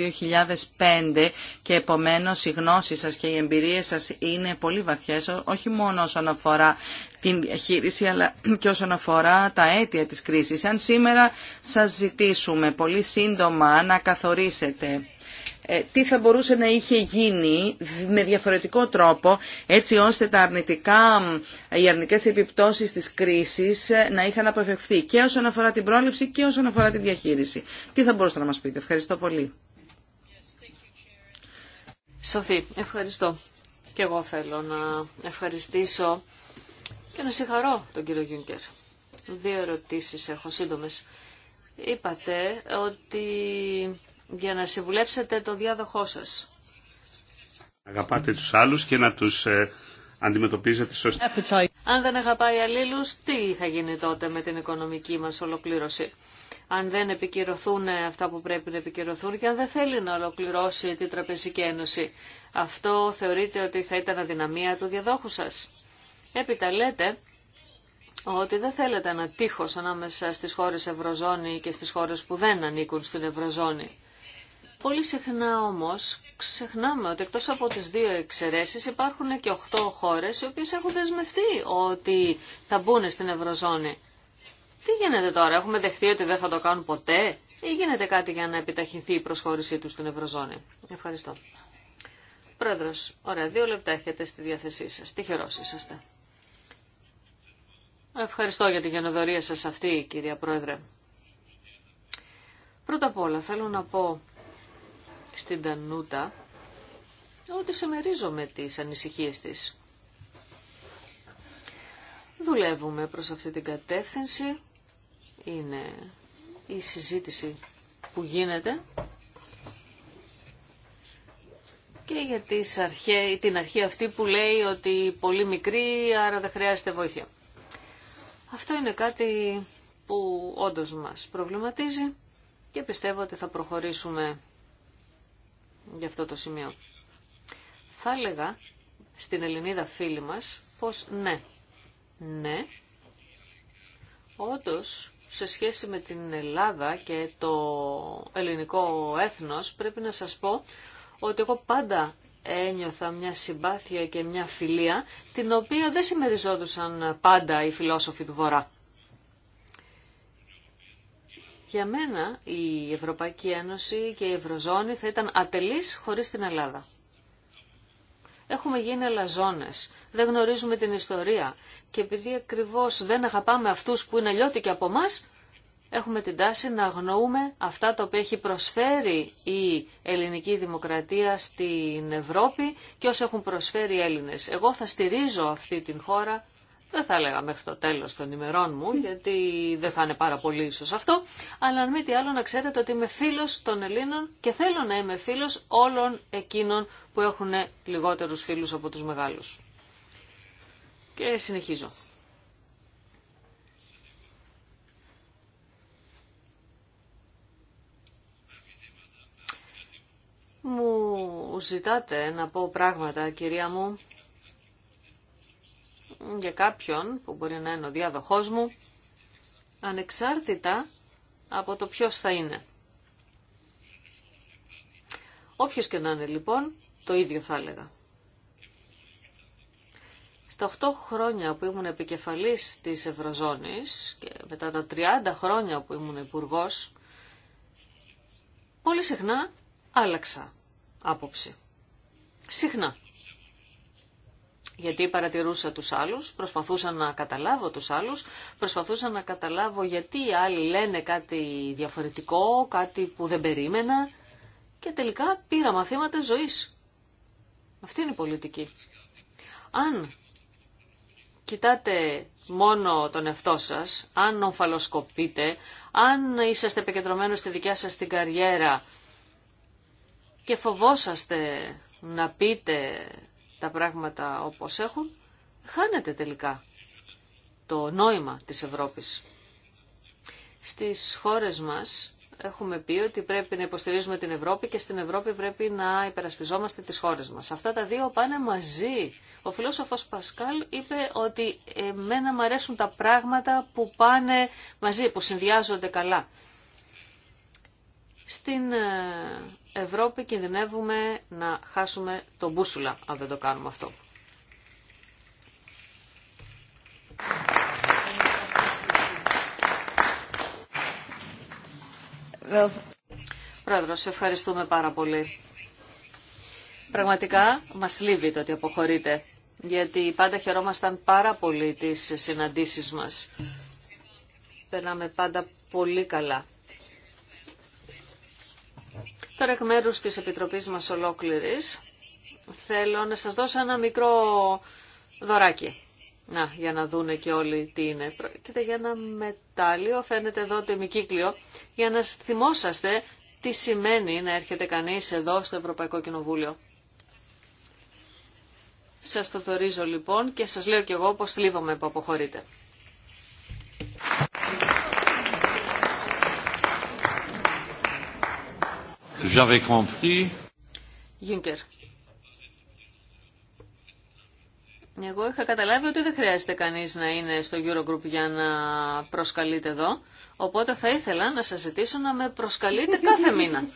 2005 και επομένως οι γνώσεις σας και οι εμπειρίες σας είναι πολύ βαθιές, όχι μόνο όσον αφορά την διαχείριση αλλά και όσον αφορά τα αίτια της κρίσης. Αν σήμερα σας ζητήσουμε πολύ σύντομα να καθορίσετε ε, τι θα μπορούσε να είχε γίνει με διαφορετικό τρόπο έτσι ώστε τα αρνητικά, οι αρνητικές επιπτώσεις της κρίσης ε, να είχαν αποφευχθεί και όσον αφορά την πρόληψη και όσον αφορά τη διαχείριση. Τι θα μπορούσατε να μας πείτε. Ευχαριστώ πολύ. Σοφή, ευχαριστώ. Και εγώ θέλω να ευχαριστήσω και να συγχαρώ τον κύριο Γιούγκερ. Δύο ερωτήσεις έχω σύντομες. Είπατε ότι για να συμβουλέψετε το διάδοχό σας. Αγαπάτε τους άλλους και να τους ε, αντιμετωπίζετε σωστά. Αν δεν αγαπάει αλλήλους, τι θα γίνει τότε με την οικονομική μας ολοκλήρωση. Αν δεν επικυρωθούν αυτά που πρέπει να επικυρωθούν και αν δεν θέλει να ολοκληρώσει την Τραπεζική Ένωση. Αυτό θεωρείτε ότι θα ήταν αδυναμία του διαδόχου σας. Έπειτα λέτε ότι δεν θέλετε ένα τείχος ανάμεσα στις χώρες Ευρωζώνη και στις χώρες που δεν ανήκουν στην Ευρωζώνη. Πολύ συχνά όμως ξεχνάμε ότι εκτός από τις δύο εξαιρέσεις υπάρχουν και οχτώ χώρες οι οποίες έχουν δεσμευτεί ότι θα μπουν στην Ευρωζώνη. Τι γίνεται τώρα, έχουμε δεχτεί ότι δεν θα το κάνουν ποτέ ή γίνεται κάτι για να επιταχυνθεί η προσχώρησή τους στην Ευρωζώνη. Ευχαριστώ. Πρόεδρος, ωραία, δύο λεπτά έχετε στη διάθεσή σας. Τυχερός είσαστε. Ευχαριστώ για την γενοδορία σας αυτή, κυρία Πρόεδρε. Πρώτα απ' όλα θέλω να πω στην Τανούτα ότι συμμερίζομαι τις ανησυχίες της. Δουλεύουμε προς αυτή την κατεύθυνση. Είναι η συζήτηση που γίνεται και για τις αρχαί... την αρχή αυτή που λέει ότι πολύ μικρή, άρα δεν χρειάζεται βοήθεια. Αυτό είναι κάτι που όντως μας προβληματίζει και πιστεύω ότι θα προχωρήσουμε για αυτό το σημείο. Θα έλεγα στην Ελληνίδα φίλη μας πως ναι. Ναι, όντως σε σχέση με την Ελλάδα και το ελληνικό έθνος πρέπει να σας πω ότι εγώ πάντα ένιωθα μια συμπάθεια και μια φιλία την οποία δεν συμμεριζόντουσαν πάντα οι φιλόσοφοι του Βορρά. Για μένα η Ευρωπαϊκή Ένωση και η Ευρωζώνη θα ήταν ατελείς χωρίς την Ελλάδα. Έχουμε γίνει αλαζόνες, δεν γνωρίζουμε την ιστορία και επειδή ακριβώς δεν αγαπάμε αυτούς που είναι και από μας, έχουμε την τάση να αγνοούμε αυτά τα οποία έχει προσφέρει η ελληνική δημοκρατία στην Ευρώπη και όσα έχουν προσφέρει οι Έλληνες. Εγώ θα στηρίζω αυτή την χώρα δεν θα έλεγα μέχρι το τέλος των ημερών μου, γιατί δεν θα είναι πάρα πολύ ίσως αυτό, αλλά αν μη τι άλλο να ξέρετε ότι είμαι φίλος των Ελλήνων και θέλω να είμαι φίλος όλων εκείνων που έχουν λιγότερους φίλους από τους μεγάλους. Και συνεχίζω. Μου ζητάτε να πω πράγματα, κυρία μου, για κάποιον που μπορεί να είναι ο διάδοχός μου, ανεξάρτητα από το ποιος θα είναι. Όποιος και να είναι λοιπόν, το ίδιο θα έλεγα. Στα 8 χρόνια που ήμουν επικεφαλής της Ευρωζώνης και μετά τα 30 χρόνια που ήμουν υπουργό, πολύ συχνά άλλαξα άποψη. Συχνά γιατί παρατηρούσα τους άλλους, προσπαθούσα να καταλάβω τους άλλους, προσπαθούσα να καταλάβω γιατί οι άλλοι λένε κάτι διαφορετικό, κάτι που δεν περίμενα και τελικά πήρα μαθήματα ζωής. Αυτή είναι η πολιτική. Αν κοιτάτε μόνο τον εαυτό σας, αν ομφαλοσκοπείτε, αν είσαστε επικεντρωμένοι στη δικιά σας την καριέρα και φοβόσαστε να πείτε τα πράγματα όπως έχουν, χάνεται τελικά το νόημα της Ευρώπης. Στις χώρες μας έχουμε πει ότι πρέπει να υποστηρίζουμε την Ευρώπη και στην Ευρώπη πρέπει να υπερασπιζόμαστε τις χώρες μας. Αυτά τα δύο πάνε μαζί. Ο φιλόσοφος Πασκάλ είπε ότι εμένα μου αρέσουν τα πράγματα που πάνε μαζί, που συνδυάζονται καλά. Στην ε, Ευρώπη κινδυνεύουμε να χάσουμε τον μπούσουλα, αν δεν το κάνουμε αυτό. Πρόεδρο, Πρόεδρος, ευχαριστούμε πάρα πολύ. Πραγματικά μας λείβει το ότι αποχωρείτε, γιατί πάντα χαιρόμασταν πάρα πολύ τις συναντήσεις μας. Περνάμε πάντα πολύ καλά. Τώρα εκ μέρους της Επιτροπής μας ολόκληρης θέλω να σας δώσω ένα μικρό δωράκι. Να, για να δούνε και όλοι τι είναι. Πρόκειται για ένα μετάλλιο, φαίνεται εδώ το ημικύκλιο, για να θυμόσαστε τι σημαίνει να έρχεται κανείς εδώ στο Ευρωπαϊκό Κοινοβούλιο. Σας το θορίζω λοιπόν και σας λέω κι εγώ πως θλίβομαι που αποχωρείτε. J'avais compris. Εγώ είχα καταλάβει ότι δεν χρειάζεται κανείς να είναι στο Eurogroup για να προσκαλείτε εδώ, οπότε θα ήθελα να σας ζητήσω να με προσκαλείτε κάθε μήνα.